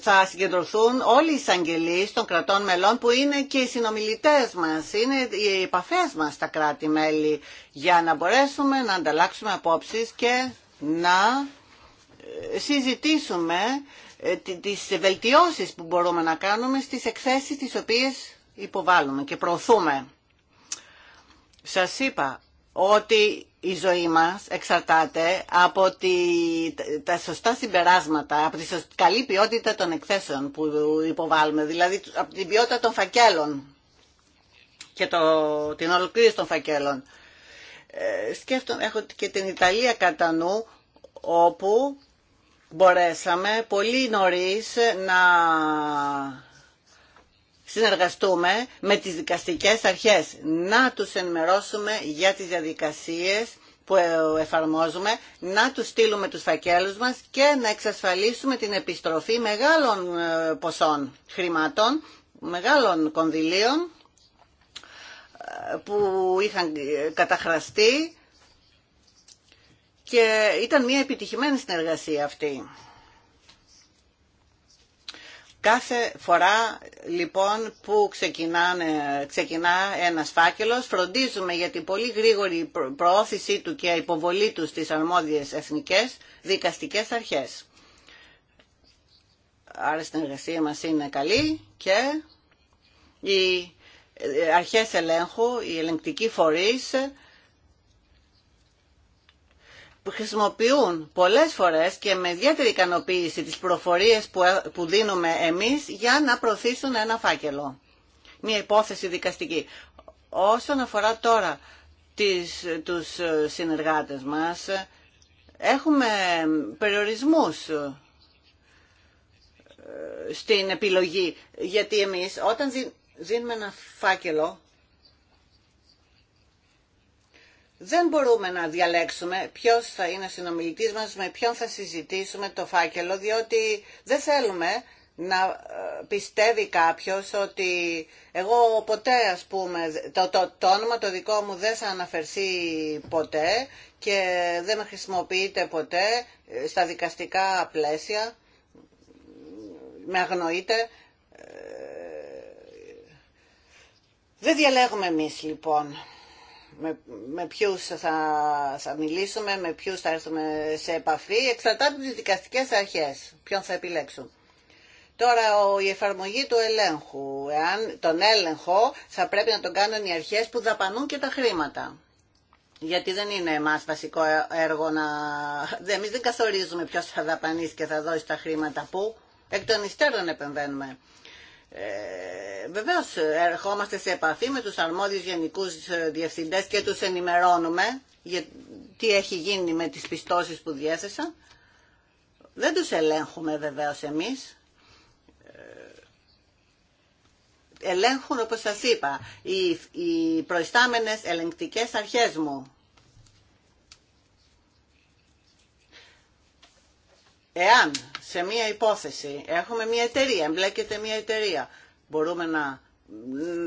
θα συγκεντρωθούν όλοι οι εισαγγελείς των κρατών μελών που είναι και οι συνομιλητές μας, είναι οι επαφές μας τα κράτη-μέλη για να μπορέσουμε να ανταλλάξουμε απόψεις και να ε, συζητήσουμε ε, τις βελτιώσεις που μπορούμε να κάνουμε στις εκθέσεις τις οποίες υποβάλλουμε και προωθούμε. Σας είπα ότι η ζωή μας εξαρτάται από τη, τα σωστά συμπεράσματα, από τη σωστή, καλή ποιότητα των εκθέσεων που υποβάλλουμε, δηλαδή από την ποιότητα των φακέλων και το, την ολοκλήρωση των φακέλων. Ε, σκέφτομαι, έχω και την Ιταλία κατά νου, όπου μπορέσαμε πολύ νωρίς να συνεργαστούμε με τις δικαστικές αρχές, να τους ενημερώσουμε για τις διαδικασίες που εφαρμόζουμε, να τους στείλουμε τους φακέλους μας και να εξασφαλίσουμε την επιστροφή μεγάλων ε, ποσών χρημάτων, μεγάλων κονδυλίων ε, που είχαν ε, καταχραστεί και ήταν μια επιτυχημένη συνεργασία αυτή. Κάθε φορά λοιπόν που ξεκινάνε, ξεκινά ένας φάκελος φροντίζουμε για την πολύ γρήγορη προώθησή του και υποβολή του στις αρμόδιες εθνικές δικαστικές αρχές. Άρα στην εργασία μας είναι καλή και οι ε, αρχές ελέγχου, οι ελεγκτικοί φορείς χρησιμοποιούν πολλές φορές και με ιδιαίτερη ικανοποίηση τις προφορίες ε, που δίνουμε εμείς για να προωθήσουν ένα φάκελο, μια υπόθεση δικαστική. Όσον αφορά τώρα τις, τους ε, συνεργάτες μας, έχουμε περιορισμούς ε, στην επιλογή, γιατί εμείς όταν δίνουμε ένα φάκελο δεν μπορούμε να διαλέξουμε ποιος θα είναι ο συνομιλητής μας, με ποιον θα συζητήσουμε το φάκελο, διότι δεν θέλουμε να ε, πιστεύει κάποιος ότι εγώ ποτέ ας πούμε το, το, όνομα το δικό μου δεν θα αναφερθεί ποτέ και δεν με χρησιμοποιείται ποτέ ε, στα δικαστικά πλαίσια, με αγνοείται. Ε, δεν διαλέγουμε εμείς λοιπόν με, με ποιους θα, θα μιλήσουμε, με ποιους θα έρθουμε σε επαφή, εξαρτάται από τις δικαστικές αρχές, ποιον θα επιλέξουν. Τώρα ο, η εφαρμογή του ελέγχου, εάν τον έλεγχο θα πρέπει να τον κάνουν οι αρχές που δαπανούν και τα χρήματα. Γιατί δεν είναι εμά βασικό ε, έργο να... Εμείς δεν καθορίζουμε ποιος θα δαπανίσει και θα δώσει τα χρήματα που. Εκ των υστέρων επεμβαίνουμε. Ε, βεβαίως ερχόμαστε σε επαφή με τους αρμόδιους γενικούς ε, διευθυντές και τους ενημερώνουμε για τι έχει γίνει με τις πιστώσεις που διέθεσαν. Δεν τους ελέγχουμε βεβαίως εμείς. Ε, ελέγχουν, όπως σας είπα, οι, οι προϊστάμενες ελεγκτικές αρχές μου. Εάν σε μία υπόθεση, έχουμε μία εταιρεία, εμπλέκεται μία εταιρεία, μπορούμε να,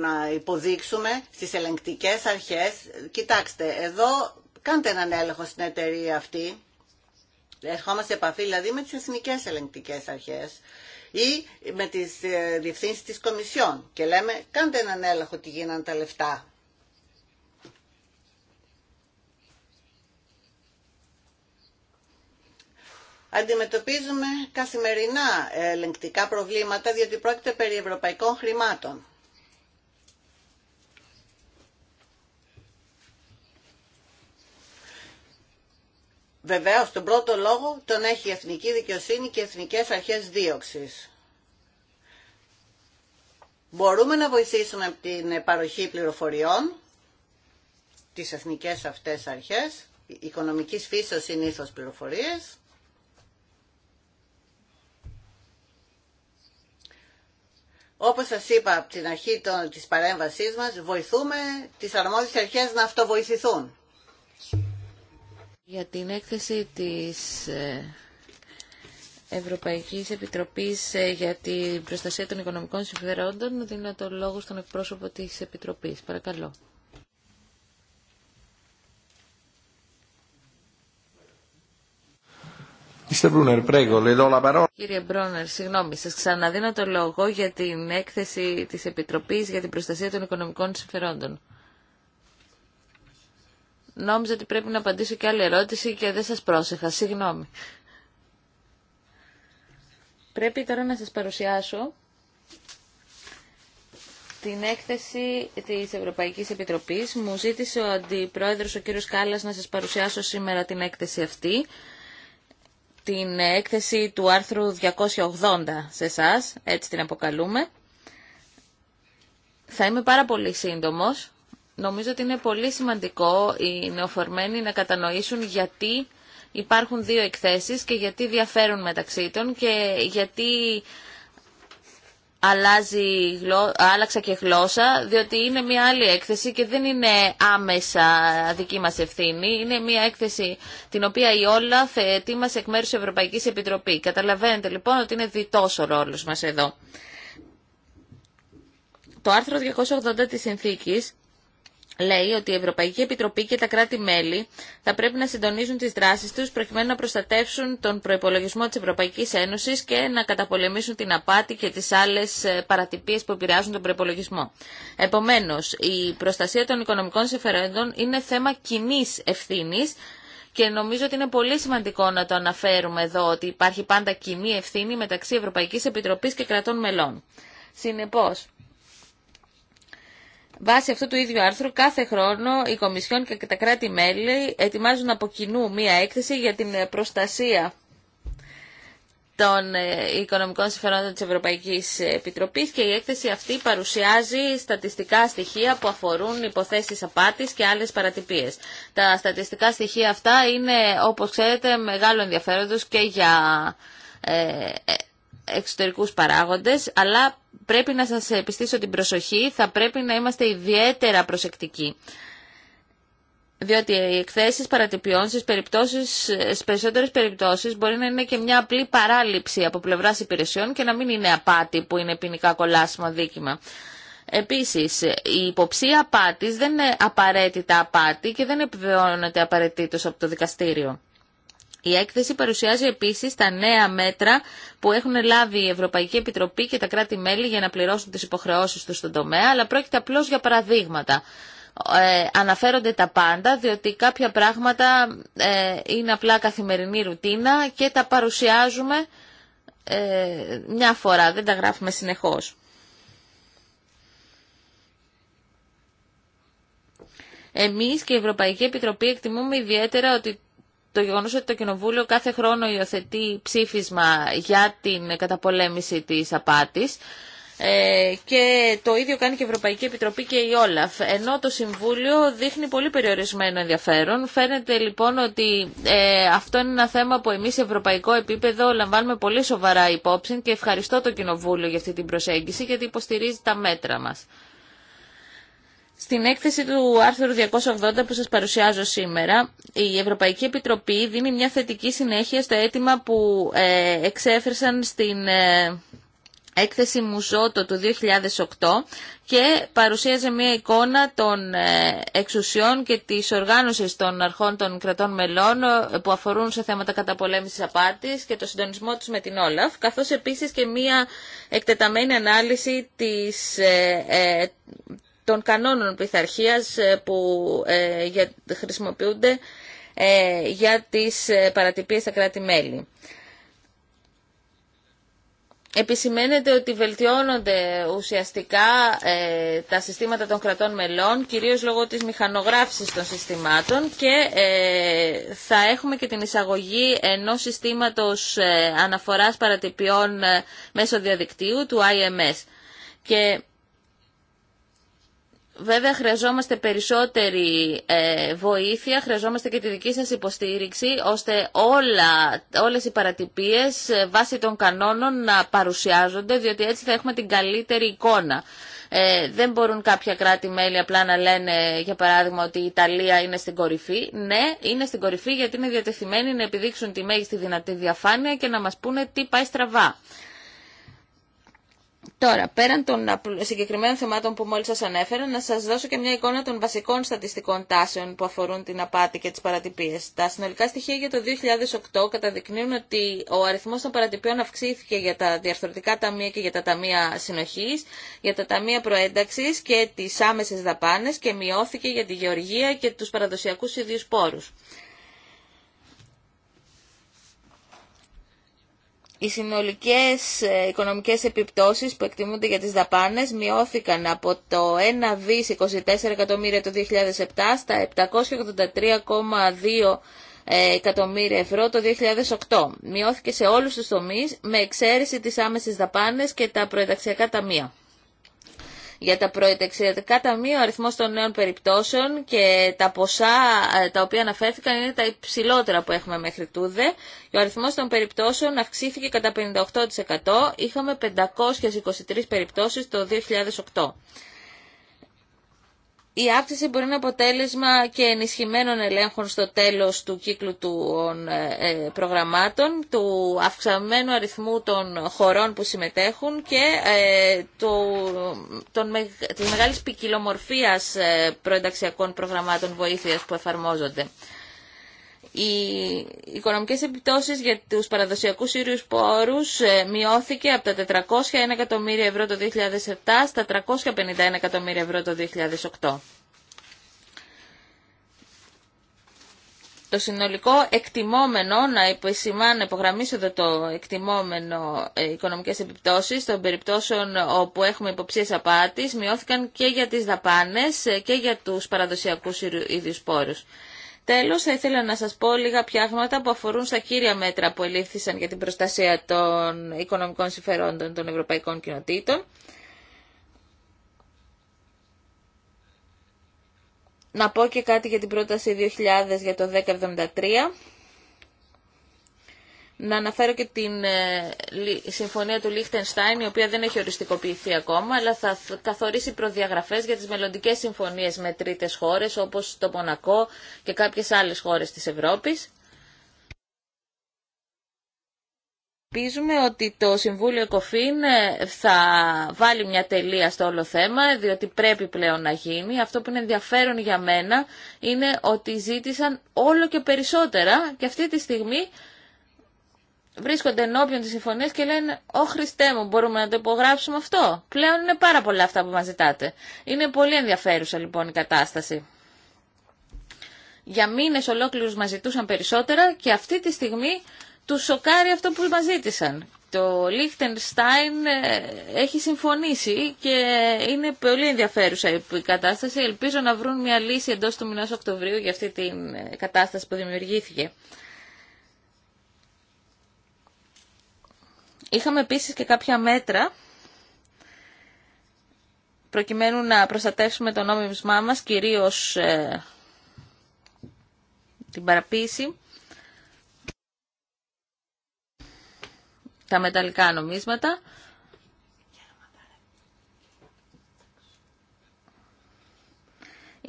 να υποδείξουμε στις ελεγκτικές αρχές, κοιτάξτε, εδώ κάντε έναν έλεγχο στην εταιρεία αυτή, ερχόμαστε σε επαφή δηλαδή με τις εθνικές ελεγκτικές αρχές ή με τις ε, διευθύνσεις της Κομισιόν και λέμε κάντε έναν έλεγχο τι γίνανε τα λεφτά αντιμετωπίζουμε καθημερινά ελεγκτικά προβλήματα διότι πρόκειται περί ευρωπαϊκών χρημάτων. Βεβαίω, τον πρώτο λόγο τον έχει η εθνική δικαιοσύνη και οι εθνικές αρχές δίωξης. Μπορούμε να βοηθήσουμε την παροχή πληροφοριών, τις εθνικές αυτές αρχές, οικονομικής φύσεως συνήθως πληροφορίες, Όπως σας είπα από την αρχή των, της παρέμβασής μας, βοηθούμε τις αρμόδιες αρχές να αυτοβοηθηθούν. Για την έκθεση της ε, Ευρωπαϊκής Επιτροπής ε, για την προστασία των οικονομικών συμφερόντων, δίνω το λόγο στον εκπρόσωπο της Επιτροπής. Παρακαλώ. Κύριε Μπρόνερ, συγγνώμη, σα ξαναδίνω το λόγο για την έκθεση τη Επιτροπή για την προστασία των οικονομικών συμφερόντων. Νόμιζα ότι πρέπει να απαντήσω και άλλη ερώτηση και δεν σας πρόσεχα. Συγγνώμη. Πρέπει τώρα να σας παρουσιάσω την έκθεση της Ευρωπαϊκής Επιτροπής. Μου ζήτησε ο Αντιπρόεδρος, ο κύριος Κάλλας, να σας παρουσιάσω σήμερα την έκθεση αυτή την έκθεση του άρθρου 280 σε εσά, έτσι την αποκαλούμε. Θα είμαι πάρα πολύ σύντομος. Νομίζω ότι είναι πολύ σημαντικό οι νεοφορμένοι να κατανοήσουν γιατί υπάρχουν δύο εκθέσεις και γιατί διαφέρουν μεταξύ των και γιατί αλλάζει, άλλαξα και γλώσσα, διότι είναι μια άλλη έκθεση και δεν είναι άμεσα δική μας ευθύνη. Είναι μια έκθεση την οποία η Όλαφ ετοίμασε εκ μέρους της Ευρωπαϊκής Επιτροπής. Καταλαβαίνετε λοιπόν ότι είναι διτός ο ρόλος μας εδώ. Το άρθρο 280 της συνθήκης λέει ότι η Ευρωπαϊκή Επιτροπή και τα κράτη-μέλη θα πρέπει να συντονίζουν τις δράσεις τους προκειμένου να προστατεύσουν τον προϋπολογισμό της Ευρωπαϊκής Ένωσης και να καταπολεμήσουν την απάτη και τις άλλες ε, παρατυπίες που επηρεάζουν τον προϋπολογισμό. Επομένως, η προστασία των οικονομικών συμφερόντων είναι θέμα κοινή ευθύνη. Και νομίζω ότι είναι πολύ σημαντικό να το αναφέρουμε εδώ ότι υπάρχει πάντα κοινή ευθύνη μεταξύ Ευρωπαϊκής Επιτροπής και κρατών μελών. Συνεπώς, Βάσει αυτού του ίδιου άρθρου, κάθε χρόνο η Κομισιόν και τα κράτη-μέλη ετοιμάζουν από κοινού μία έκθεση για την προστασία των ε, οικονομικών συμφερόντων της Ευρωπαϊκής Επιτροπής και η έκθεση αυτή παρουσιάζει στατιστικά στοιχεία που αφορούν υποθέσεις απάτης και άλλες παρατυπίες. Τα στατιστικά στοιχεία αυτά είναι, όπως ξέρετε, μεγάλο ενδιαφέροντος και για ε, εξωτερικούς παράγοντες, αλλά πρέπει να σας επιστήσω την προσοχή, θα πρέπει να είμαστε ιδιαίτερα προσεκτικοί. Διότι οι εκθέσει παρατυπιών στι περιπτώσεις, στις περισσότερες περιπτώσεις μπορεί να είναι και μια απλή παράληψη από πλευράς υπηρεσιών και να μην είναι απάτη που είναι ποινικά κολάσιμο δίκημα. Επίσης, η υποψία απάτης δεν είναι απαραίτητα απάτη και δεν επιβεβαιώνεται απαραίτητος από το δικαστήριο. Η έκθεση παρουσιάζει επίσης τα νέα μέτρα που έχουν λάβει η Ευρωπαϊκή Επιτροπή και τα κράτη-μέλη για να πληρώσουν τις υποχρεώσεις τους στον τομέα, αλλά πρόκειται απλώς για παραδείγματα. Ε, αναφέρονται τα πάντα, διότι κάποια πράγματα ε, είναι απλά καθημερινή ρουτίνα και τα παρουσιάζουμε ε, μια φορά, δεν τα γράφουμε συνεχώς. Εμείς και η Ευρωπαϊκή Επιτροπή εκτιμούμε ιδιαίτερα ότι το γεγονός ότι το Κοινοβούλιο κάθε χρόνο υιοθετεί ψήφισμα για την καταπολέμηση της απάτης ε, και το ίδιο κάνει και η Ευρωπαϊκή Επιτροπή και η Όλαφ. Ενώ το Συμβούλιο δείχνει πολύ περιορισμένο ενδιαφέρον. Φαίνεται λοιπόν ότι ε, αυτό είναι ένα θέμα που εμείς σε ευρωπαϊκό επίπεδο λαμβάνουμε πολύ σοβαρά υπόψη και ευχαριστώ το Κοινοβούλιο για αυτή την προσέγγιση γιατί υποστηρίζει τα μέτρα μας. Στην έκθεση του άρθρου 280 που σας παρουσιάζω σήμερα, η Ευρωπαϊκή Επιτροπή δίνει μια θετική συνέχεια στο αίτημα που ε, εξέφερσαν στην ε, έκθεση Μουζότο του 2008 και παρουσίαζε μια εικόνα των ε, εξουσιών και της οργάνωσης των αρχών των κρατών μελών που αφορούν σε θέματα καταπολέμησης απάτης και το συντονισμό τους με την Όλαφ, καθώς επίσης και μια εκτεταμένη ανάλυση της, των κανόνων πειθαρχία ε, που ε, χρησιμοποιούνται ε, για τις παρατυπίες στα κράτη-μέλη. Επισημαίνεται ότι βελτιώνονται ουσιαστικά τα συστήματα των κρατών μελών, κυρίως λόγω της μηχανογράφησης των συστημάτων και θα έχουμε και την εισαγωγή ενός συστήματος αναφοράς παρατυπιών μέσω διαδικτύου του IMS. Και Βέβαια χρειαζόμαστε περισσότερη ε, βοήθεια, χρειαζόμαστε και τη δική σας υποστήριξη, ώστε όλα, όλες οι παρατυπίες ε, βάσει των κανόνων να παρουσιάζονται, διότι έτσι θα έχουμε την καλύτερη εικόνα. Ε, δεν μπορούν κάποια κράτη-μέλη απλά να λένε, για παράδειγμα, ότι η Ιταλία είναι στην κορυφή. Ναι, είναι στην κορυφή γιατί είναι διατεθειμένοι να επιδείξουν τη μέγιστη δυνατή διαφάνεια και να μας πούνε τι πάει στραβά. Τώρα, πέραν των συγκεκριμένων θεμάτων που μόλις σας ανέφερα, να σας δώσω και μια εικόνα των βασικών στατιστικών τάσεων που αφορούν την απάτη και τις παρατυπίες. Τα συνολικά στοιχεία για το 2008 καταδεικνύουν ότι ο αριθμός των παρατυπιών αυξήθηκε για τα διαρθρωτικά ταμεία και για τα ταμεία συνοχής, για τα ταμεία προένταξης και τις άμεσες δαπάνες και μειώθηκε για τη γεωργία και τους παραδοσιακούς ιδίους πόρους. Οι συνολικές ε, οικονομικές επιπτώσεις που εκτιμούνται για τις δαπάνες μειώθηκαν από το 1 24 εκατομμύρια το 2007 στα 783,2 ε, εκατομμύρια ευρώ το 2008. Μειώθηκε σε όλους τους τομείς με εξαίρεση τις άμεσες δαπάνες και τα προεταξιακά ταμεία. Για τα προεταξιδετικά ταμεία ο αριθμός των νέων περιπτώσεων και τα ποσά ε, τα οποία αναφέρθηκαν είναι τα υψηλότερα που έχουμε μέχρι τούδε. Ο αριθμός των περιπτώσεων αυξήθηκε κατά 58%. Είχαμε 523 περιπτώσεις το 2008 η αύξηση μπορεί να είναι αποτέλεσμα και ενισχυμένων ελέγχων στο τέλος του κύκλου των ε, ε, προγραμμάτων, του αυξαμένου αριθμού των χωρών που συμμετέχουν και ε, της μεγάλης ποικιλομορφίας προενταξιακών προγραμμάτων βοήθειας που εφαρμόζονται οι οικονομικές επιπτώσεις για τους παραδοσιακούς ήρους πόρους ε, μειώθηκε από τα 401 εκατομμύρια ευρώ το 2007 στα 351 εκατομμύρια ευρώ το 2008. Το συνολικό εκτιμόμενο, να επισημάνω, υπογραμμίσω εδώ το εκτιμόμενο ε, οικονομικές επιπτώσεις των περιπτώσεων όπου έχουμε υποψίες απάτης, μειώθηκαν και για τις δαπάνες ε, και για τους παραδοσιακούς ίδιους πόρους. Τέλος, θα ήθελα να σας πω λίγα πιάγματα που αφορούν στα κύρια μέτρα που ελήφθησαν για την προστασία των οικονομικών συμφερόντων των ευρωπαϊκών κοινοτήτων. Να πω και κάτι για την πρόταση 2000 για το 1073 να αναφέρω και την ε, συμφωνία του Λίχτενστάιν, η οποία δεν έχει οριστικοποιηθεί ακόμα, αλλά θα καθορίσει προδιαγραφές για τις μελλοντικέ συμφωνίες με τρίτες χώρες, όπως το Μονακό και κάποιες άλλες χώρες της Ευρώπης. Ελπίζουμε ότι το Συμβούλιο Κοφίν ε, θα βάλει μια τελεία στο όλο θέμα, διότι πρέπει πλέον να γίνει. Αυτό που είναι ενδιαφέρον για μένα είναι ότι ζήτησαν όλο και περισσότερα και αυτή τη στιγμή βρίσκονται ενώπιον τη συμφωνία και λένε «Ω Χριστέ μου, μπορούμε να το υπογράψουμε αυτό». Πλέον είναι πάρα πολλά αυτά που μας ζητάτε. Είναι πολύ ενδιαφέρουσα λοιπόν η κατάσταση. Για μήνες ολόκληρους μας ζητούσαν περισσότερα και αυτή τη στιγμή του σοκάρει αυτό που μας ζήτησαν. Το Λίχτενστάιν ε, έχει συμφωνήσει και είναι πολύ ενδιαφέρουσα η κατάσταση. Ελπίζω να βρουν μια λύση εντός του μηνός Οκτωβρίου για αυτή την ε, κατάσταση που δημιουργήθηκε. Είχαμε επίσης και κάποια μέτρα προκειμένου να προστατεύσουμε το νόμισμά μας, κυρίως ε, την παραποίηση, τα μεταλλικά νομίσματα.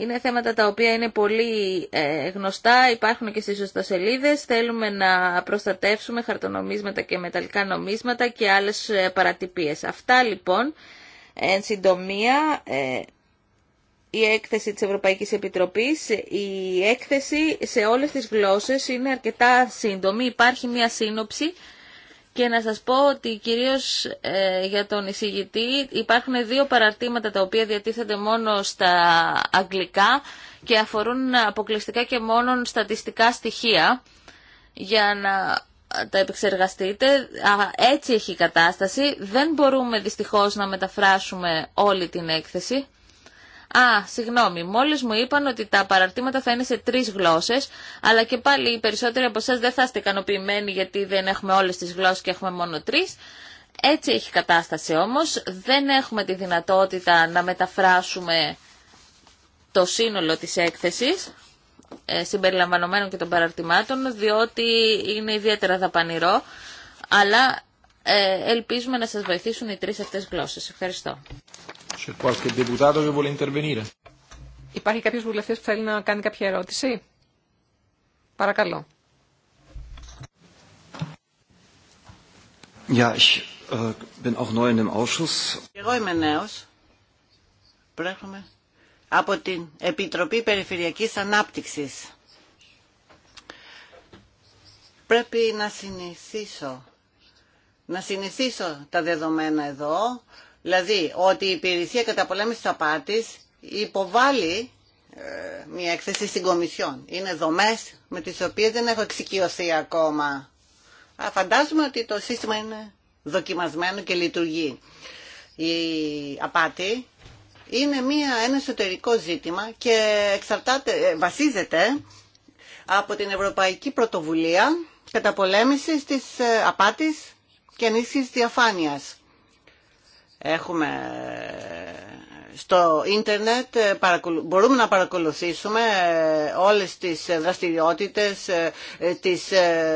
Είναι θέματα τα οποία είναι πολύ ε, γνωστά, υπάρχουν και στις ιστοσελίδες. Θέλουμε να προστατεύσουμε χαρτονομίσματα και μεταλλικά νομίσματα και άλλες ε, παρατυπίες. Αυτά λοιπόν, εν συντομία, ε, η έκθεση της Ευρωπαϊκής Επιτροπής. Η έκθεση σε όλες τις γλώσσες είναι αρκετά σύντομη. Υπάρχει μια σύνοψη και να σας πω ότι κυρίως ε, για τον εισηγητή υπάρχουν δύο παραρτήματα τα οποία διατίθενται μόνο στα αγγλικά και αφορούν αποκλειστικά και μόνο στατιστικά στοιχεία για να τα επεξεργαστείτε. Έτσι έχει η κατάσταση. Δεν μπορούμε δυστυχώς να μεταφράσουμε όλη την έκθεση. Α, συγγνώμη, μόλι μου είπαν ότι τα παραρτήματα θα είναι σε τρει γλώσσε, αλλά και πάλι οι περισσότεροι από εσά δεν θα είστε ικανοποιημένοι γιατί δεν έχουμε όλε τι γλώσσε και έχουμε μόνο τρει. Έτσι έχει κατάσταση όμω. δεν έχουμε τη δυνατότητα να μεταφράσουμε το σύνολο τη έκθεση ε, συμπεριλαμβανομένων και των παραρτημάτων, διότι είναι ιδιαίτερα δαπανηρό, αλλά ε, ελπίζουμε να σας βοηθήσουν οι τρεις αυτές γλώσσες. Ευχαριστώ. Υπάρχει κάποιος βουλευτής που θέλει να κάνει κάποια ερώτηση. Παρακαλώ. ich, äh, bin auch Εγώ είμαι νέος. Πρέχομαι από την Επιτροπή Περιφερειακής Ανάπτυξης. Πρέπει να συνηθίσω. Να συνηθίσω τα δεδομένα εδώ, Δηλαδή, ότι η υπηρεσία καταπολέμησης απάτης υποβάλλει ε, μια έκθεση στην Κομισιόν. Είναι δομές με τις οποίες δεν έχω εξοικειωθεί ακόμα. Α, φαντάζομαι ότι το σύστημα είναι δοκιμασμένο και λειτουργεί. Η απάτη είναι μια, ένα εσωτερικό ζήτημα και εξαρτάται, ε, βασίζεται από την Ευρωπαϊκή Πρωτοβουλία καταπολέμησης της ε, απάτης και ενίσχυσης διαφάνειας έχουμε ε, στο ίντερνετ ε, μπορούμε να παρακολουθήσουμε ε, όλες τις δραστηριότητες της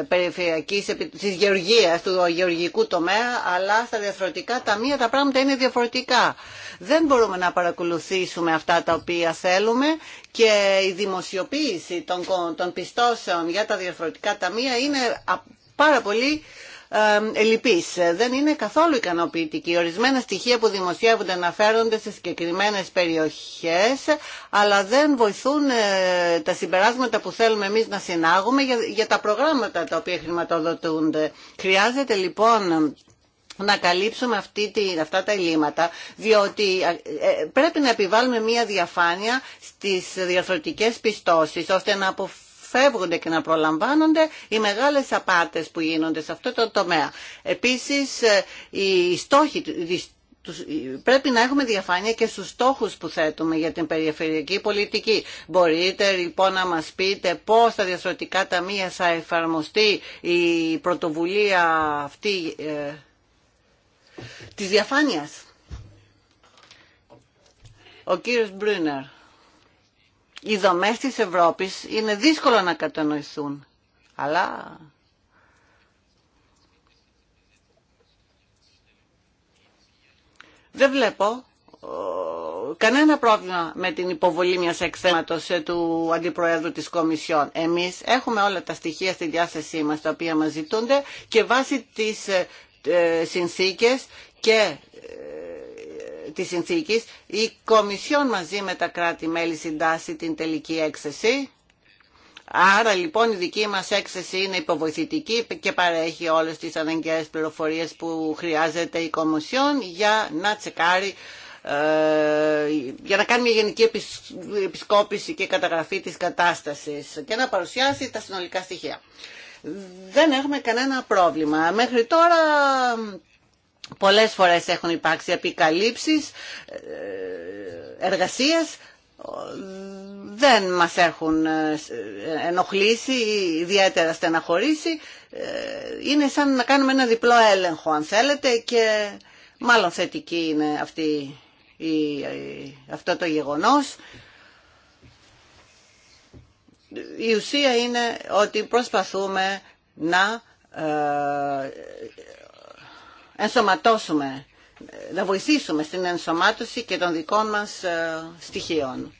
περιφερειακής, της γεωργίας, του γεωργικού τομέα, αλλά στα διαφορετικά ταμεία τα πράγματα είναι διαφορετικά. Δεν μπορούμε να παρακολουθήσουμε αυτά τα οποία θέλουμε και η δημοσιοποίηση των, πιστώσεων για τα διαφορετικά ταμεία είναι πάρα πολύ ελλειπή. Δεν είναι καθόλου ικανοποιητική. Ορισμένα στοιχεία που δημοσιεύονται αναφέρονται σε συγκεκριμένε περιοχές, αλλά δεν βοηθούν ε, τα συμπεράσματα που θέλουμε εμείς να συνάγουμε για τα προγράμματα τα οποία χρηματοδοτούνται. Χρειάζεται λοιπόν να καλύψουμε αυτή, αυτά τα ελλείμματα, διότι ε, ε, πρέπει να επιβάλλουμε μία διαφάνεια στις διαφορετικές πιστώσεις, ώστε να αποφύγουμε Φεύγονται και να προλαμβάνονται οι μεγάλες απάτες που γίνονται σε αυτό το τομέα. Επίσης, ε, οι στόχοι, πρέπει να έχουμε διαφάνεια και στους στόχους που θέτουμε για την περιφερειακή πολιτική. Μπορείτε λοιπόν να μας πείτε πώς τα διαστροτικά ταμεία θα εφαρμοστεί η πρωτοβουλία αυτή ε, της διαφάνειας. Ο κύριος Μπρίνερ οι δομές της Ευρώπης είναι δύσκολο να κατανοηθούν. Αλλά δεν βλέπω ε, κανένα πρόβλημα με την υποβολή μιας εκθέματος ε, του Αντιπροέδρου της Κομισιόν. Εμείς έχουμε όλα τα στοιχεία στη διάθεσή μας τα οποία μας ζητούνται και βάσει τις ε, συνθήκες και της συνθήκης, η Κομισιόν μαζί με τα κράτη-μέλη συντάσσει την τελική έκθεση. Άρα λοιπόν η δική μας έκθεση είναι υποβοηθητική και παρέχει όλες τις αναγκαίες πληροφορίες που χρειάζεται η Κομισιόν για να τσεκάρει ε, για να κάνει μια γενική επισκόπηση και καταγραφή της κατάστασης και να παρουσιάσει τα συνολικά στοιχεία. Δεν έχουμε κανένα πρόβλημα. Μέχρι τώρα Πολλές φορές έχουν υπάρξει επικαλύψεις ε, εργασίας, δεν μας έχουν ε, ενοχλήσει ή ιδιαίτερα στεναχωρήσει. Ε, είναι σαν να κάνουμε ένα διπλό έλεγχο αν θέλετε και μάλλον θετική είναι αυτή, η, αυτό το γεγονός. Η ουσία είναι ότι προσπαθούμε να ενσωματώσουμε, να βοηθήσουμε στην ενσωμάτωση και των δικών μας ε, στοιχείων.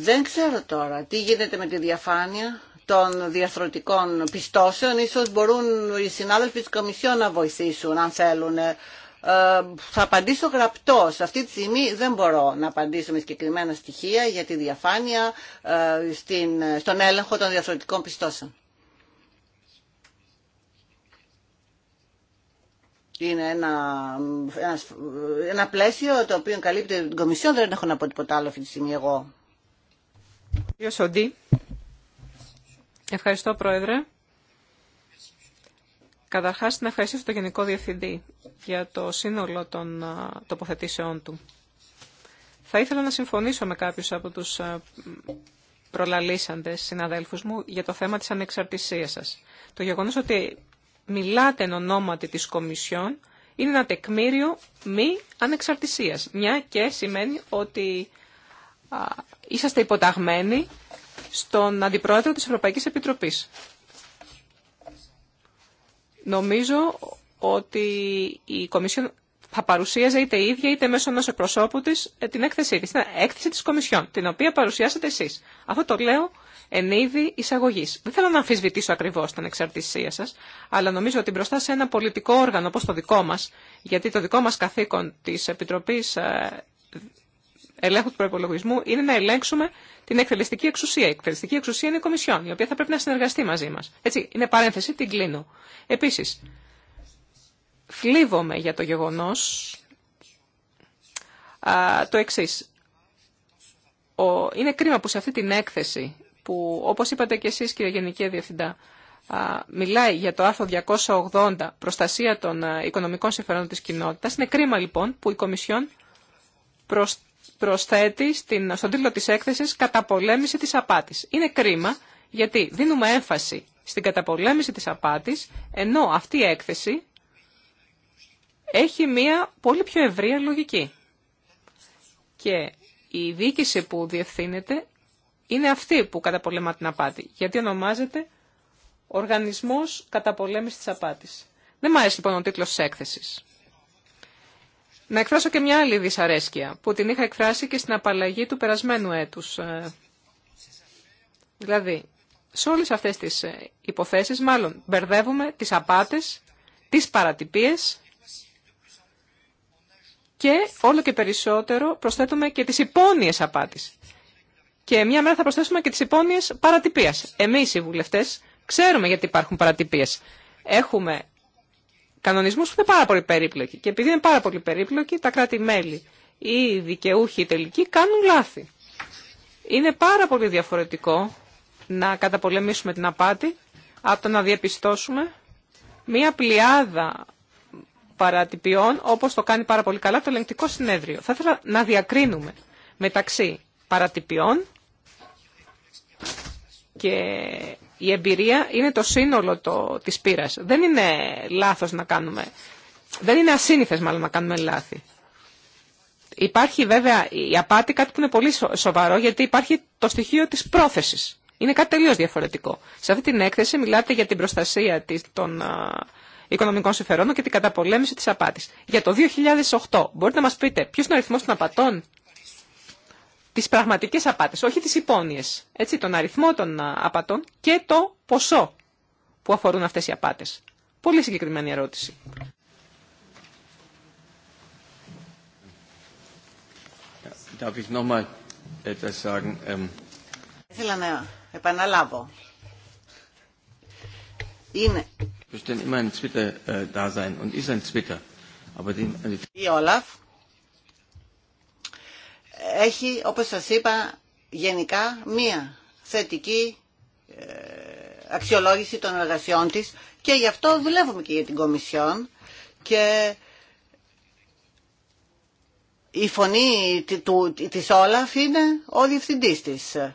Δεν ξέρω τώρα τι γίνεται με τη διαφάνεια των διαθροτικών πιστώσεων. Ίσως μπορούν οι συνάδελφοι της Κομισιόν να βοηθήσουν αν θέλουν. Ε, θα απαντήσω γραπτός. Αυτή τη στιγμή δεν μπορώ να απαντήσω με συγκεκριμένα στοιχεία για τη διαφάνεια ε, στον έλεγχο των διαθροτικών πιστώσεων. είναι ένα, ένα, πλαίσιο το οποίο καλύπτει την Κομισιόν. Δεν έχω να πω τίποτα άλλο αυτή τη στιγμή εγώ. Ευχαριστώ, Πρόεδρε. Καταρχάς, να ευχαριστήσω τον Γενικό Διευθυντή για το σύνολο των τοποθετήσεών του. Θα ήθελα να συμφωνήσω με κάποιους από τους προλαλήσαντες συναδέλφους μου για το θέμα της ανεξαρτησίας σας. Το γεγονός ότι μιλάτε εν ονόματι της Κομισιόν είναι ένα τεκμήριο μη ανεξαρτησίας. Μια και σημαίνει ότι α, είσαστε υποταγμένοι στον Αντιπρόεδρο της Ευρωπαϊκής Επιτροπής. Νομίζω ότι η Κομισιόν θα παρουσίαζε είτε η ίδια είτε μέσω ενός προσώπου της ε, την έκθεσή τη. Την έκθεση της Κομισιόν, την οποία παρουσιάσατε εσείς. Αυτό το λέω εν είδη εισαγωγή. Δεν θέλω να αμφισβητήσω ακριβώ την εξαρτησία σα, αλλά νομίζω ότι μπροστά σε ένα πολιτικό όργανο όπω το δικό μα, γιατί το δικό μα καθήκον τη Επιτροπή ε, Ελέγχου του Προπολογισμού είναι να ελέγξουμε την εκτελεστική εξουσία. Η εκτελεστική εξουσία είναι η Κομισιόν, η οποία θα πρέπει να συνεργαστεί μαζί μα. Έτσι, είναι παρένθεση, την κλείνω. Επίση, θλίβομαι για το γεγονό το εξή. Είναι κρίμα που σε αυτή την έκθεση που όπως είπατε και εσείς κύριε Γενική Διευθυντά, μιλάει για το άρθρο 280 προστασία των οικονομικών συμφερόντων της κοινότητας. Είναι κρίμα λοιπόν που η Κομισιόν προσθέτει στην, στον τίτλο της έκθεσης καταπολέμηση της απάτης. Είναι κρίμα γιατί δίνουμε έμφαση στην καταπολέμηση της απάτης ενώ αυτή η έκθεση έχει μία πολύ πιο ευρία λογική. Και η διοίκηση που διευθύνεται είναι αυτή που καταπολεμά την απάτη, γιατί ονομάζεται Οργανισμός Καταπολέμησης της Απάτης. Δεν μ' αρέσει λοιπόν ο τίτλο τη έκθεσης. Να εκφράσω και μια άλλη δυσαρέσκεια που την είχα εκφράσει και στην απαλλαγή του περασμένου έτους. Ε, δηλαδή, σε όλες αυτές τις ε, υποθέσεις μάλλον μπερδεύουμε τις απάτες, τις παρατυπίες και όλο και περισσότερο προσθέτουμε και τις υπόνοιες απάτης. Και μια μέρα θα προσθέσουμε και τι υπόνοιε παρατυπία. Εμεί οι βουλευτέ, ξέρουμε γιατί υπάρχουν παρατυπίε. Έχουμε κανονισμού που είναι πάρα πολύ περίπλοκοι. Και επειδή είναι πάρα πολύ περίπλοκοι, τα κράτη-μέλη ή οι δικαιούχοι οι τελικοί κάνουν λάθη. Είναι πάρα πολύ διαφορετικό να καταπολεμήσουμε την απάτη από το να διαπιστώσουμε μία πλειάδα παρατυπιών, όπως το κάνει πάρα πολύ καλά το ελεγκτικό συνέδριο. Θα ήθελα να διακρίνουμε μεταξύ παρατυπιών και η εμπειρία είναι το σύνολο το, της πείρας. Δεν είναι λάθος να κάνουμε, δεν είναι ασύνηθες μάλλον να κάνουμε λάθη. Υπάρχει βέβαια η απάτη κάτι που είναι πολύ σοβαρό γιατί υπάρχει το στοιχείο της πρόθεσης. Είναι κάτι τελείως διαφορετικό. Σε αυτή την έκθεση μιλάτε για την προστασία των οικονομικών συμφερόνων και την καταπολέμηση της απάτης. Για το 2008 μπορείτε να μας πείτε ποιος είναι ο αριθμός των απατών τι πραγματικέ απάτε, όχι τι υπόνοιε. έτσι, τον αριθμό των απατών και το ποσό που αφορούν αυτέ οι απάτε. Πολύ συγκεκριμένη ερώτηση. Ähm, να επαναλάβω. Είναι. Όλαφ έχει, όπως σας είπα, γενικά μία θετική ε, αξιολόγηση των εργασιών της και γι' αυτό δουλεύουμε και για την Κομισιόν και η φωνή της Όλαφ είναι ο διευθυντής της. Ε,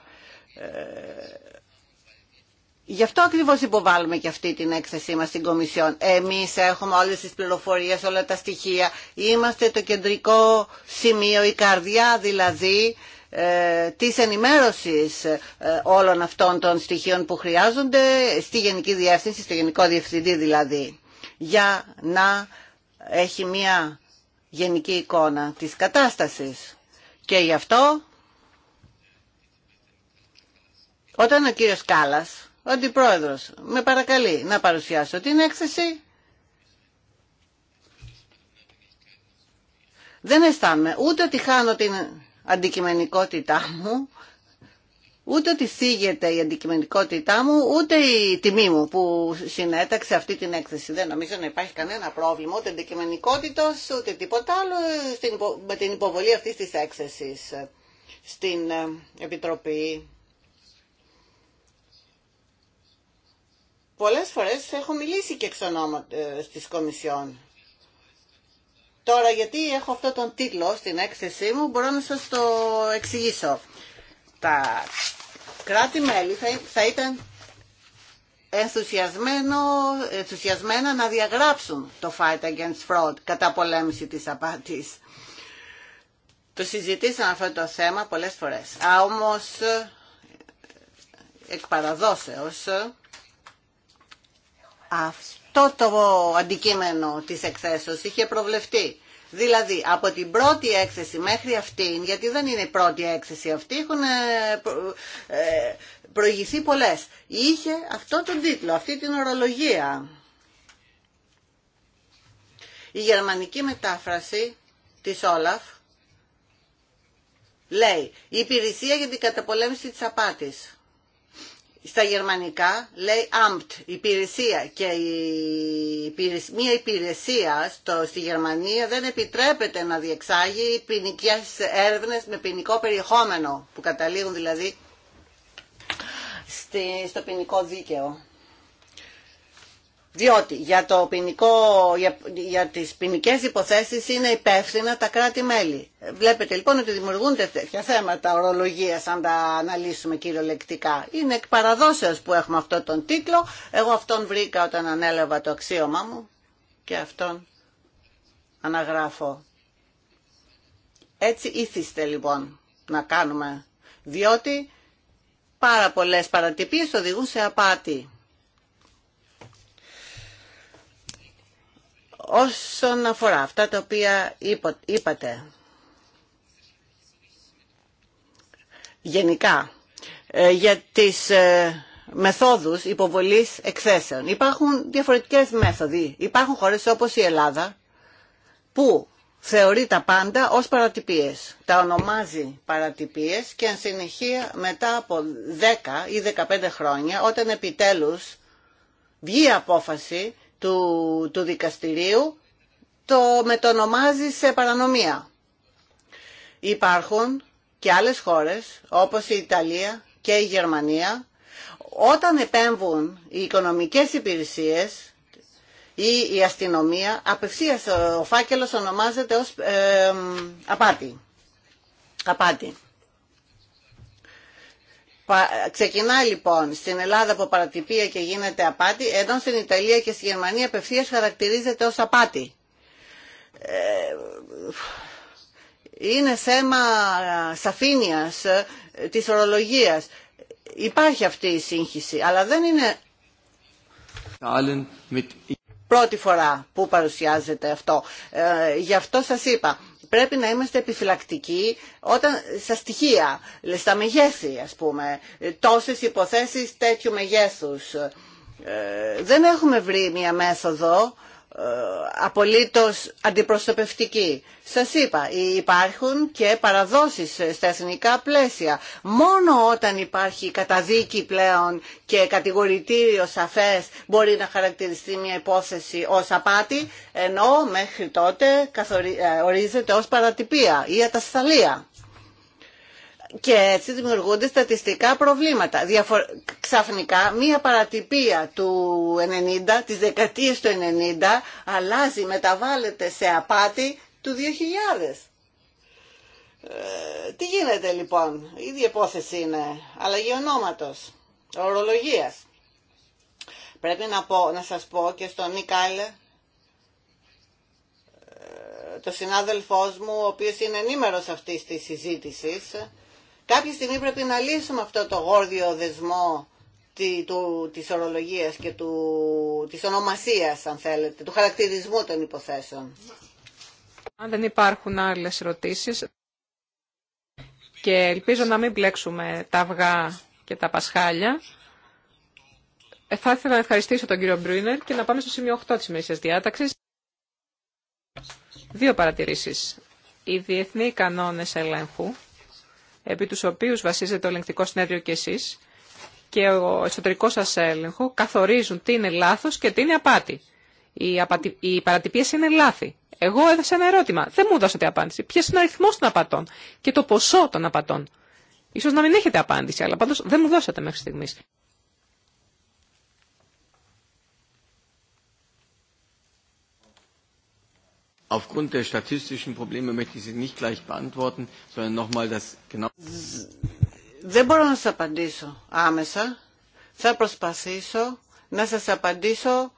Γι' αυτό ακριβώς υποβάλλουμε και αυτή την έκθεσή μα στην Κομισιόν. Εμείς έχουμε όλες τις πληροφορίες, όλα τα στοιχεία. Είμαστε το κεντρικό σημείο, η καρδιά δηλαδή ε, της ενημέρωσης ε, όλων αυτών των στοιχείων που χρειάζονται στη Γενική Διεύθυνση, στο Γενικό Διευθυντή δηλαδή, για να έχει μια γενική εικόνα της κατάστασης. Και γι' αυτό όταν ο κύριος Κάλλας ο Αντιπρόεδρος με παρακαλεί να παρουσιάσω την έκθεση. Δεν αισθάνομαι ούτε ότι χάνω την αντικειμενικότητά μου, ούτε ότι θίγεται η αντικειμενικότητά μου, ούτε η τιμή μου που συνέταξε αυτή την έκθεση. Δεν νομίζω να υπάρχει κανένα πρόβλημα, ούτε αντικειμενικότητος, ούτε τίποτα άλλο με την υποβολή αυτής της έκθεσης ε, στην ε, Επιτροπή. Πολλές φορές έχω μιλήσει και εξ ονόματος ε, της Κομισιόν. Τώρα γιατί έχω αυτό τον τίτλο στην έκθεσή μου μπορώ να σας το εξηγήσω. Τα κράτη-μέλη θα ήταν ενθουσιασμένα να διαγράψουν το Fight Against Fraud κατά πολέμηση της απάτης. Το συζητήσαμε αυτό το θέμα πολλές φορές. Α, όμως, ε, εκ παραδόσεως, αυτό το αντικείμενο της εκθέσεως είχε προβλεφτεί. Δηλαδή, από την πρώτη έκθεση μέχρι αυτή, γιατί δεν είναι η πρώτη έκθεση αυτή, έχουν ε, ε, προηγηθεί πολλές. Είχε αυτό τον τίτλο, αυτή την ορολογία. Η γερμανική μετάφραση της Όλαφ λέει «Η υπηρεσία για την καταπολέμηση της απάτης» στα γερμανικά λέει Amt, υπηρεσία και η μια υπηρεσία στο, στη Γερμανία δεν επιτρέπεται να διεξάγει ποινικέ έρευνε με ποινικό περιεχόμενο που καταλήγουν δηλαδή στη, στο ποινικό δίκαιο. Διότι για, το ποινικό, για, για τις ποινικέ υποθέσεις είναι υπεύθυνα τα κράτη-μέλη. Βλέπετε λοιπόν ότι δημιουργούνται τέτοια θέματα ορολογίας αν τα αναλύσουμε κυριολεκτικά. Είναι εκ παραδόσεως που έχουμε αυτό τον τίτλο. Εγώ αυτόν βρήκα όταν ανέλαβα το αξίωμά μου και αυτόν αναγράφω. Έτσι ήθιστε λοιπόν να κάνουμε. Διότι πάρα πολλές παρατυπίες οδηγούν σε απάτη όσον αφορά αυτά τα οποία είπατε, γενικά, ε, για τις ε, μεθόδους υποβολής εκθέσεων. Υπάρχουν διαφορετικές μέθοδοι. Υπάρχουν χώρες όπως η Ελλάδα που θεωρεί τα πάντα ως παρατυπίες. Τα ονομάζει παρατυπίες και αν συνεχεία μετά από 10 ή 15 χρόνια όταν επιτέλους βγει απόφαση του, του δικαστηρίου το μετονομάζει σε παρανομία. Υπάρχουν και άλλες χώρες όπως η Ιταλία και η Γερμανία όταν επέμβουν οι οικονομικές υπηρεσίες ή η αστυνομία απευθείας ο φάκελος ονομάζεται ως ε, απάτη. απάτη. Ξεκινά λοιπόν στην Ελλάδα από παρατυπία και γίνεται απάτη, ενώ στην Ιταλία και στη Γερμανία απευθείας χαρακτηρίζεται ως απάτη. Ε, είναι θέμα σαφήνειας ε, της ορολογίας. Υπάρχει αυτή η σύγχυση, αλλά δεν είναι πρώτη φορά που παρουσιάζεται αυτό. Ε, γι' αυτό σας είπα πρέπει να είμαστε επιφυλακτικοί όταν, στα στοιχεία, στα μεγέθη ας πούμε, τόσες υποθέσεις τέτοιου μεγέθους. Ε, δεν έχουμε βρει μια μέθοδο ε, απολύτως αντιπροσωπευτική. Σας είπα, υπάρχουν και παραδόσεις στα εθνικά πλαίσια. Μόνο όταν υπάρχει καταδίκη πλέον και κατηγορητήριο σαφές μπορεί να χαρακτηριστεί μια υπόθεση ως απάτη, ενώ μέχρι τότε ε, ορίζεται ως παρατυπία ή ατασταλία και έτσι δημιουργούνται στατιστικά προβλήματα. Ξαφνικά μία παρατυπία του 90, της δεκαετίας του 90, αλλάζει, μεταβάλλεται σε απάτη του 2000. Ε, τι γίνεται λοιπόν, η ίδια είναι, αλλαγή ονόματος, ορολογίας. Πρέπει να, πω, σας πω και στον Νικάλε, το συνάδελφός μου, ο οποίος είναι ενήμερος αυτής της συζήτησης, Κάποια στιγμή πρέπει να λύσουμε αυτό το γόρδιο δεσμό της ορολογίας και του, της ονομασίας, αν θέλετε, του χαρακτηρισμού των υποθέσεων. Αν δεν υπάρχουν άλλες ερωτήσεις και ελπίζω να μην πλέξουμε τα αυγά και τα πασχάλια, ε, θα ήθελα να ευχαριστήσω τον κύριο Μπρούινερ και να πάμε στο σημείο 8 της Μέσης διάταξης. Δύο παρατηρήσεις. Οι διεθνοί κανόνες ελέγχου επί τους οποίους βασίζεται το ελεγκτικό συνέδριο και εσείς, και ο εσωτερικός σας έλεγχο καθορίζουν τι είναι λάθος και τι είναι απάτη. Οι, απατη... οι είναι λάθη. Εγώ έδωσα ένα ερώτημα. Δεν μου δώσατε απάντηση. Ποιος είναι ο αριθμό των απατών και το ποσό των απατών. Ίσως να μην έχετε απάντηση, αλλά πάντως δεν μου δώσατε μέχρι στιγμής. Aufgrund der statistischen Probleme möchte ich sie nicht gleich beantworten, sondern nochmal das genau. Δεν μπορώ να σας απαντήσω άμεσα. Θα προσπαθήσω να σας απαντήσω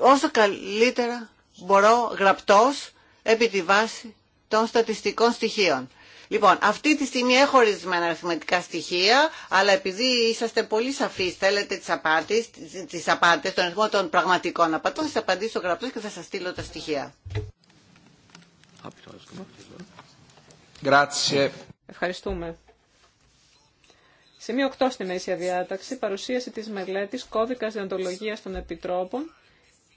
όσο καλύτερα μπορώ γραπτός επί τη βάση των στατιστικών στοιχείων. Λοιπόν, αυτή τη στιγμή έχω ορισμένα αριθμητικά στοιχεία, αλλά επειδή είσαστε πολύ σαφεί, θέλετε τι απάτη τις απάτες τον αριθμό των πραγματικών απατών, θα σα απαντήσω γραπτό και θα σα στείλω τα στοιχεία. Ευχαριστούμε. Σημείο 8 στην Αίσια Διάταξη, παρουσίαση της μελέτης κώδικας διοντολογίας των επιτρόπων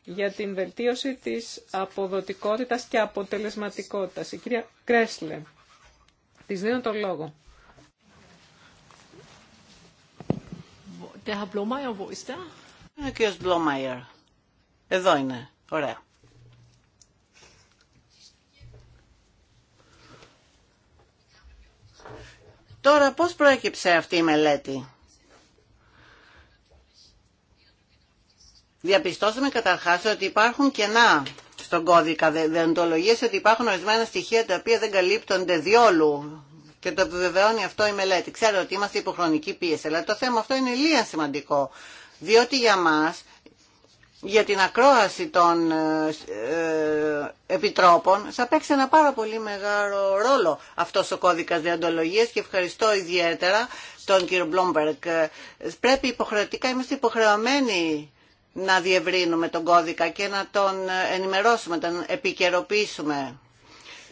για την βελτίωση της αποδοτικότητας και αποτελεσματικότητας. Η κυρία Κρέσλε. Της δίνω το λόγο. Er? Ο κ. Μπλόμαϊερ. Εδώ είναι. Ωραία. Τώρα πώς προέκυψε αυτή η μελέτη. Διαπιστώσαμε καταρχάς ότι υπάρχουν κενά στον κώδικα δεοντολογίας ότι υπάρχουν ορισμένα στοιχεία τα οποία δεν καλύπτονται διόλου και το επιβεβαιώνει αυτό η μελέτη. Ξέρω ότι είμαστε υποχρονική πίεση, αλλά το θέμα αυτό είναι λίγα σημαντικό, διότι για μας, για την ακρόαση των ε, ε, επιτρόπων, θα παίξει ένα πάρα πολύ μεγάλο ρόλο αυτός ο κώδικας διοντολογίας και ευχαριστώ ιδιαίτερα τον κύριο Μπλόμπερκ. Πρέπει υποχρεωτικά, είμαστε υποχρεωμένοι να διευρύνουμε τον κώδικα και να τον ενημερώσουμε, να τον επικαιροποιήσουμε.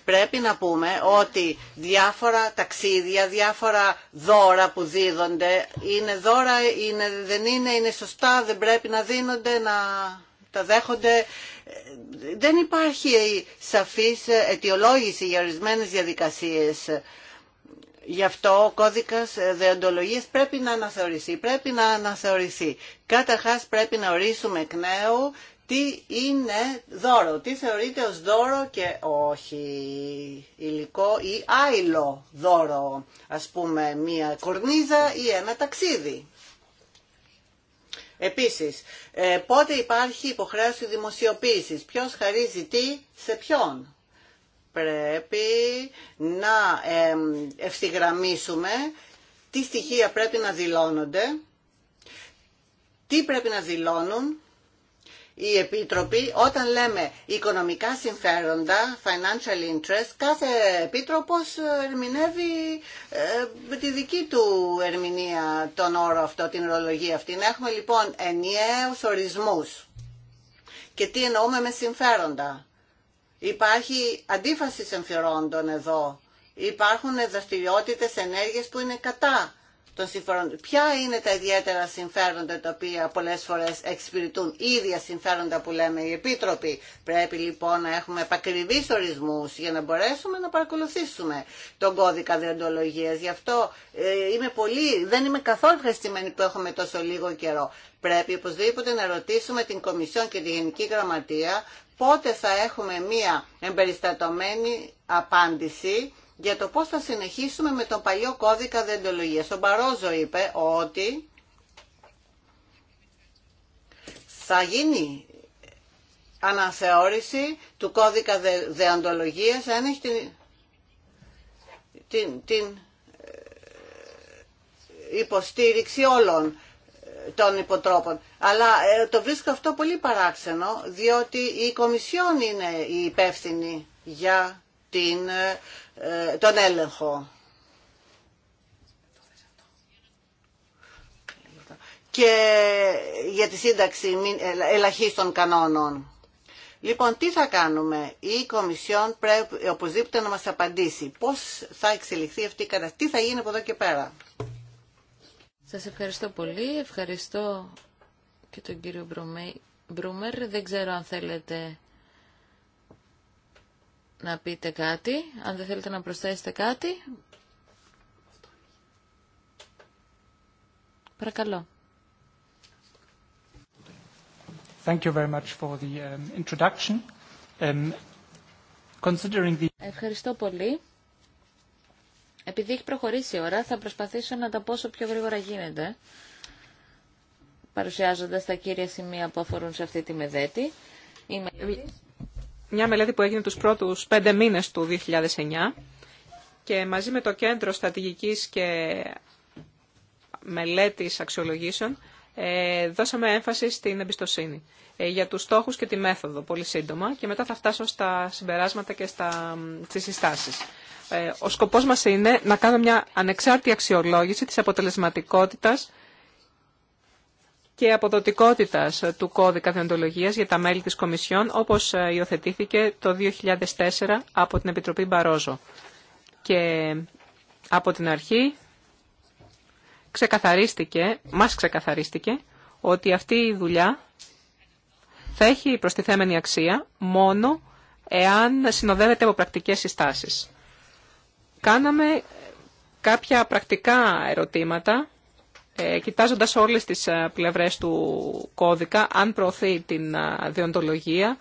Πρέπει να πούμε ότι διάφορα ταξίδια, διάφορα δώρα που δίδονται, είναι δώρα, είναι, δεν είναι, είναι σωστά, δεν πρέπει να δίνονται, να τα δέχονται. Δεν υπάρχει σαφής αιτιολόγηση για ορισμένε διαδικασίες. Γι' αυτό ο κώδικας ε, δεοντολογίας πρέπει να αναθεωρηθεί. Πρέπει να αναθεωρηθεί. Καταρχάς πρέπει να ορίσουμε εκ νέου τι είναι δώρο, τι θεωρείται ως δώρο και όχι υλικό ή άϊλο δώρο, ας πούμε μία κορνίζα ή ένα ταξίδι. Επίσης, ε, πότε υπάρχει υποχρέωση δημοσιοποίησης, ποιος χαρίζει τι σε ποιον πρέπει να ευθυγραμμίσουμε τι στοιχεία πρέπει να δηλώνονται, τι πρέπει να δηλώνουν οι επίτροποι, όταν λέμε οικονομικά συμφέροντα, financial interest, κάθε επίτροπος ερμηνεύει ε, τη δική του ερμηνεία τον όρο αυτό, την ορολογία αυτή. Να έχουμε λοιπόν ενιαίους ορισμούς. Και τι εννοούμε με συμφέροντα. Υπάρχει αντίφαση συμφερόντων εδώ. Υπάρχουν δραστηριότητε ενέργειες που είναι κατά των συμφερόντων. Ποια είναι τα ιδιαίτερα συμφέροντα τα οποία πολλές φορές εξυπηρετούν ίδια συμφέροντα που λέμε οι επίτροποι. Πρέπει λοιπόν να έχουμε επακριβείς ορισμούς για να μπορέσουμε να παρακολουθήσουμε τον κώδικα διοντολογίας. Γι' αυτό ε, είμαι πολύ, δεν είμαι καθόλου ευχαριστημένη που έχουμε τόσο λίγο καιρό. Πρέπει οπωσδήποτε να ρωτήσουμε την Κομισιόν και τη Γενική Γραμματεία πότε θα έχουμε μία εμπεριστατωμένη απάντηση για το πώς θα συνεχίσουμε με τον παλιό κώδικα δεντολογίας. Ο Μπαρόζο είπε ότι θα γίνει αναθεώρηση του κώδικα δεοντολογίας αν έχει την, την, την ε, υποστήριξη όλων των υποτρόπων. Αλλά ε, το βρίσκω αυτό πολύ παράξενο, διότι η Κομισιόν είναι η υπεύθυνη για την, ε, ε, τον έλεγχο. και για τη σύνταξη ελαχίστων κανόνων. Λοιπόν, τι θα κάνουμε. Η Κομισιόν πρέπει οπωσδήποτε να μας απαντήσει. Πώς θα εξελιχθεί αυτή η κατάσταση. Τι θα γίνει από εδώ και πέρα. Σας ευχαριστώ πολύ. Ευχαριστώ και τον κύριο Μπρούμερ. Δεν ξέρω αν θέλετε να πείτε κάτι, αν δεν θέλετε να προσθέσετε κάτι. Παρακαλώ. Thank you very for the um, introduction. Um, the... Ευχαριστώ πολύ. Επειδή έχει προχωρήσει η ώρα, θα προσπαθήσω να τα πω όσο πιο γρήγορα γίνεται, παρουσιάζοντας τα κύρια σημεία που αφορούν σε αυτή τη μελέτη. Μια μελέτη που έγινε τους πρώτους πέντε μήνες του 2009 και μαζί με το Κέντρο Στατηγικής και Μελέτης Αξιολογήσεων ε, δώσαμε έμφαση στην εμπιστοσύνη ε, για τους στόχους και τη μέθοδο πολύ σύντομα και μετά θα φτάσω στα συμπεράσματα και στα, στις συστάσεις. Ε, ο σκοπός μας είναι να κάνουμε μια ανεξάρτητη αξιολόγηση της αποτελεσματικότητας και αποδοτικότητας του κώδικα διοντολογίας για τα μέλη της Κομισιόν, όπως ε, υιοθετήθηκε το 2004 από την Επιτροπή Μπαρόζο. Και από την αρχή ξεκαθαρίστηκε, μας ξεκαθαρίστηκε ότι αυτή η δουλειά θα έχει προστιθέμενη αξία μόνο εάν συνοδεύεται από πρακτικές συστάσεις. Κάναμε κάποια πρακτικά ερωτήματα, ε, κοιτάζοντας όλες τις ε, πλευρές του κώδικα, αν προωθεί την ε, διοντολογία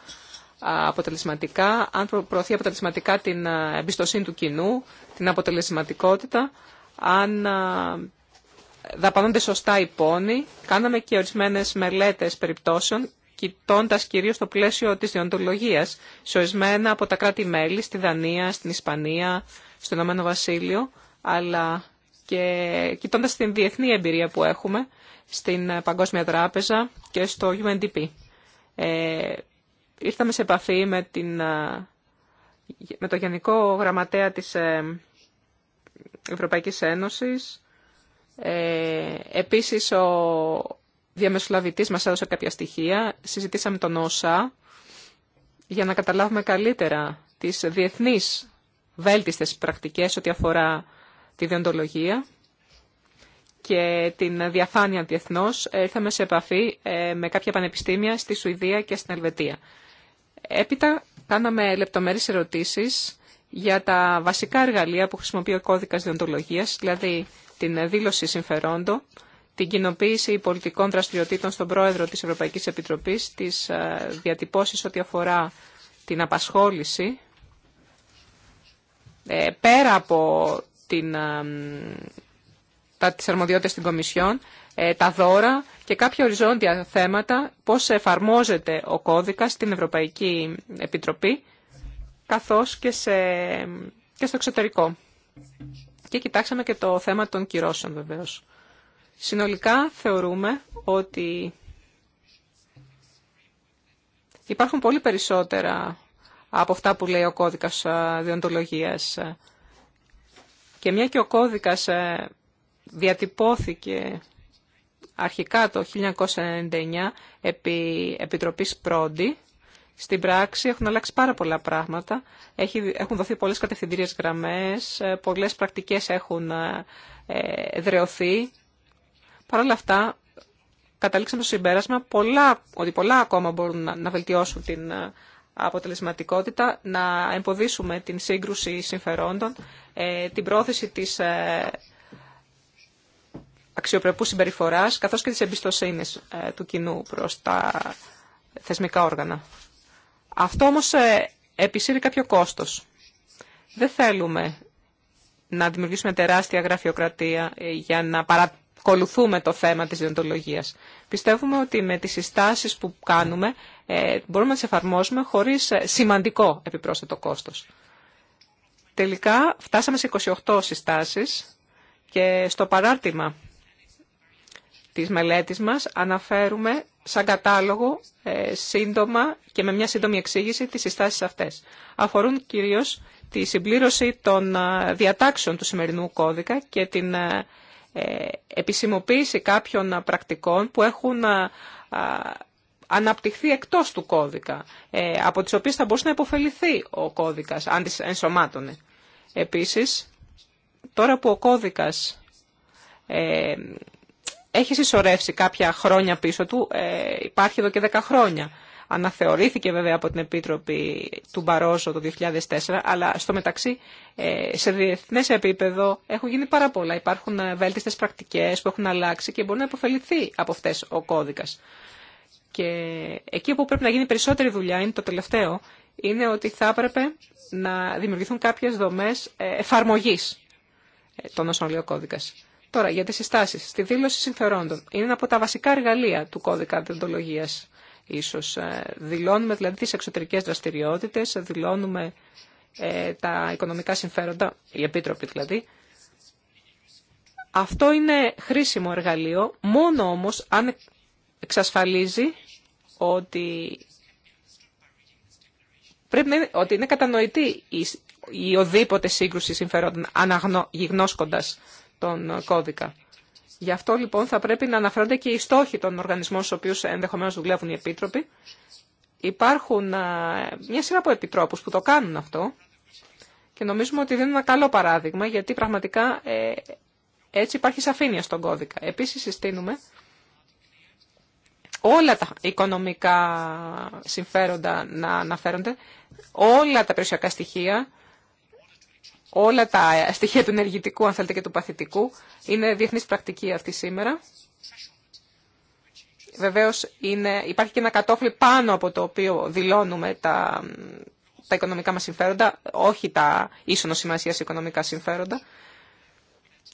αποτελεσματικά, αν προωθεί αποτελεσματικά την εμπιστοσύνη του κοινού, την αποτελεσματικότητα, αν δαπανώνται σωστά οι πόνοι. Κάναμε και ορισμένες μελέτες περιπτώσεων, κοιτώντα κυρίως το πλαίσιο της διοντολογία, σε ορισμένα από τα κράτη-μέλη, στη Δανία, στην Ισπανία, στο Ηνωμένο Βασίλειο, αλλά και κοιτώντας την διεθνή εμπειρία που έχουμε στην ε, Παγκόσμια Τράπεζα και στο UNDP. Ε, ήρθαμε σε επαφή με, την, ε, με το Γενικό Γραμματέα της ε, Ευρωπαϊκής Ένωσης. Ε, επίσης, ο διαμεσολαβητής μας έδωσε κάποια στοιχεία. Συζητήσαμε τον ΩΣΑ για να καταλάβουμε καλύτερα τις διεθνείς βέλτιστες πρακτικές ό,τι αφορά τη διοντολογία και την διαφάνεια διεθνώ, ε, Ήρθαμε σε επαφή ε, με κάποια πανεπιστήμια στη Σουηδία και στην Ελβετία. Έπειτα κάναμε λεπτομέρειες ερωτήσεις για τα βασικά εργαλεία που χρησιμοποιεί ο κώδικας διοντολογίας, δηλαδή την δήλωση συμφερόντο... την κοινοποίηση πολιτικών δραστηριοτήτων στον πρόεδρο της Ευρωπαϊκής Επιτροπής, τις ε, διατυπώσεις ό,τι αφορά την απασχόληση ε, πέρα από την, ε, τα, τις αρμοδιότητες στην Κομισιόν, ε, τα δώρα και κάποια οριζόντια θέματα, πώς εφαρμόζεται ο κώδικας στην Ευρωπαϊκή Επιτροπή, καθώς και, και στο εξωτερικό. Και κοιτάξαμε και το θέμα των κυρώσεων βεβαίως. Συνολικά θεωρούμε ότι υπάρχουν πολύ περισσότερα από αυτά που λέει ο κώδικας ε, διοντολογίας. Και μια και ο κώδικας ε, διατυπώθηκε αρχικά το 1999 επί Επιτροπής Πρόντι, στην πράξη έχουν αλλάξει πάρα πολλά πράγματα. έχουν δοθεί πολλές κατευθυντήριες γραμμές, ε, πολλές πρακτικές έχουν δρεωθεί. Παρ' όλα αυτά, καταλήξαμε στο συμπέρασμα πολλά, ότι πολλά ακόμα μπορούν να, βελτιώσουν την αποτελεσματικότητα, να εμποδίσουμε την σύγκρουση συμφερόντων, ε, την πρόθεση της ε, αξιοπρεπούς συμπεριφοράς, καθώς και της εμπιστοσύνης ε, του κοινού προς τα θεσμικά όργανα. Αυτό όμως επισύρει κάποιο κόστος. Δεν θέλουμε να δημιουργήσουμε τεράστια γραφειοκρατία για να παρακολουθούμε το θέμα της διοντολογίας. Πιστεύουμε ότι με τις συστάσεις που κάνουμε ε, μπορούμε να τις εφαρμόσουμε χωρίς ε, σημαντικό επιπρόσθετο κόστος. Τελικά φτάσαμε σε 28 συστάσεις και στο παράρτημα της μελέτης μας αναφέρουμε σαν κατάλογο ε, σύντομα και με μια σύντομη εξήγηση τις συστάσεις αυτές. Αφορούν κυρίως τη συμπλήρωση των διατάξεων του σημερινού κώδικα και την επισημοποίηση κάποιων πρακτικών που έχουν αναπτυχθεί εκτός του κώδικα, ε, από τις οποίες θα μπορούσε να υποφεληθεί ο κώδικας, αν τις ενσωμάτωνε. Επίσης, τώρα που ο κώδικας ε, έχει συσσωρεύσει κάποια χρόνια πίσω του, ε, υπάρχει εδώ και 10 χρόνια. Αναθεωρήθηκε βέβαια από την Επίτροπη του Μπαρόζο το 2004, αλλά στο μεταξύ ε, σε διεθνές επίπεδο έχουν γίνει πάρα πολλά. Υπάρχουν βέλτιστες πρακτικές που έχουν αλλάξει και μπορεί να υποφεληθεί από αυτές ο κώδικας. Και εκεί που πρέπει να γίνει περισσότερη δουλειά, είναι το τελευταίο, είναι ότι θα έπρεπε να δημιουργηθούν κάποιες δομές ε, εφαρμογής ε, των όσων λέει κώδικας. Τώρα, για τις συστάσεις. Στη δήλωση συμφερόντων. Είναι από τα βασικά εργαλεία του κώδικα διοντολογίας. Ίσως ε, δηλώνουμε δηλαδή τις εξωτερικές δραστηριότητες, δηλώνουμε τα οικονομικά συμφέροντα, οι επίτροποι δηλαδή. Αυτό είναι χρήσιμο εργαλείο, μόνο όμως αν εξασφαλίζει ότι, πρέπει ότι είναι κατανοητή η, η οδήποτε σύγκρουση συμφερόντων αναγνώσκοντας τον κώδικα. Γι' αυτό λοιπόν θα πρέπει να αναφέρονται και οι στόχοι των οργανισμών στους οποίους ενδεχομένως δουλεύουν οι επίτροποι. Υπάρχουν μια σειρά από επιτρόπους που το κάνουν αυτό και νομίζουμε ότι δίνουν ένα καλό παράδειγμα γιατί πραγματικά ε, έτσι υπάρχει σαφήνεια στον κώδικα. Επίσης συστήνουμε όλα τα οικονομικά συμφέροντα να αναφέρονται, όλα τα περιουσιακά στοιχεία, όλα τα στοιχεία του ενεργητικού, αν θέλετε, και του παθητικού. Είναι διεθνής πρακτική αυτή σήμερα. Βεβαίως, είναι, υπάρχει και ένα κατόφλι πάνω από το οποίο δηλώνουμε τα, τα οικονομικά μας συμφέροντα, όχι τα ίσονο σημασία οικονομικά συμφέροντα.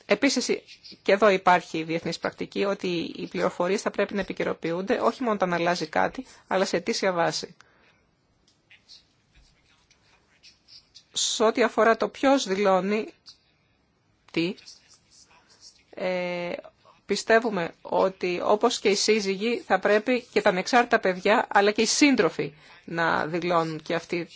Επίσης και εδώ υπάρχει η διεθνής πρακτική ότι οι πληροφορίες θα πρέπει να επικαιροποιούνται όχι μόνο όταν αλλάζει κάτι, αλλά σε αιτήσια βάση. Σε ό,τι αφορά το ποιο δηλώνει τι, ε, πιστεύουμε ότι όπως και οι σύζυγοι θα πρέπει και τα ανεξάρτητα παιδιά αλλά και οι σύντροφοι να δηλώνουν και αυτοί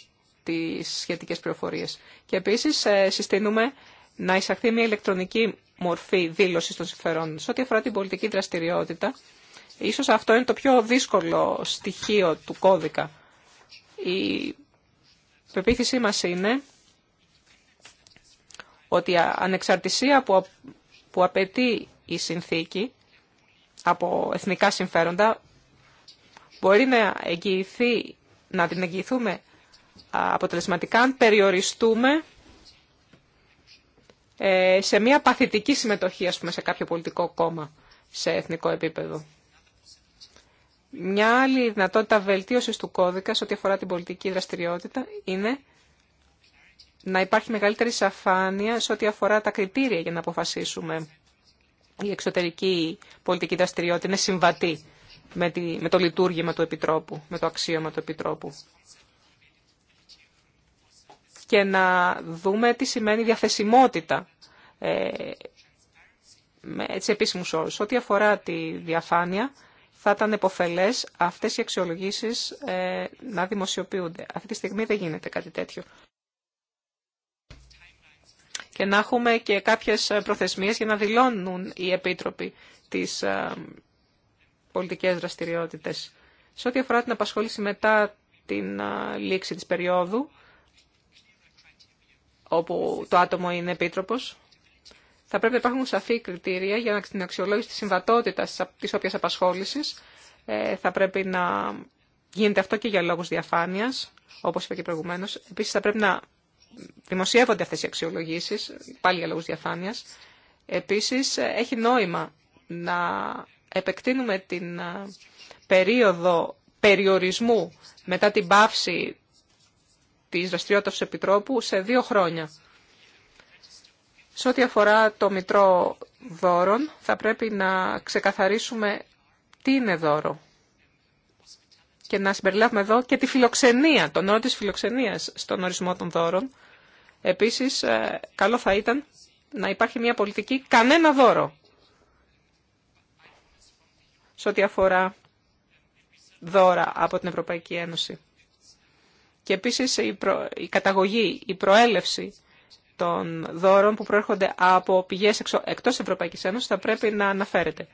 τις σχετικές πληροφορίες. Και επίσης ε, συστήνουμε να εισαχθεί μια ηλεκτρονική μορφή δήλωση των συμφερόντων. Σε ό,τι αφορά την πολιτική δραστηριότητα, ίσως αυτό είναι το πιο δύσκολο στοιχείο του κώδικα. Η πεποίθησή μας είναι ότι η ανεξαρτησία που, που απαιτεί η συνθήκη από εθνικά συμφέροντα μπορεί να, εγγυηθεί, να την εγγυηθούμε αποτελεσματικά αν περιοριστούμε ε, σε μια παθητική συμμετοχή, ας πούμε, σε κάποιο πολιτικό κόμμα σε εθνικό επίπεδο. Μια άλλη δυνατότητα βελτίωσης του κώδικα σε ό,τι αφορά την πολιτική δραστηριότητα είναι να υπάρχει μεγαλύτερη σαφάνεια σε ό,τι αφορά τα κριτήρια για να αποφασίσουμε η εξωτερική πολιτική δραστηριότητα είναι συμβατή με, τη, με το λειτουργήμα του Επιτρόπου, με το αξίωμα του Επιτρόπου και να δούμε τι σημαίνει διαθεσιμότητα ε, με έτσι επίσημους όρους. Ό,τι αφορά τη διαφάνεια, θα ήταν επωφελές αυτές οι αξιολογήσεις ε, να δημοσιοποιούνται. Αυτή τη στιγμή δεν γίνεται κάτι τέτοιο. Και να έχουμε και κάποιες προθεσμίες για να δηλώνουν οι επίτροποι τις ε, πολιτικές δραστηριότητες. Σε ό,τι αφορά την απασχόληση μετά την ε, λήξη της περίοδου, όπου το άτομο είναι επίτροπο, Θα πρέπει να υπάρχουν σαφή κριτήρια για την αξιολόγηση τη συμβατότητα τη όποια απασχόλησης. Ε, θα πρέπει να γίνεται αυτό και για λόγους διαφάνειας, όπως είπα και προηγουμένως. Επίσης θα πρέπει να δημοσιεύονται αυτέ οι αξιολογήσει, πάλι για λόγους διαφάνειας. Επίση έχει νόημα να επεκτείνουμε την ε, περίοδο περιορισμού μετά την πάυση Τη δραστηριότητα Επιτρόπου σε δύο χρόνια. Σε ό,τι αφορά το μητρό δώρων, θα πρέπει να ξεκαθαρίσουμε τι είναι δώρο και να συμπεριλάβουμε εδώ και τη φιλοξενία, τον όρο της φιλοξενίας στον ορισμό των δώρων. Επίσης, ε, καλό θα ήταν να υπάρχει μια πολιτική κανένα δώρο σε ό,τι αφορά δώρα από την Ευρωπαϊκή Ένωση. Και επίσης η, καταγωγή, η προέλευση των δώρων που προέρχονται από πηγές εξω... εκτός Ευρωπαϊκής Ένωσης θα πρέπει να αναφέρεται.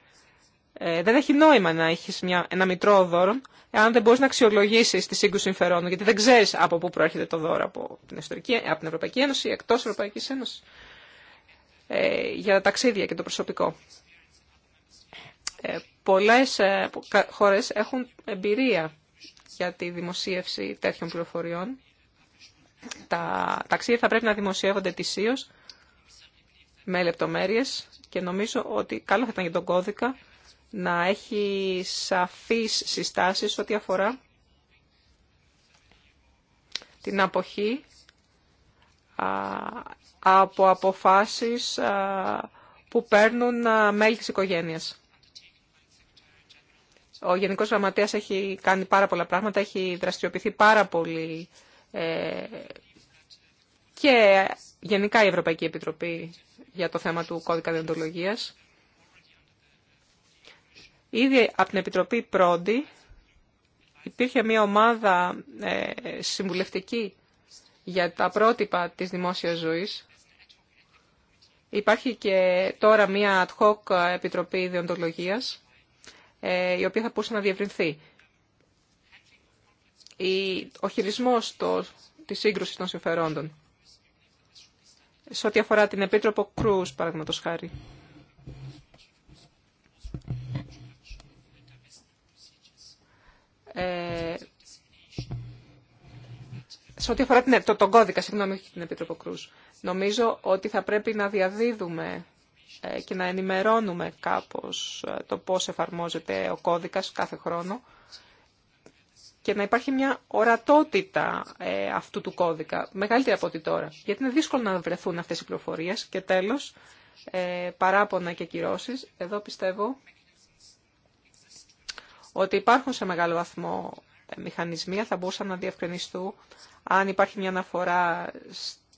Ε, δεν έχει νόημα να έχεις μια... ένα μητρό δώρο αν δεν μπορείς να αξιολογήσεις τη σύγκρουση συμφερόντων γιατί δεν ξέρεις από πού προέρχεται το δώρο από την, Ευρωπαϊκή... από την Ευρωπαϊκή Ένωση ή εκτός Ευρωπαϊκής Ένωσης ε, για τα ταξίδια και το προσωπικό. Ε, πολλές ε, χώρες έχουν εμπειρία για τη δημοσίευση τέτοιων πληροφοριών. Τα ταξίδια θα πρέπει να δημοσιεύονται ετησίω με λεπτομέρειες και νομίζω ότι καλό θα ήταν για τον κώδικα να έχει σαφείς συστάσεις ό,τι αφορά την αποχή από αποφάσεις που παίρνουν μέλη της οικογένειας. Ο Γενικός Γραμματέας έχει κάνει πάρα πολλά πράγματα, έχει δραστηριοποιηθεί πάρα πολύ ε, και γενικά η Ευρωπαϊκή Επιτροπή για το θέμα του κώδικα διοντολογίας. Ήδη από την Επιτροπή πρώτη. υπήρχε μια ομάδα ε, συμβουλευτική για τα πρότυπα της δημόσιας ζωής. Υπάρχει και τώρα μια ad hoc Επιτροπή Διοντολογίας ε, η οποία θα μπορούσε να διευρυνθεί. Ο χειρισμός το, της σύγκρουσης των συμφερόντων. Σε ό,τι αφορά την Επίτροπο Κρούς, παραδείγματος χάρη. Ε, σε ό,τι αφορά την, το, τον κώδικα, συγγνώμη, την Επίτροπο Κρούς, νομίζω ότι θα πρέπει να διαδίδουμε ε, και να ενημερώνουμε κάπως ε, το πώς εφαρμόζεται ο κώδικας κάθε χρόνο και να υπάρχει μια ορατότητα ε, αυτού του κώδικα, μεγαλύτερη από ό,τι τώρα. Γιατί είναι δύσκολο να βρεθούν αυτές οι πληροφορίες. Και τέλος, παράπονα και κυρώσεις. Εδώ πιστεύω ότι υπάρχουν σε μεγάλο βαθμό μηχανισμοί, θα μπορούσαν να διευκρινιστούν αν υπάρχει μια αναφορά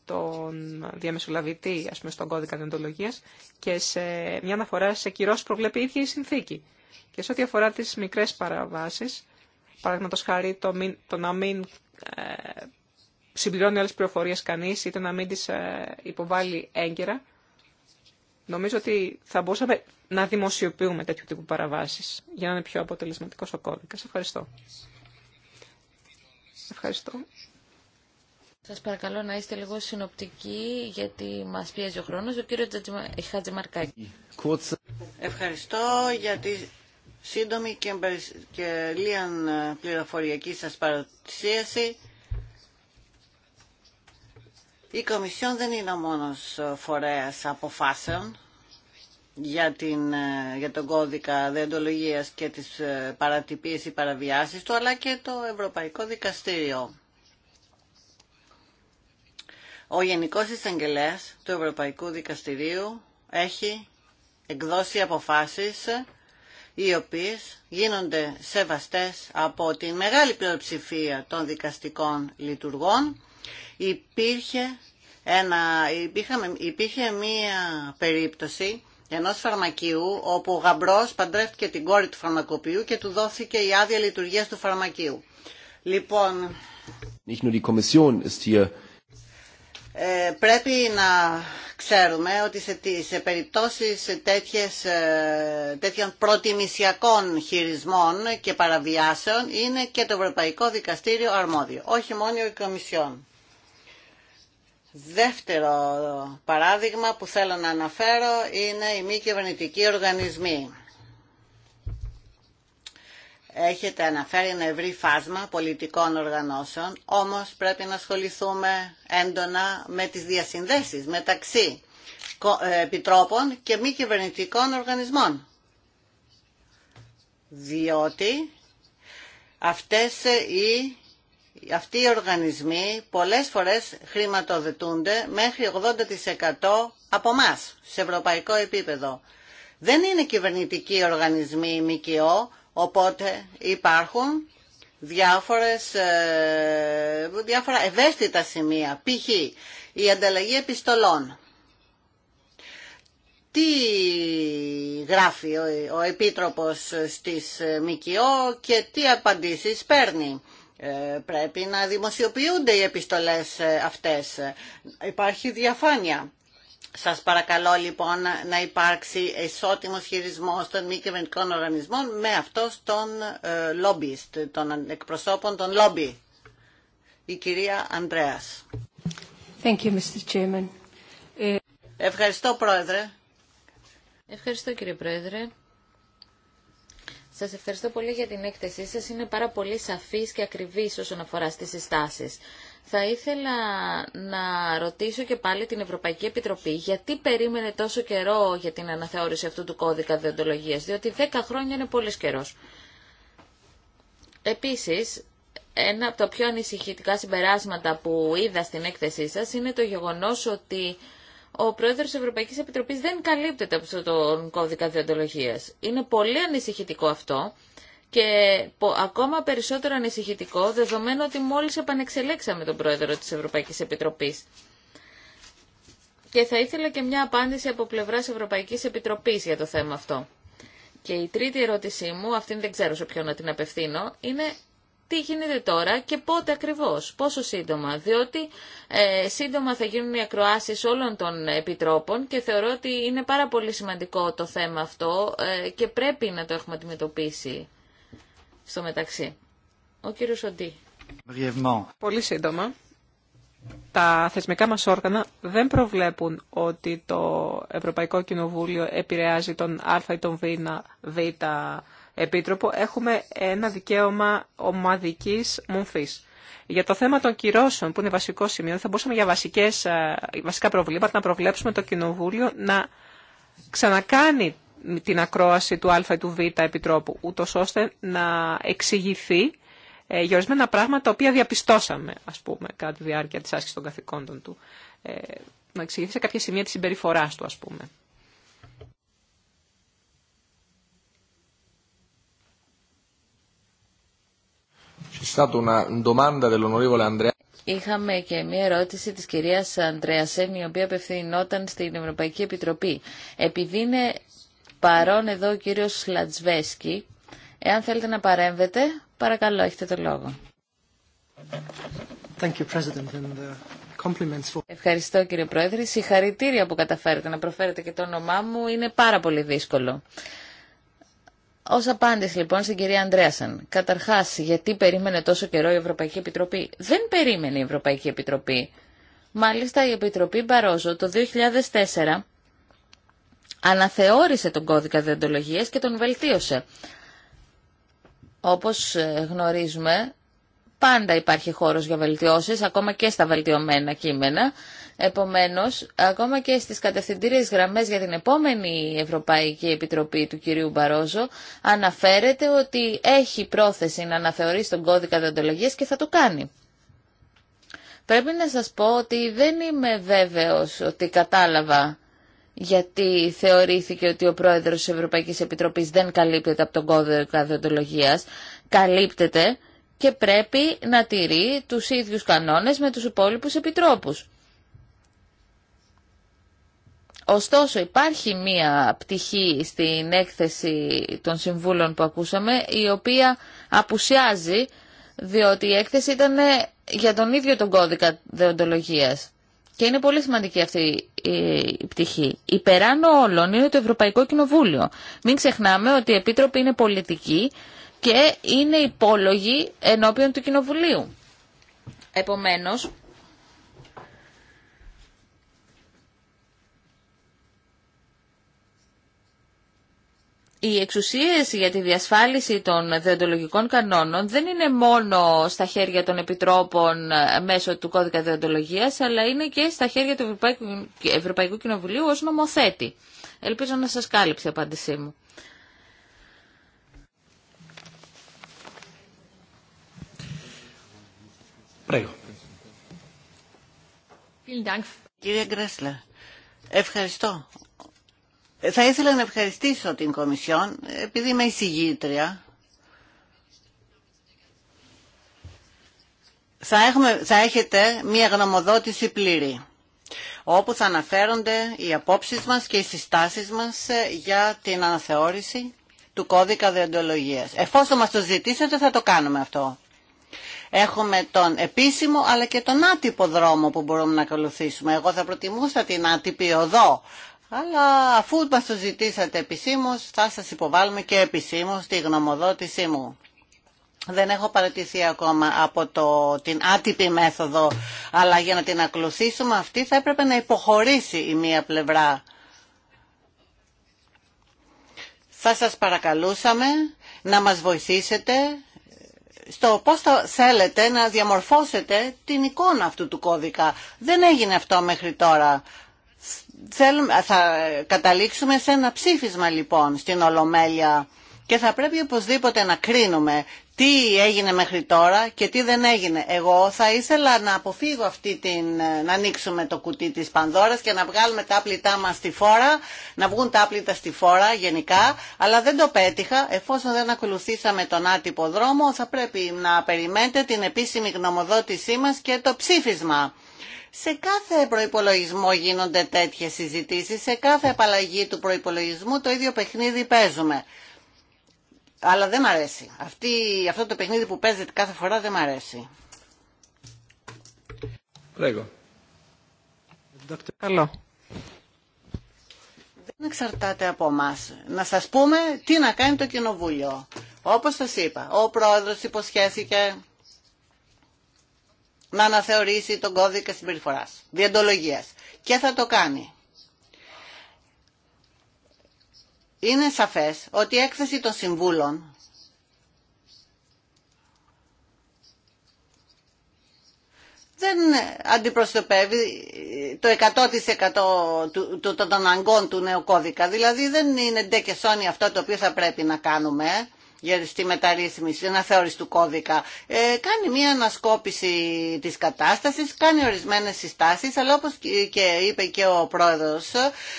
τον διαμεσολαβητή, α πούμε, στον κώδικα διοντολογία και σε μια αναφορά σε που προβλέπει η ίδια η συνθήκη. Και σε ό,τι αφορά τι μικρέ παραβάσει, παραδείγματο χάρη το, μην, το να μην ε, συμπληρώνει άλλε πληροφορίε κανεί ή το να μην τι ε, υποβάλει έγκαιρα, νομίζω ότι θα μπορούσαμε να δημοσιοποιούμε τέτοιου τύπου παραβάσει για να είναι πιο αποτελεσματικό ο κώδικα. Ευχαριστώ. Ευχαριστώ. Σας παρακαλώ να είστε λίγο συνοπτικοί γιατί μας πιέζει ο χρόνος. Ο κύριος ε, Χατζημαρκάκη. Ευχαριστώ για τη σύντομη και Λίαν ε, πληροφοριακή σας παρουσίαση. Η Κομισιόν δεν είναι ο μόνος ε, φορέας αποφάσεων για, την, για τον κώδικα διοντολογίας και τις παρατυπίες ή παραβιάσεις του, αλλά και το Ευρωπαϊκό Δικαστήριο. Ο Γενικός Εισαγγελέας του Ευρωπαϊκού Δικαστηρίου έχει εκδώσει αποφάσεις οι οποίες γίνονται σεβαστές από την μεγάλη πλειοψηφία των δικαστικών λειτουργών. Υπήρχε, μία περίπτωση ενός φαρμακείου όπου ο γαμπρός παντρεύτηκε την κόρη του φαρμακοποιού και του δόθηκε η άδεια λειτουργίας του φαρμακείου. Λοιπόν... Nicht nur ε, πρέπει να ξέρουμε ότι σε, σε περιπτώσεις τέτοιες, ε, τέτοιων προτιμησιακών χειρισμών και παραβιάσεων είναι και το Ευρωπαϊκό Δικαστήριο αρμόδιο, όχι μόνο η Κομισιόν. Δεύτερο παράδειγμα που θέλω να αναφέρω είναι οι μη κυβερνητικοί οργανισμοί έχετε αναφέρει ένα ευρύ φάσμα πολιτικών οργανώσεων, όμως πρέπει να ασχοληθούμε έντονα με τις διασυνδέσεις μεταξύ ε, επιτρόπων και μη κυβερνητικών οργανισμών. Διότι αυτές ε, οι, αυτοί οι οργανισμοί πολλές φορές χρηματοδοτούνται μέχρι 80% από εμά σε ευρωπαϊκό επίπεδο. Δεν είναι κυβερνητικοί οργανισμοί ΜΚΟ, Οπότε υπάρχουν διάφορες, ε, διάφορα ευαίσθητα σημεία. Π.χ. η ανταλλαγή επιστολών. Τι γράφει ο, ο Επίτροπος στις ε, ΜΚΟ και τι απαντήσεις παίρνει. Ε, πρέπει να δημοσιοποιούνται οι επιστολές αυτές. Υπάρχει διαφάνεια. Σας παρακαλώ λοιπόν να υπάρξει ισότιμος χειρισμός των μη κυβερνητικών οργανισμών με αυτός των λόμπιστ, των εκπροσώπων των λόμπι. Η κυρία Ανδρέας. Thank you, Mr. Chairman. Ε, ευχαριστώ Πρόεδρε. Ευχαριστώ κύριε Πρόεδρε. Σας ευχαριστώ πολύ για την έκθεσή σας. Είναι πάρα πολύ σαφής και ακριβής όσον αφορά στις συστάσεις. Θα ήθελα να ρωτήσω και πάλι την Ευρωπαϊκή Επιτροπή γιατί περίμενε τόσο καιρό για την αναθεώρηση αυτού του κώδικα διοντολογίας, διότι 10 χρόνια είναι πολύ καιρό. Επίσης, ένα από τα πιο ανησυχητικά συμπεράσματα που είδα στην έκθεσή σας είναι το γεγονός ότι ο πρόεδρος της Ευρωπαϊκής Επιτροπής δεν καλύπτεται από τον κώδικα διοντολογίας. Είναι πολύ ανησυχητικό αυτό και ακόμα περισσότερο ανησυχητικό δεδομένου ότι μόλις επανεξελέξαμε τον πρόεδρο της Ευρωπαϊκής Επιτροπής. Και θα ήθελα και μια απάντηση από πλευράς Ευρωπαϊκής Επιτροπής για το θέμα αυτό. Και η τρίτη ερώτησή μου, αυτήν δεν ξέρω σε ποιον να την απευθύνω, είναι τι γίνεται τώρα και πότε ακριβώς, πόσο σύντομα. Διότι ε, σύντομα θα γίνουν οι ακροάσεις όλων των επιτρόπων και θεωρώ ότι είναι πάρα πολύ σημαντικό το θέμα αυτό ε, και πρέπει να το έχουμε αντιμετωπίσει στο μεταξύ. Ο κύριος Οντή. Πολύ σύντομα. Τα θεσμικά μας όργανα δεν προβλέπουν ότι το Ευρωπαϊκό Κοινοβούλιο επηρεάζει τον Α ή τον Β, Β Επίτροπο. Έχουμε ένα δικαίωμα ομαδικής μουμφής. Για το θέμα των κυρώσεων, που είναι βασικό σημείο, θα μπορούσαμε για βασικές, ε, βασικά προβλήματα να προβλέψουμε το Κοινοβούλιο να ξανακάνει την ακρόαση του Α ή του Β επιτρόπου, ούτω ώστε να εξηγηθεί ε, για ορισμένα πράγματα τα οποία διαπιστώσαμε, α πούμε, κατά τη διάρκεια τη άσκηση των καθηκόντων του. Ε, να εξηγηθεί σε κάποια σημεία τη συμπεριφορα του, α πούμε. Είχαμε και μια ερώτηση της κυρίας Σέν, η οποία απευθυνόταν στην Ευρωπαϊκή Επιτροπή. Επειδή είναι παρόν εδώ ο κύριος Λατσβέσκι. Εάν θέλετε να παρέμβετε, παρακαλώ, έχετε το λόγο. Thank you, President, and uh, for... Ευχαριστώ κύριε Πρόεδρε. Συγχαρητήρια που καταφέρετε να προφέρετε και το όνομά μου. Είναι πάρα πολύ δύσκολο. Ω απάντηση λοιπόν στην κυρία Αντρέασαν, καταρχά γιατί περίμενε τόσο καιρό η Ευρωπαϊκή Επιτροπή. Δεν περίμενε η Ευρωπαϊκή Επιτροπή. Μάλιστα η Επιτροπή Μπαρόζο το 2004 αναθεώρησε τον κώδικα διοντολογίας και τον βελτίωσε. Όπως ε, γνωρίζουμε, πάντα υπάρχει χώρος για βελτιώσεις, ακόμα και στα βελτιωμένα κείμενα. Επομένως, ακόμα και στις κατευθυντήριες γραμμές για την επόμενη Ευρωπαϊκή Επιτροπή του κυρίου Μπαρόζο, αναφέρεται ότι έχει πρόθεση να αναθεωρήσει τον κώδικα διοντολογίας και θα το κάνει. Πρέπει να σας πω ότι δεν είμαι βέβαιος ότι κατάλαβα γιατί θεωρήθηκε ότι ο πρόεδρος της Ευρωπαϊκής Επιτροπής δεν καλύπτεται από τον κώδικα διοντολογίας, καλύπτεται και πρέπει να τηρεί τους ίδιους κανόνες με τους υπόλοιπους επιτρόπους. Ωστόσο υπάρχει μία πτυχή στην έκθεση των συμβούλων που ακούσαμε η οποία απουσιάζει διότι η έκθεση ήταν για τον ίδιο τον κώδικα δεοντολογίας και είναι πολύ σημαντική αυτή η πτυχή. Υπεράνω όλων είναι το Ευρωπαϊκό Κοινοβούλιο. Μην ξεχνάμε ότι οι επίτροποι είναι πολιτικοί και είναι υπόλογοι ενώπιον του Κοινοβουλίου. Επομένως, οι εξουσίες για τη διασφάλιση των δεοντολογικών κανόνων δεν είναι μόνο στα χέρια των επιτρόπων ε, μέσω του κώδικα δεοντολογίας, αλλά είναι και στα χέρια του Ευρωπαϊκού, Κοινοβουλίου ως νομοθέτη. Ελπίζω να σας κάλυψε η απάντησή μου. Πρέγω. Κύριε Γκρέσλα, ευχαριστώ θα ήθελα να ευχαριστήσω την Κομισιόν, επειδή είμαι εισηγήτρια. Θα, έχουμε, θα έχετε μία γνωμοδότηση πλήρη, όπου θα αναφέρονται οι απόψεις μας και οι συστάσεις μας για την αναθεώρηση του κώδικα διοντολογίας. Εφόσον μας το ζητήσετε θα το κάνουμε αυτό. Έχουμε τον επίσημο αλλά και τον άτυπο δρόμο που μπορούμε να ακολουθήσουμε. Εγώ θα προτιμούσα την άτυπη οδό, αλλά αφού μας το ζητήσατε επισήμως, θα σας υποβάλουμε και επισήμως τη γνωμοδότησή μου. Δεν έχω παρατηθεί ακόμα από το, την άτυπη μέθοδο, αλλά για να την ακολουθήσουμε αυτή θα έπρεπε να υποχωρήσει η μία πλευρά. Θα σας παρακαλούσαμε να μας βοηθήσετε στο πώς θα θέλετε να διαμορφώσετε την εικόνα αυτού του κώδικα. Δεν έγινε αυτό μέχρι τώρα θα καταλήξουμε σε ένα ψήφισμα λοιπόν στην Ολομέλεια και θα πρέπει οπωσδήποτε να κρίνουμε τι έγινε μέχρι τώρα και τι δεν έγινε. Εγώ θα ήθελα να αποφύγω αυτή την, να ανοίξουμε το κουτί της Πανδώρας και να βγάλουμε τα άπλητά μας στη φόρα, να βγουν τα άπλητα στη φόρα γενικά, αλλά δεν το πέτυχα. Εφόσον δεν ακολουθήσαμε τον άτυπο δρόμο, θα πρέπει να περιμένετε την επίσημη γνωμοδότησή μας και το ψήφισμα. Σε κάθε προϋπολογισμό γίνονται τέτοιες συζητήσεις, σε κάθε απαλλαγή του προϋπολογισμού το ίδιο παιχνίδι παίζουμε. Αλλά δεν μ' αρέσει. Αυτή, αυτό το παιχνίδι που παίζεται κάθε φορά δεν μ' αρέσει. Δεν εξαρτάται από εμά. Να σας πούμε τι να κάνει το κοινοβούλιο. Όπως σας είπα, ο πρόεδρος υποσχέθηκε να αναθεωρήσει τον κώδικα συμπεριφορά διεντολογία. Και θα το κάνει. Είναι σαφές ότι η έκθεση των συμβούλων δεν αντιπροσωπεύει το 100% του, του, των αναγκών του νέου κώδικα. Δηλαδή δεν είναι ντε και σόνι αυτό το οποίο θα πρέπει να κάνουμε για τη μεταρρύθμιση, ένα θεωριστού του κώδικα. Ε, κάνει μια ανασκόπηση της κατάστασης, κάνει ορισμένες συστάσεις, αλλά όπως και είπε και ο πρόεδρος,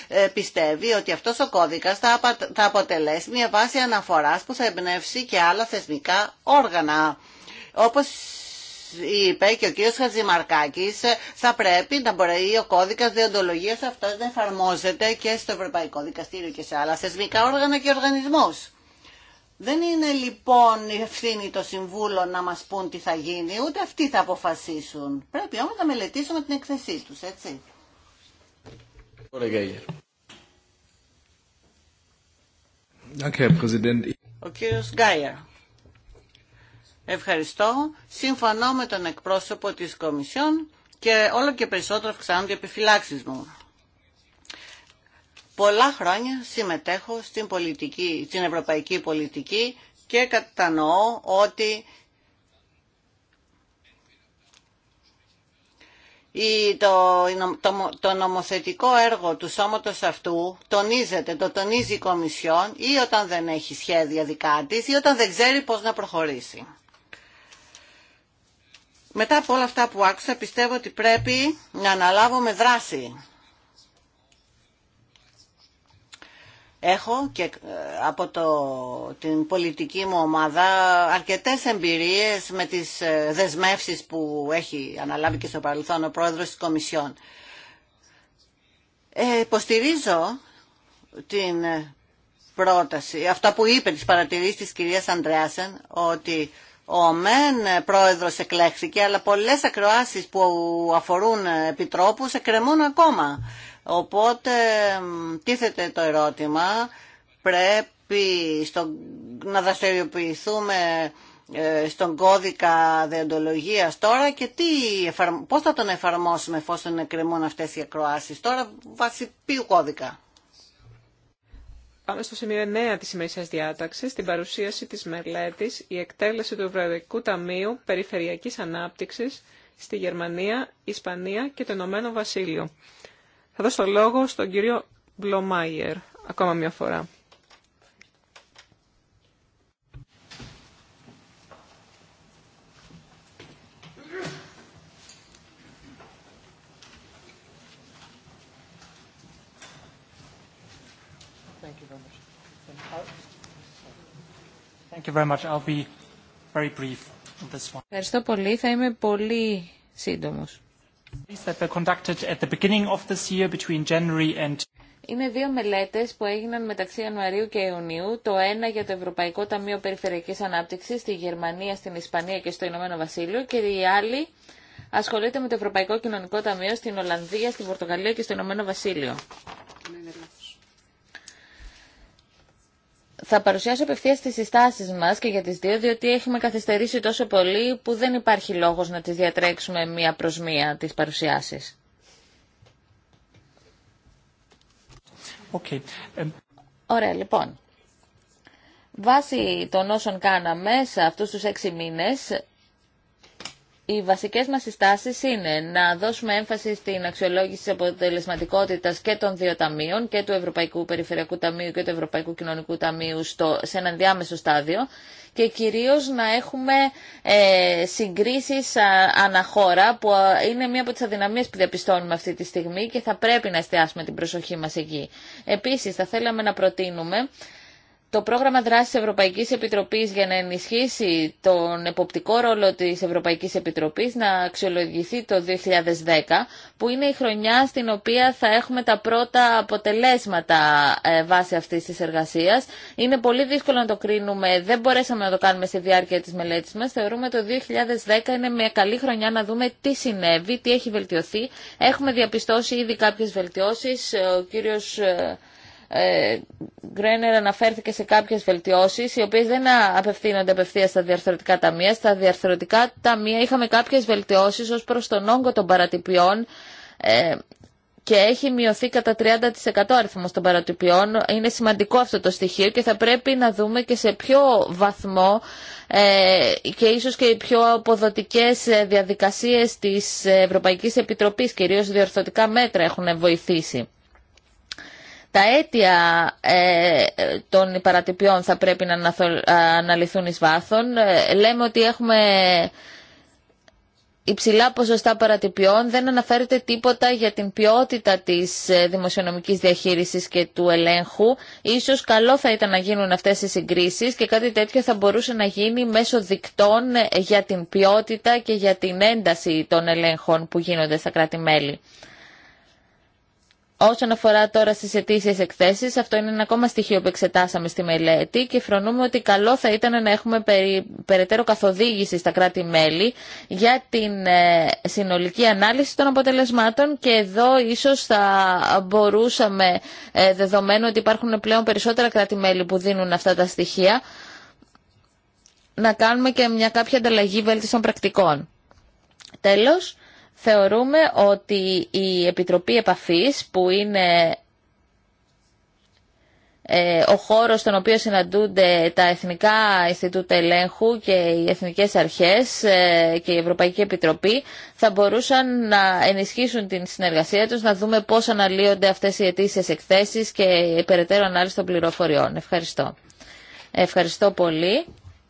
ε, πιστεύει ότι αυτός ο κώδικας θα αποτελέσει μια βάση αναφοράς που θα εμπνεύσει και άλλα θεσμικά όργανα. Όπως είπε και ο κ. Χατζημαρκάκης, θα πρέπει να μπορεί ο κώδικας διοντολογίας αυτός να εφαρμόζεται και στο Ευρωπαϊκό Δικαστήριο και σε άλλα θεσμικά όργανα και οργανισμούς. Δεν είναι λοιπόν η ευθύνη των συμβούλων να μας πούν τι θα γίνει, ούτε αυτοί θα αποφασίσουν. Πρέπει όμως να μελετήσουμε την εκθεσή τους, έτσι. Ο κύριος Γκάιερ. Ευχαριστώ. Συμφωνώ με τον εκπρόσωπο της Κομισιόν και όλο και περισσότερο αυξάνονται οι επιφυλάξεις μου πολλά χρόνια συμμετέχω στην, πολιτική, στην ευρωπαϊκή πολιτική και κατανοώ ότι το, το, το νομοθετικό έργο του σώματος αυτού τονίζεται, το τονίζει η Κομισιόν ή όταν δεν έχει σχέδια δικά της ή όταν δεν ξέρει πώς να προχωρήσει. Μετά από όλα αυτά που άκουσα πιστεύω ότι πρέπει να αναλάβουμε δράση Έχω και ε, από το, την πολιτική μου ομάδα αρκετές εμπειρίες με τις ε, δεσμεύσεις που έχει αναλάβει και στο παρελθόν ο πρόεδρος της Κομισιόν. Ε, υποστηρίζω την ε, πρόταση, αυτά που είπε τις παρατηρήσεις της κυρίας Αντρέασεν ότι ο ΜΕΝ πρόεδρος εκλέχθηκε, αλλά πολλές ακροάσεις που αφορούν επιτρόπους εκκρεμούν ακόμα. Οπότε τίθεται το ερώτημα, πρέπει στο, να δραστηριοποιηθούμε ε, στον κώδικα δεοντολογίας τώρα και τι, πώς θα τον εφαρμόσουμε εφόσον εκκρεμούν αυτές οι ακροάσεις τώρα βάσει ποιου κώδικα. Πάμε στο σημείο 9 της ημερήσιας διάταξης, την παρουσίαση της μελέτης «Η εκτέλεση του Ευρωπαϊκού Ταμείου Περιφερειακής Ανάπτυξης στη Γερμανία, Ισπανία και το Ηνωμένο Βασίλειο» Θα δώσω το λόγο στον κύριο Μπλομάιερ ακόμα μια φορά. Ευχαριστώ πολύ. Θα είμαι πολύ σύντομος. Είναι δύο μελέτε που έγιναν μεταξύ Ιανουαρίου και Ιουνίου, το ένα για το Ευρωπαϊκό Ταμείο Περιφερειακή Ανάπτυξη, στη Γερμανία, στην Ισπανία και στο Ηνωμένο Βασίλειο και η άλλη ασχολείται με το Ευρωπαϊκό Κοινωνικό Ταμείο στην Ολλανδία, στην Πορτογαλία και στο Ηνωμένο Βασίλειο θα παρουσιάσω απευθεία τι συστάσει μα και για τι δύο, διότι έχουμε καθυστερήσει τόσο πολύ που δεν υπάρχει λόγο να τι διατρέξουμε μία προ μία τι παρουσιάσει. Okay. Ωραία, λοιπόν. Βάσει των όσων κάναμε σε αυτούς τους έξι μήνες, οι βασικές μας συστάσεις είναι να δώσουμε έμφαση στην αξιολόγηση της αποτελεσματικότητας και των δύο ταμείων, και του Ευρωπαϊκού Περιφερειακού Ταμείου και του Ευρωπαϊκού Κοινωνικού Ταμείου στο, σε έναν διάμεσο στάδιο και κυρίως να έχουμε ε, συγκρίσεις αναχώρα που είναι μία από τις αδυναμίες που διαπιστώνουμε αυτή τη στιγμή και θα πρέπει να εστιάσουμε την προσοχή μας εκεί. Επίσης θα θέλαμε να προτείνουμε το πρόγραμμα δράσης Ευρωπαϊκής Επιτροπής για να ενισχύσει τον εποπτικό ρόλο της Ευρωπαϊκής Επιτροπής να αξιολογηθεί το 2010, που είναι η χρονιά στην οποία θα έχουμε τα πρώτα αποτελέσματα ε, βάσει αυτής της εργασίας. Είναι πολύ δύσκολο να το κρίνουμε, δεν μπορέσαμε να το κάνουμε στη διάρκεια της μελέτης μας. Θεωρούμε το 2010 είναι μια καλή χρονιά να δούμε τι συνέβη, τι έχει βελτιωθεί. Έχουμε διαπιστώσει ήδη κάποιες βελτιώσεις. Ο κύριος ε, ε, Γκρένερ αναφέρθηκε σε κάποιες βελτιώσεις οι οποίες δεν απευθύνονται απευθεία στα διαρθρωτικά ταμεία. Στα διαρθρωτικά ταμεία είχαμε κάποιες βελτιώσεις ως προς τον όγκο των παρατυπιών ε, και έχει μειωθεί κατά 30% ο αριθμός των παρατυπιών. Είναι σημαντικό αυτό το στοιχείο και θα πρέπει να δούμε και σε ποιο βαθμό ε, και ίσως και οι πιο αποδοτικές διαδικασίες της Ευρωπαϊκής Επιτροπής, κυρίως διορθωτικά μέτρα, έχουν βοηθήσει τα αίτια ε, των παρατυπιών θα πρέπει να αναλυθούν εις βάθον. Ε, λέμε ότι έχουμε υψηλά ποσοστά παρατυπιών, δεν αναφέρεται τίποτα για την ποιότητα της ε, δημοσιονομικής διαχείρισης και του ελέγχου. Ίσως καλό θα ήταν να γίνουν αυτές οι συγκρίσεις και κάτι τέτοιο θα μπορούσε να γίνει μέσω δικτών για την ποιότητα και για την ένταση των ελέγχων που γίνονται στα κράτη-μέλη. Όσον αφορά τώρα στις αιτήσει εκθέσεις, αυτό είναι ένα ακόμα στοιχείο που εξετάσαμε στη μελέτη και φρονούμε ότι καλό θα ήταν να έχουμε περι, περαιτέρω καθοδήγηση στα κράτη-μέλη για την ε, συνολική ανάλυση των αποτελεσμάτων και εδώ ίσως θα μπορούσαμε, ε, δεδομένου ότι υπάρχουν πλέον περισσότερα κράτη-μέλη που δίνουν αυτά τα στοιχεία, να κάνουμε και μια κάποια ανταλλαγή βέλτιστων πρακτικών. Τέλος, θεωρούμε ότι η Επιτροπή Επαφής που είναι ε, ο χώρος στον οποίο συναντούνται τα Εθνικά Ινστιτούτα Ελέγχου και οι Εθνικές Αρχές ε, και η Ευρωπαϊκή Επιτροπή θα μπορούσαν να ενισχύσουν την συνεργασία τους, να δούμε πώς αναλύονται αυτές οι αιτήσεις εκθέσεις και η περαιτέρω ανάλυση των πληροφοριών. Ευχαριστώ. Ευχαριστώ πολύ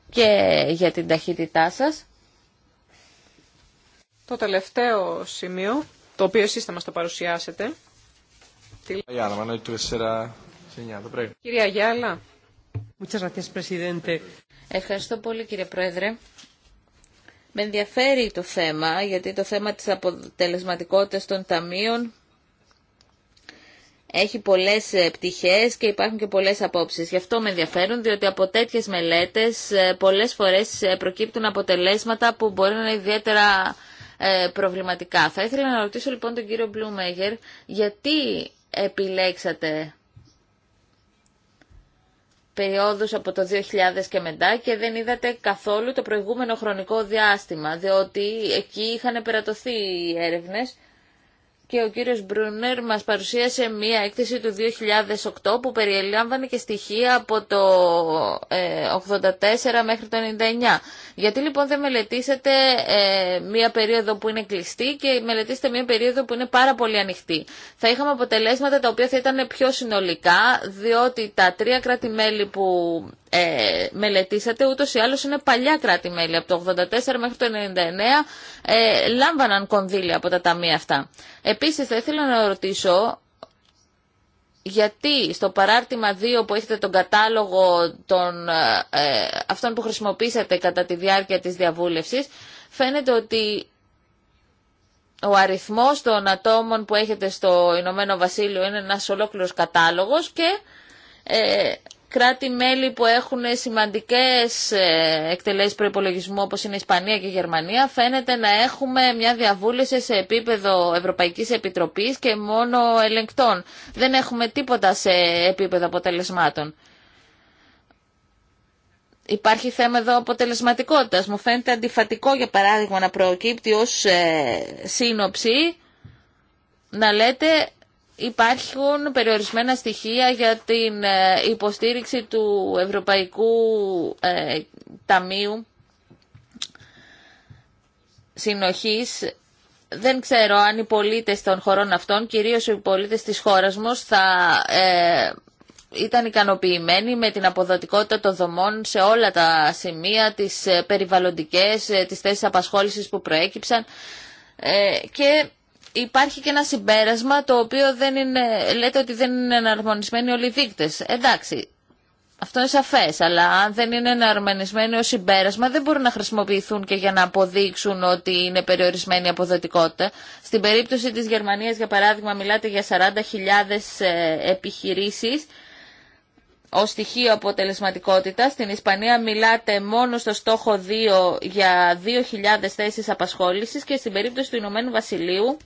και για την ταχύτητά σας. Το τελευταίο σημείο, το οποίο εσείς θα μας το παρουσιάσετε. Κυρία Γιάλα. Ευχαριστώ πολύ κύριε Πρόεδρε. Με ενδιαφέρει το θέμα, γιατί το θέμα της αποτελεσματικότητας των ταμείων έχει πολλές ε, πτυχές και υπάρχουν και πολλές απόψεις. Γι' αυτό με ενδιαφέρουν, διότι από τέτοιες μελέτες ε, πολλές φορές ε, προκύπτουν αποτελέσματα που μπορεί να είναι ιδιαίτερα ε, προβληματικά. Θα ήθελα να ρωτήσω λοιπόν τον κύριο Μπλουμέγερ γιατί επιλέξατε περιόδους από το 2000 και μετά και δεν είδατε καθόλου το προηγούμενο χρονικό διάστημα, διότι εκεί είχαν περατωθεί οι έρευνες και ο κύριος Μπρούνερ μας παρουσίασε μία έκθεση του 2008 που περιέλαμβανε και στοιχεία από το 84 ε, μέχρι το 99. Γιατί λοιπόν δεν μελετήσετε ε, μία περίοδο που είναι κλειστή και μελετήσετε μία περίοδο που είναι πάρα πολύ ανοιχτή. Θα είχαμε αποτελέσματα τα οποία θα ήταν πιο συνολικά διότι τα τρία κράτη-μέλη που ε, μελετήσατε, ούτως ή άλλως είναι παλιά κράτη-μέλη. Από το 84 μέχρι το 99 ε, λάμβαναν κονδύλια από τα ταμεία αυτά. Επίσης θα ήθελα να ρωτήσω γιατί στο παράρτημα 2 που έχετε τον κατάλογο των, ε, αυτών που χρησιμοποίησατε κατά τη διάρκεια της διαβούλευσης, φαίνεται ότι ο αριθμός των ατόμων που έχετε στο Ηνωμένο Βασίλειο είναι ένας ολόκληρος κατάλογος και ε, κράτη-μέλη που έχουν σημαντικές ε, εκτελέσεις προϋπολογισμού όπως είναι η Ισπανία και η Γερμανία φαίνεται να έχουμε μια διαβούλευση σε επίπεδο Ευρωπαϊκής Επιτροπής και μόνο ελεγκτών. Δεν έχουμε τίποτα σε επίπεδο αποτελεσμάτων. Υπάρχει θέμα εδώ αποτελεσματικότητας. Μου φαίνεται αντιφατικό για παράδειγμα να προκύπτει ως ε, σύνοψη να λέτε Υπάρχουν περιορισμένα στοιχεία για την ε, υποστήριξη του Ευρωπαϊκού ε, Ταμείου Συνοχής. Δεν ξέρω αν οι πολίτες των χωρών αυτών, κυρίως οι πολίτες της χώρας μας, θα ε, ήταν ικανοποιημένοι με την αποδοτικότητα των δομών σε όλα τα σημεία, τις περιβαλλοντικές, τις θέσεις απασχόλησης που προέκυψαν. και υπάρχει και ένα συμπέρασμα το οποίο δεν είναι, λέτε ότι δεν είναι εναρμονισμένοι όλοι οι δείκτες. Εντάξει, αυτό είναι σαφέ, αλλά αν δεν είναι εναρμονισμένοι ω συμπέρασμα, δεν μπορούν να χρησιμοποιηθούν και για να αποδείξουν ότι είναι περιορισμένη η αποδοτικότητα. Στην περίπτωση τη Γερμανία, για παράδειγμα, μιλάτε για 40.000 ε, επιχειρήσει ω στοιχείο αποτελεσματικότητα. Στην Ισπανία μιλάτε μόνο στο στόχο 2 για 2.000 θέσει απασχόληση και στην περίπτωση του Ηνωμένου Βασιλείου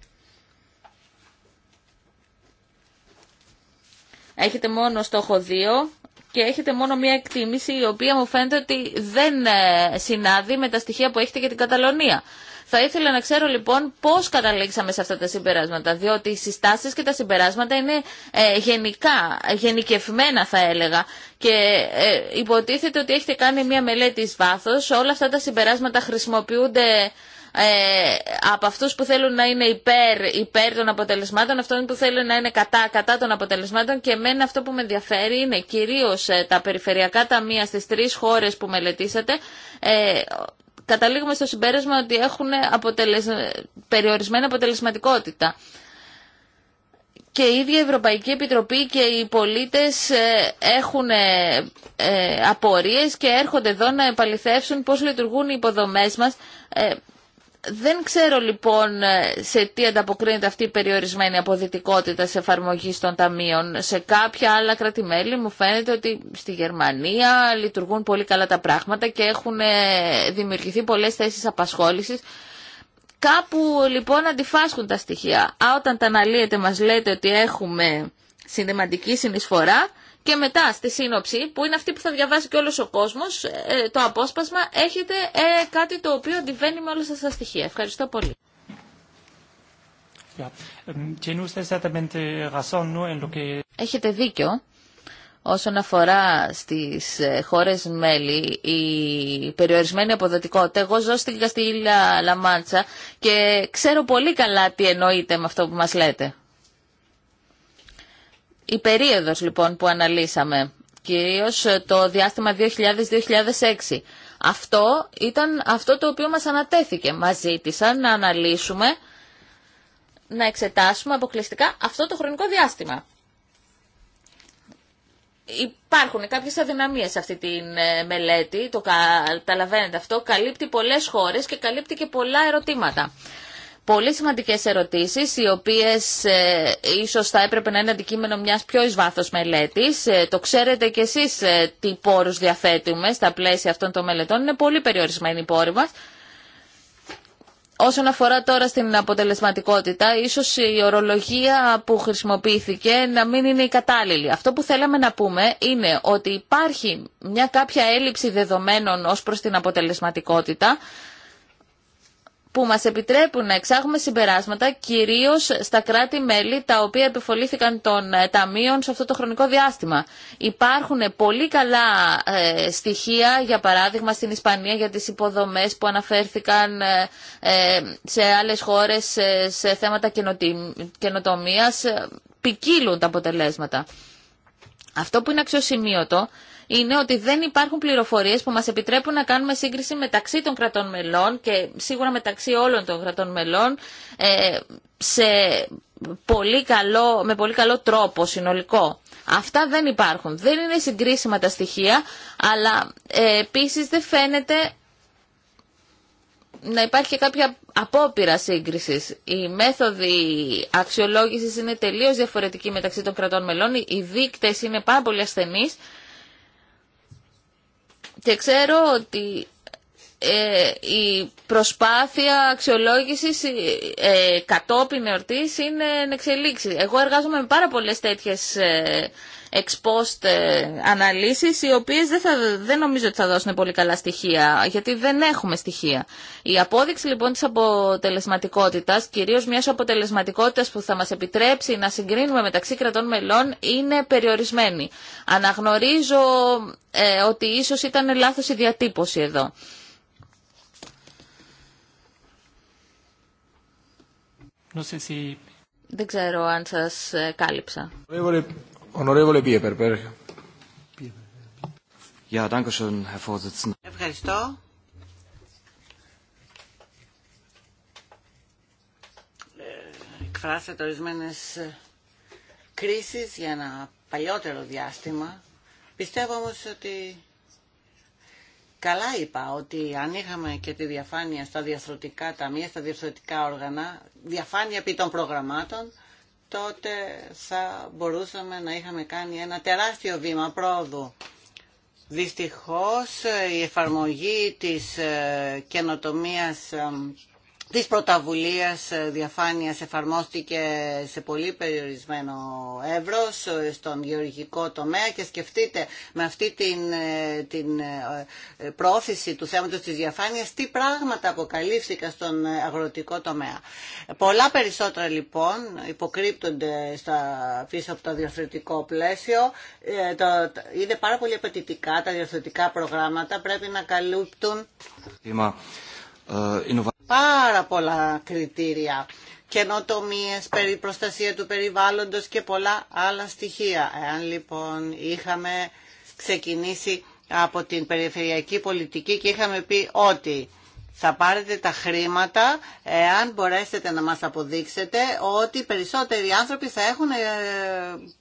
Έχετε μόνο στόχο 2 και έχετε μόνο μία εκτίμηση η οποία μου φαίνεται ότι δεν ε, συνάδει με τα στοιχεία που έχετε για την Καταλωνία. Θα ήθελα να ξέρω λοιπόν πώς καταλήξαμε σε αυτά τα συμπεράσματα, διότι οι συστάσεις και τα συμπεράσματα είναι ε, γενικά, γενικευμένα θα έλεγα και ε, υποτίθεται ότι έχετε κάνει μια μελέτη εις βάθος, όλα αυτά τα συμπεράσματα χρησιμοποιούνται ε, από αυτούς που θέλουν να είναι υπέρ, υπέρ των αποτελεσμάτων, αυτών που θέλουν να είναι κατά, κατά των αποτελεσμάτων και εμένα αυτό που με ενδιαφέρει είναι κυρίως ε, τα περιφερειακά ταμεία στις τρεις χώρες που μελετήσατε, ε, καταλήγουμε στο συμπέρασμα ότι έχουν αποτελεσ... περιορισμένη αποτελεσματικότητα. Και η ίδια η Ευρωπαϊκή Επιτροπή και οι πολίτες έχουν απορίες και έρχονται εδώ να επαληθεύσουν πώς λειτουργούν οι υποδομές μας δεν ξέρω λοιπόν ε, σε τι ανταποκρίνεται αυτή η περιορισμένη αποδυτικότητα σε εφαρμογή των ταμείων. Σε κάποια άλλα κρατημέλη μου φαίνεται ότι στη Γερμανία λειτουργούν πολύ καλά τα πράγματα και έχουν ε, δημιουργηθεί πολλές θέσεις απασχόλησης. Κάπου λοιπόν αντιφάσκουν τα στοιχεία. Α, όταν τα αναλύετε μας λέτε ότι έχουμε συνδεματική συνεισφορά και μετά στη σύνοψη, που είναι αυτή που θα διαβάσει και όλος ο κόσμος, ε, το απόσπασμα, έχετε ε, κάτι το οποίο αντιβαίνει με όλα σας τα στοιχεία. Ευχαριστώ πολύ. Ähm, έχετε δίκιο. Όσον αφορά στις ε, χώρες μέλη, η περιορισμένη αποδοτικότητα, εγώ ζω στην Καστήλια Λαμάντσα και ξέρω πολύ καλά τι εννοείται με αυτό που μας λέτε. Η περίοδος λοιπόν που αναλύσαμε, κυρίως ε, το διάστημα 2000-2006, αυτό ήταν αυτό το οποίο μας ανατέθηκε. Μας ζήτησαν να αναλύσουμε, να εξετάσουμε αποκλειστικά αυτό το χρονικό διάστημα. Υπάρχουν κάποιες αδυναμίες σε αυτή τη ε, μελέτη, το καταλαβαίνετε αυτό, καλύπτει πολλές χώρες και καλύπτει και πολλά ερωτήματα πολύ σημαντικές ερωτήσεις, οι οποίες ε, ίσως θα έπρεπε να είναι αντικείμενο μιας πιο εις βάθος μελέτης. Ε, το ξέρετε κι εσείς ε, τι πόρους διαθέτουμε στα πλαίσια αυτών των μελετών. Είναι πολύ περιορισμένοι οι πόροι μας. Όσον αφορά τώρα στην αποτελεσματικότητα, ίσως η ορολογία που χρησιμοποιήθηκε να μην είναι η κατάλληλη. Αυτό που θέλαμε να πούμε είναι ότι υπάρχει μια κάποια έλλειψη δεδομένων ως προς την αποτελεσματικότητα, που μας επιτρέπουν να εξάγουμε συμπεράσματα κυρίως στα κράτη-μέλη τα οποία επιφολήθηκαν των ε, ταμείων σε αυτό το χρονικό διάστημα. Υπάρχουν πολύ καλά ε, στοιχεία, για παράδειγμα στην Ισπανία για τις υποδομές που αναφέρθηκαν ε, σε άλλες χώρες σε θέματα καινοτομία, καινοτομίας, ποικίλουν τα αποτελέσματα. Αυτό που είναι αξιοσημείωτο είναι ότι δεν υπάρχουν πληροφορίες που μας επιτρέπουν να κάνουμε σύγκριση μεταξύ των κρατών μελών και σίγουρα μεταξύ όλων των κρατών μελών ε, σε πολύ καλό, με πολύ καλό τρόπο συνολικό. Αυτά δεν υπάρχουν. Δεν είναι συγκρίσιμα τα στοιχεία, αλλά ε, επίσης δεν φαίνεται να υπάρχει και κάποια απόπειρα σύγκριση. Οι μέθοδοι αξιολόγηση είναι τελείω διαφορετικοί μεταξύ των κρατών μελών. Οι δείκτε είναι πάρα πολύ ασθενεί και ξέρω ότι ε, η προσπάθεια αξιολόγησης ε, κατόπιν εορτής είναι εξελίξη. Εγώ εργάζομαι με πάρα πολλές τέτοιες ε, εξπόστ αναλύσεις οι οποίες δεν, θα, δεν νομίζω ότι θα δώσουν πολύ καλά στοιχεία γιατί δεν έχουμε στοιχεία. Η απόδειξη λοιπόν της αποτελεσματικότητας, κυρίως μιας αποτελεσματικότητας που θα μας επιτρέψει να συγκρίνουμε μεταξύ κρατών μελών είναι περιορισμένη. Αναγνωρίζω ε, ότι ίσως ήταν λάθος η διατύπωση εδώ. Δεν ξέρω αν σα ε, κάλυψα. Ευχαριστώ. Ε, εκφράσατε ορισμένε ε, κρίσει για ένα παλιότερο διάστημα. Πιστεύω όμω ότι Καλά είπα ότι αν είχαμε και τη διαφάνεια στα τα ταμεία, στα διαθρωτικά όργανα, διαφάνεια επί των προγραμμάτων, τότε θα μπορούσαμε να είχαμε κάνει ένα τεράστιο βήμα πρόοδου. Δυστυχώς η εφαρμογή της ε, καινοτομίας ε, της πρωταβουλίας ε, διαφάνειας εφαρμόστηκε σε πολύ περιορισμένο εύρος ε, στον γεωργικό τομέα και σκεφτείτε με αυτή την, ε, την πρόθεση του θέματος της διαφάνειας τι πράγματα αποκαλύφθηκαν στον αγροτικό τομέα. Πολλά περισσότερα λοιπόν υποκρύπτονται στα, πίσω από το διαφορετικό πλαίσιο. είναι πάρα πολύ απαιτητικά τα διαφορετικά προγράμματα, πρέπει να καλύπτουν... Ε, Πάρα πολλά κριτήρια, καινοτομίε περί προστασία του περιβάλλοντος και πολλά άλλα στοιχεία. Εάν λοιπόν είχαμε ξεκινήσει από την περιφερειακή πολιτική και είχαμε πει ότι θα πάρετε τα χρήματα εάν μπορέσετε να μας αποδείξετε ότι περισσότεροι άνθρωποι θα έχουν ε,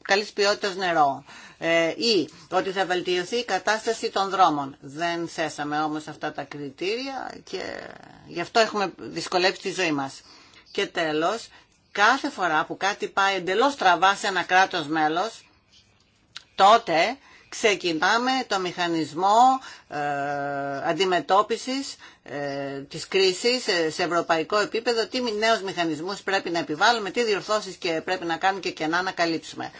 καλής ποιότητας νερό ε, ή ότι θα βελτιωθεί η κατάσταση των δρόμων. Δεν θέσαμε όμως αυτά τα κριτήρια και γι' αυτό έχουμε δυσκολέψει τη ζωή μας. Και τέλος, κάθε φορά που κάτι πάει εντελώς τραβά σε ένα κράτος μέλος, τότε ξεκινάμε το μηχανισμό ε, αντιμετώπισης ε, της κρίσης ε, σε ευρωπαϊκό επίπεδο, τι νέους μηχανισμούς πρέπει να επιβάλλουμε, τι διορθώσεις και πρέπει να κάνουμε και κενά να καλύψουμε.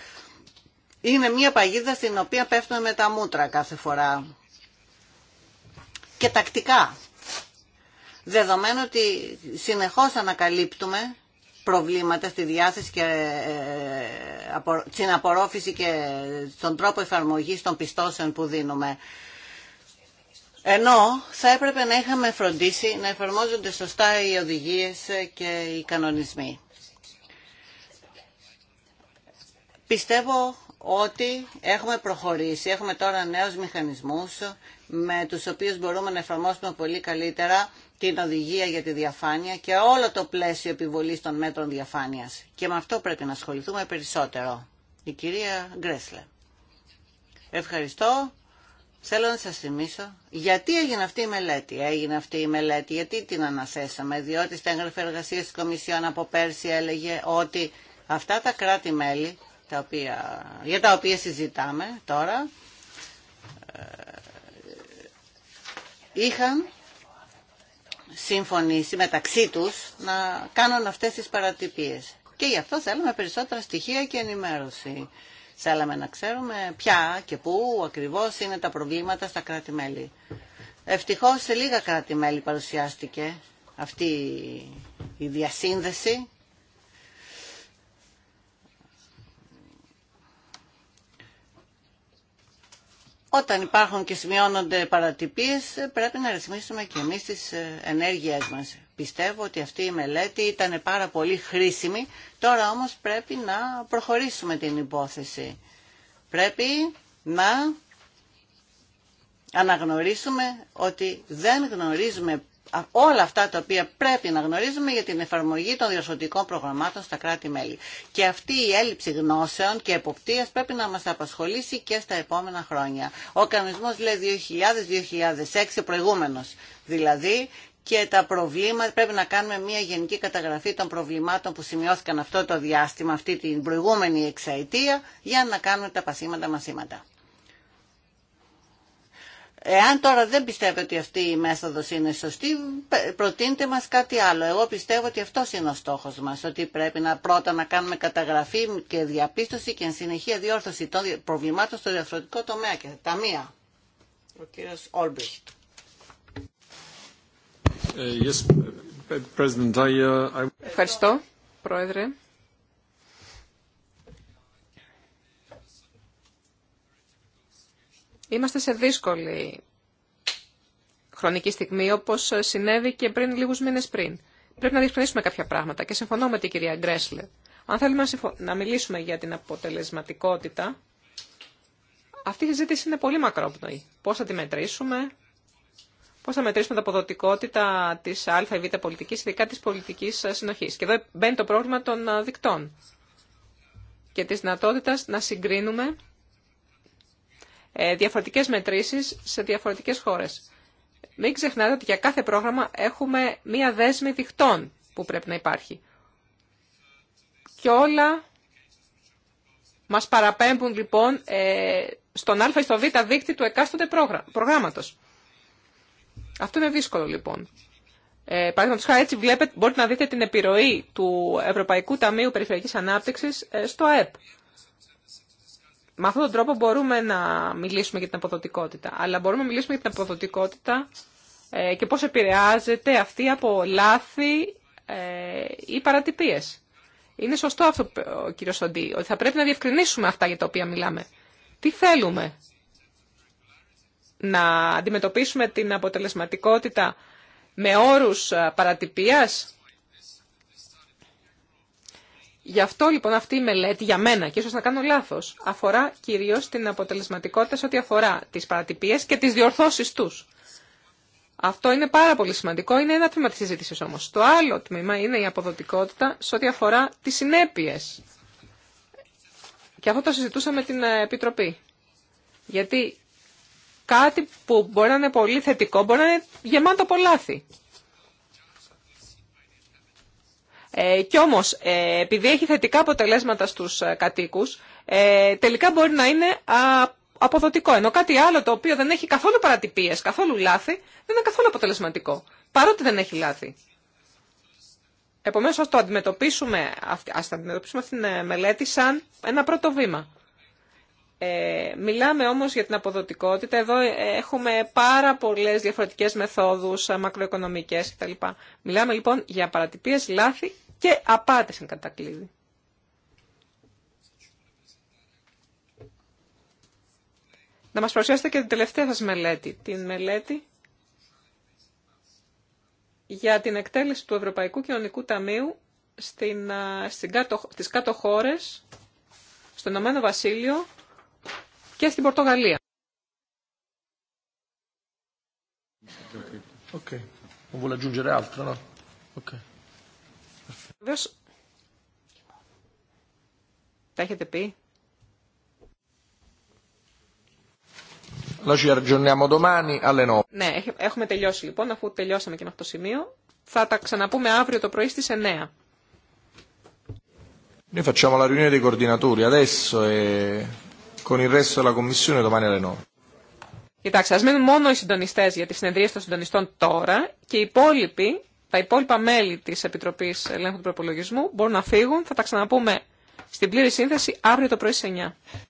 Είναι μια παγίδα στην οποία πέφτουμε με τα μούτρα κάθε φορά. Και τακτικά. Δεδομένου ότι συνεχώς ανακαλύπτουμε προβλήματα στη διάθεση και ε, στην απορρόφηση και στον τρόπο εφαρμογής των πιστώσεων που δίνουμε. Ενώ θα έπρεπε να είχαμε φροντίσει να εφαρμόζονται σωστά οι οδηγίες και οι κανονισμοί. Πιστεύω ότι έχουμε προχωρήσει, έχουμε τώρα νέους μηχανισμούς με τους οποίους μπορούμε να εφαρμόσουμε πολύ καλύτερα την οδηγία για τη διαφάνεια και όλο το πλαίσιο επιβολής των μέτρων διαφάνειας. Και με αυτό πρέπει να ασχοληθούμε περισσότερο. Η κυρία Γκρέσλε. Ευχαριστώ. Θέλω να σας θυμίσω γιατί έγινε αυτή η μελέτη. Έγινε αυτή η μελέτη, γιατί την αναθέσαμε, διότι στα έγγραφα εργασία της Κομισιόν από πέρσι έλεγε ότι αυτά τα κράτη-μέλη για τα οποία συζητάμε τώρα ε, είχαν συμφωνήσει μεταξύ τους να κάνουν αυτές τις παρατυπίες. Και γι' αυτό θέλουμε περισσότερα στοιχεία και ενημέρωση. Θέλαμε να ξέρουμε ποια και πού ακριβώς είναι τα προβλήματα στα κράτη-μέλη. Ευτυχώς σε λίγα κράτη-μέλη παρουσιάστηκε αυτή η διασύνδεση όταν υπάρχουν και σημειώνονται παρατυπίες πρέπει να ρυθμίσουμε και εμείς τις ε, ενέργειές μας. Πιστεύω ότι αυτή η μελέτη ήταν πάρα πολύ χρήσιμη, τώρα όμως πρέπει να προχωρήσουμε την υπόθεση. Πρέπει να αναγνωρίσουμε ότι δεν γνωρίζουμε όλα αυτά τα οποία πρέπει να γνωρίζουμε για την εφαρμογή των διορθωτικών προγραμμάτων στα κράτη-μέλη. Και αυτή η έλλειψη γνώσεων και εποπτείας πρέπει να μας απασχολήσει και στα επόμενα χρόνια. Ο κανονισμός λέει 2000-2006, προηγούμενος δηλαδή, και τα προβλήματα, πρέπει να κάνουμε μια γενική καταγραφή των προβλημάτων που σημειώθηκαν αυτό το διάστημα, αυτή την προηγούμενη εξαετία, για να κάνουμε τα πασίματα μασίματα. Εάν τώρα δεν πιστεύετε ότι αυτή η μέθοδος είναι σωστή, προτείνετε μας κάτι άλλο. Εγώ πιστεύω ότι αυτός είναι ο στόχος μας, ότι πρέπει να πρώτα να κάνουμε καταγραφή και διαπίστωση και εν συνεχεία διόρθωση των προβλημάτων στο διαφορετικό τομέα και ταμεία. Ο κύριος Όλμπριχτ. Ε, uh, Ευχαριστώ, Πρόεδρε. Είμαστε σε δύσκολη χρονική στιγμή, όπως συνέβη και πριν λίγους μήνες πριν. Πρέπει να διευκρινίσουμε κάποια πράγματα και συμφωνώ με την κυρία Γκρέσλε. Αν θέλουμε να μιλήσουμε για την αποτελεσματικότητα, αυτή η συζήτηση είναι πολύ μακρόπνοη. Πώς θα τη μετρήσουμε, πώς θα μετρήσουμε την αποδοτικότητα της α β πολιτικής, ειδικά της πολιτικής συνοχής. Και εδώ μπαίνει το πρόβλημα των δικτών και της δυνατότητα να συγκρίνουμε ε, διαφορετικές μετρήσεις σε διαφορετικές χώρες. Μην ξεχνάτε ότι για κάθε πρόγραμμα έχουμε μία δέσμη δικτών που πρέπει να υπάρχει. Και όλα μας παραπέμπουν λοιπόν ε, στον α ή στο β δίκτυ του εκάστοτε προγράμματος. Αυτό είναι δύσκολο λοιπόν. Ε, Παραδείγματο χάρη, έτσι βλέπετε, μπορείτε να δείτε την επιρροή του Ευρωπαϊκού Ταμείου Περιφερειακής Ανάπτυξης ε, στο ΑΕΠ με αυτόν τον τρόπο μπορούμε να μιλήσουμε για την αποδοτικότητα. Αλλά μπορούμε να μιλήσουμε για την αποδοτικότητα ε, και πώς επηρεάζεται αυτή από λάθη ε, ή παρατυπίες. Είναι σωστό αυτό, κύριο Σοντή, ότι θα πρέπει να διευκρινίσουμε αυτά για τα οποία μιλάμε. Τι θέλουμε, να αντιμετωπίσουμε την αποτελεσματικότητα με όρους ε, παρατυπίας, Γι' αυτό λοιπόν αυτή η μελέτη για μένα, και ίσω να κάνω λάθος, αφορά κυρίως την αποτελεσματικότητα σε ό,τι αφορά τις παρατυπίες και τις διορθώσεις τους. Αυτό είναι πάρα πολύ σημαντικό, είναι ένα τμήμα τη συζήτηση όμως. Το άλλο τμήμα είναι η αποδοτικότητα σε ό,τι αφορά τις συνέπειες. Και αυτό το συζητούσαμε με την ε, Επιτροπή. Γιατί κάτι που μπορεί να είναι πολύ θετικό μπορεί να είναι γεμάτο από λάθη. Ε, κι όμως, ε, επειδή έχει θετικά αποτελέσματα στους ε, κατοίκους, ε, τελικά μπορεί να είναι α, αποδοτικό. Ενώ κάτι άλλο το οποίο δεν έχει καθόλου παρατυπίες, καθόλου λάθη, δεν είναι καθόλου αποτελεσματικό. Παρότι δεν έχει λάθη. Επομένως, ας το αντιμετωπίσουμε, ας το αντιμετωπίσουμε αυτήν την μελέτη σαν ένα πρώτο βήμα. Ε, μιλάμε όμως για την αποδοτικότητα. Εδώ ε, έχουμε πάρα πολλές διαφορετικές μεθόδους ε, μακροοικονομικές κτλ. Μιλάμε λοιπόν για παρατυπίες, λάθη και απάτες εν κατακλείδη. Να μας παρουσιάσετε και την τελευταία σας μελέτη. Την μελέτη για την εκτέλεση του Ευρωπαϊκού Κοινωνικού Ταμείου στην, ε, κάτω, στις κάτω χώρες, στο Ηνωμένο και στην Πορτογαλία. Okay. Non okay. Βεβαίως, τα έχετε πει. Ναι, έχουμε τελειώσει λοιπόν, αφού τελειώσαμε και με αυτό το σημείο. Θα τα ξαναπούμε αύριο το πρωί στις 9. Noi facciamo la riunione dei coordinatori adesso e con il resto della Commissione domani alle 9. Κοιτάξτε, α μείνουν μόνο οι συντονιστέ για τι συνεδρίες των συντονιστών τώρα και οι υπόλοιποι, τα υπόλοιπα μέλη τη Επιτροπή Ελέγχου του Προπολογισμού μπορούν να φύγουν. Θα τα ξαναπούμε στην πλήρη σύνθεση αύριο το πρωί στις 9.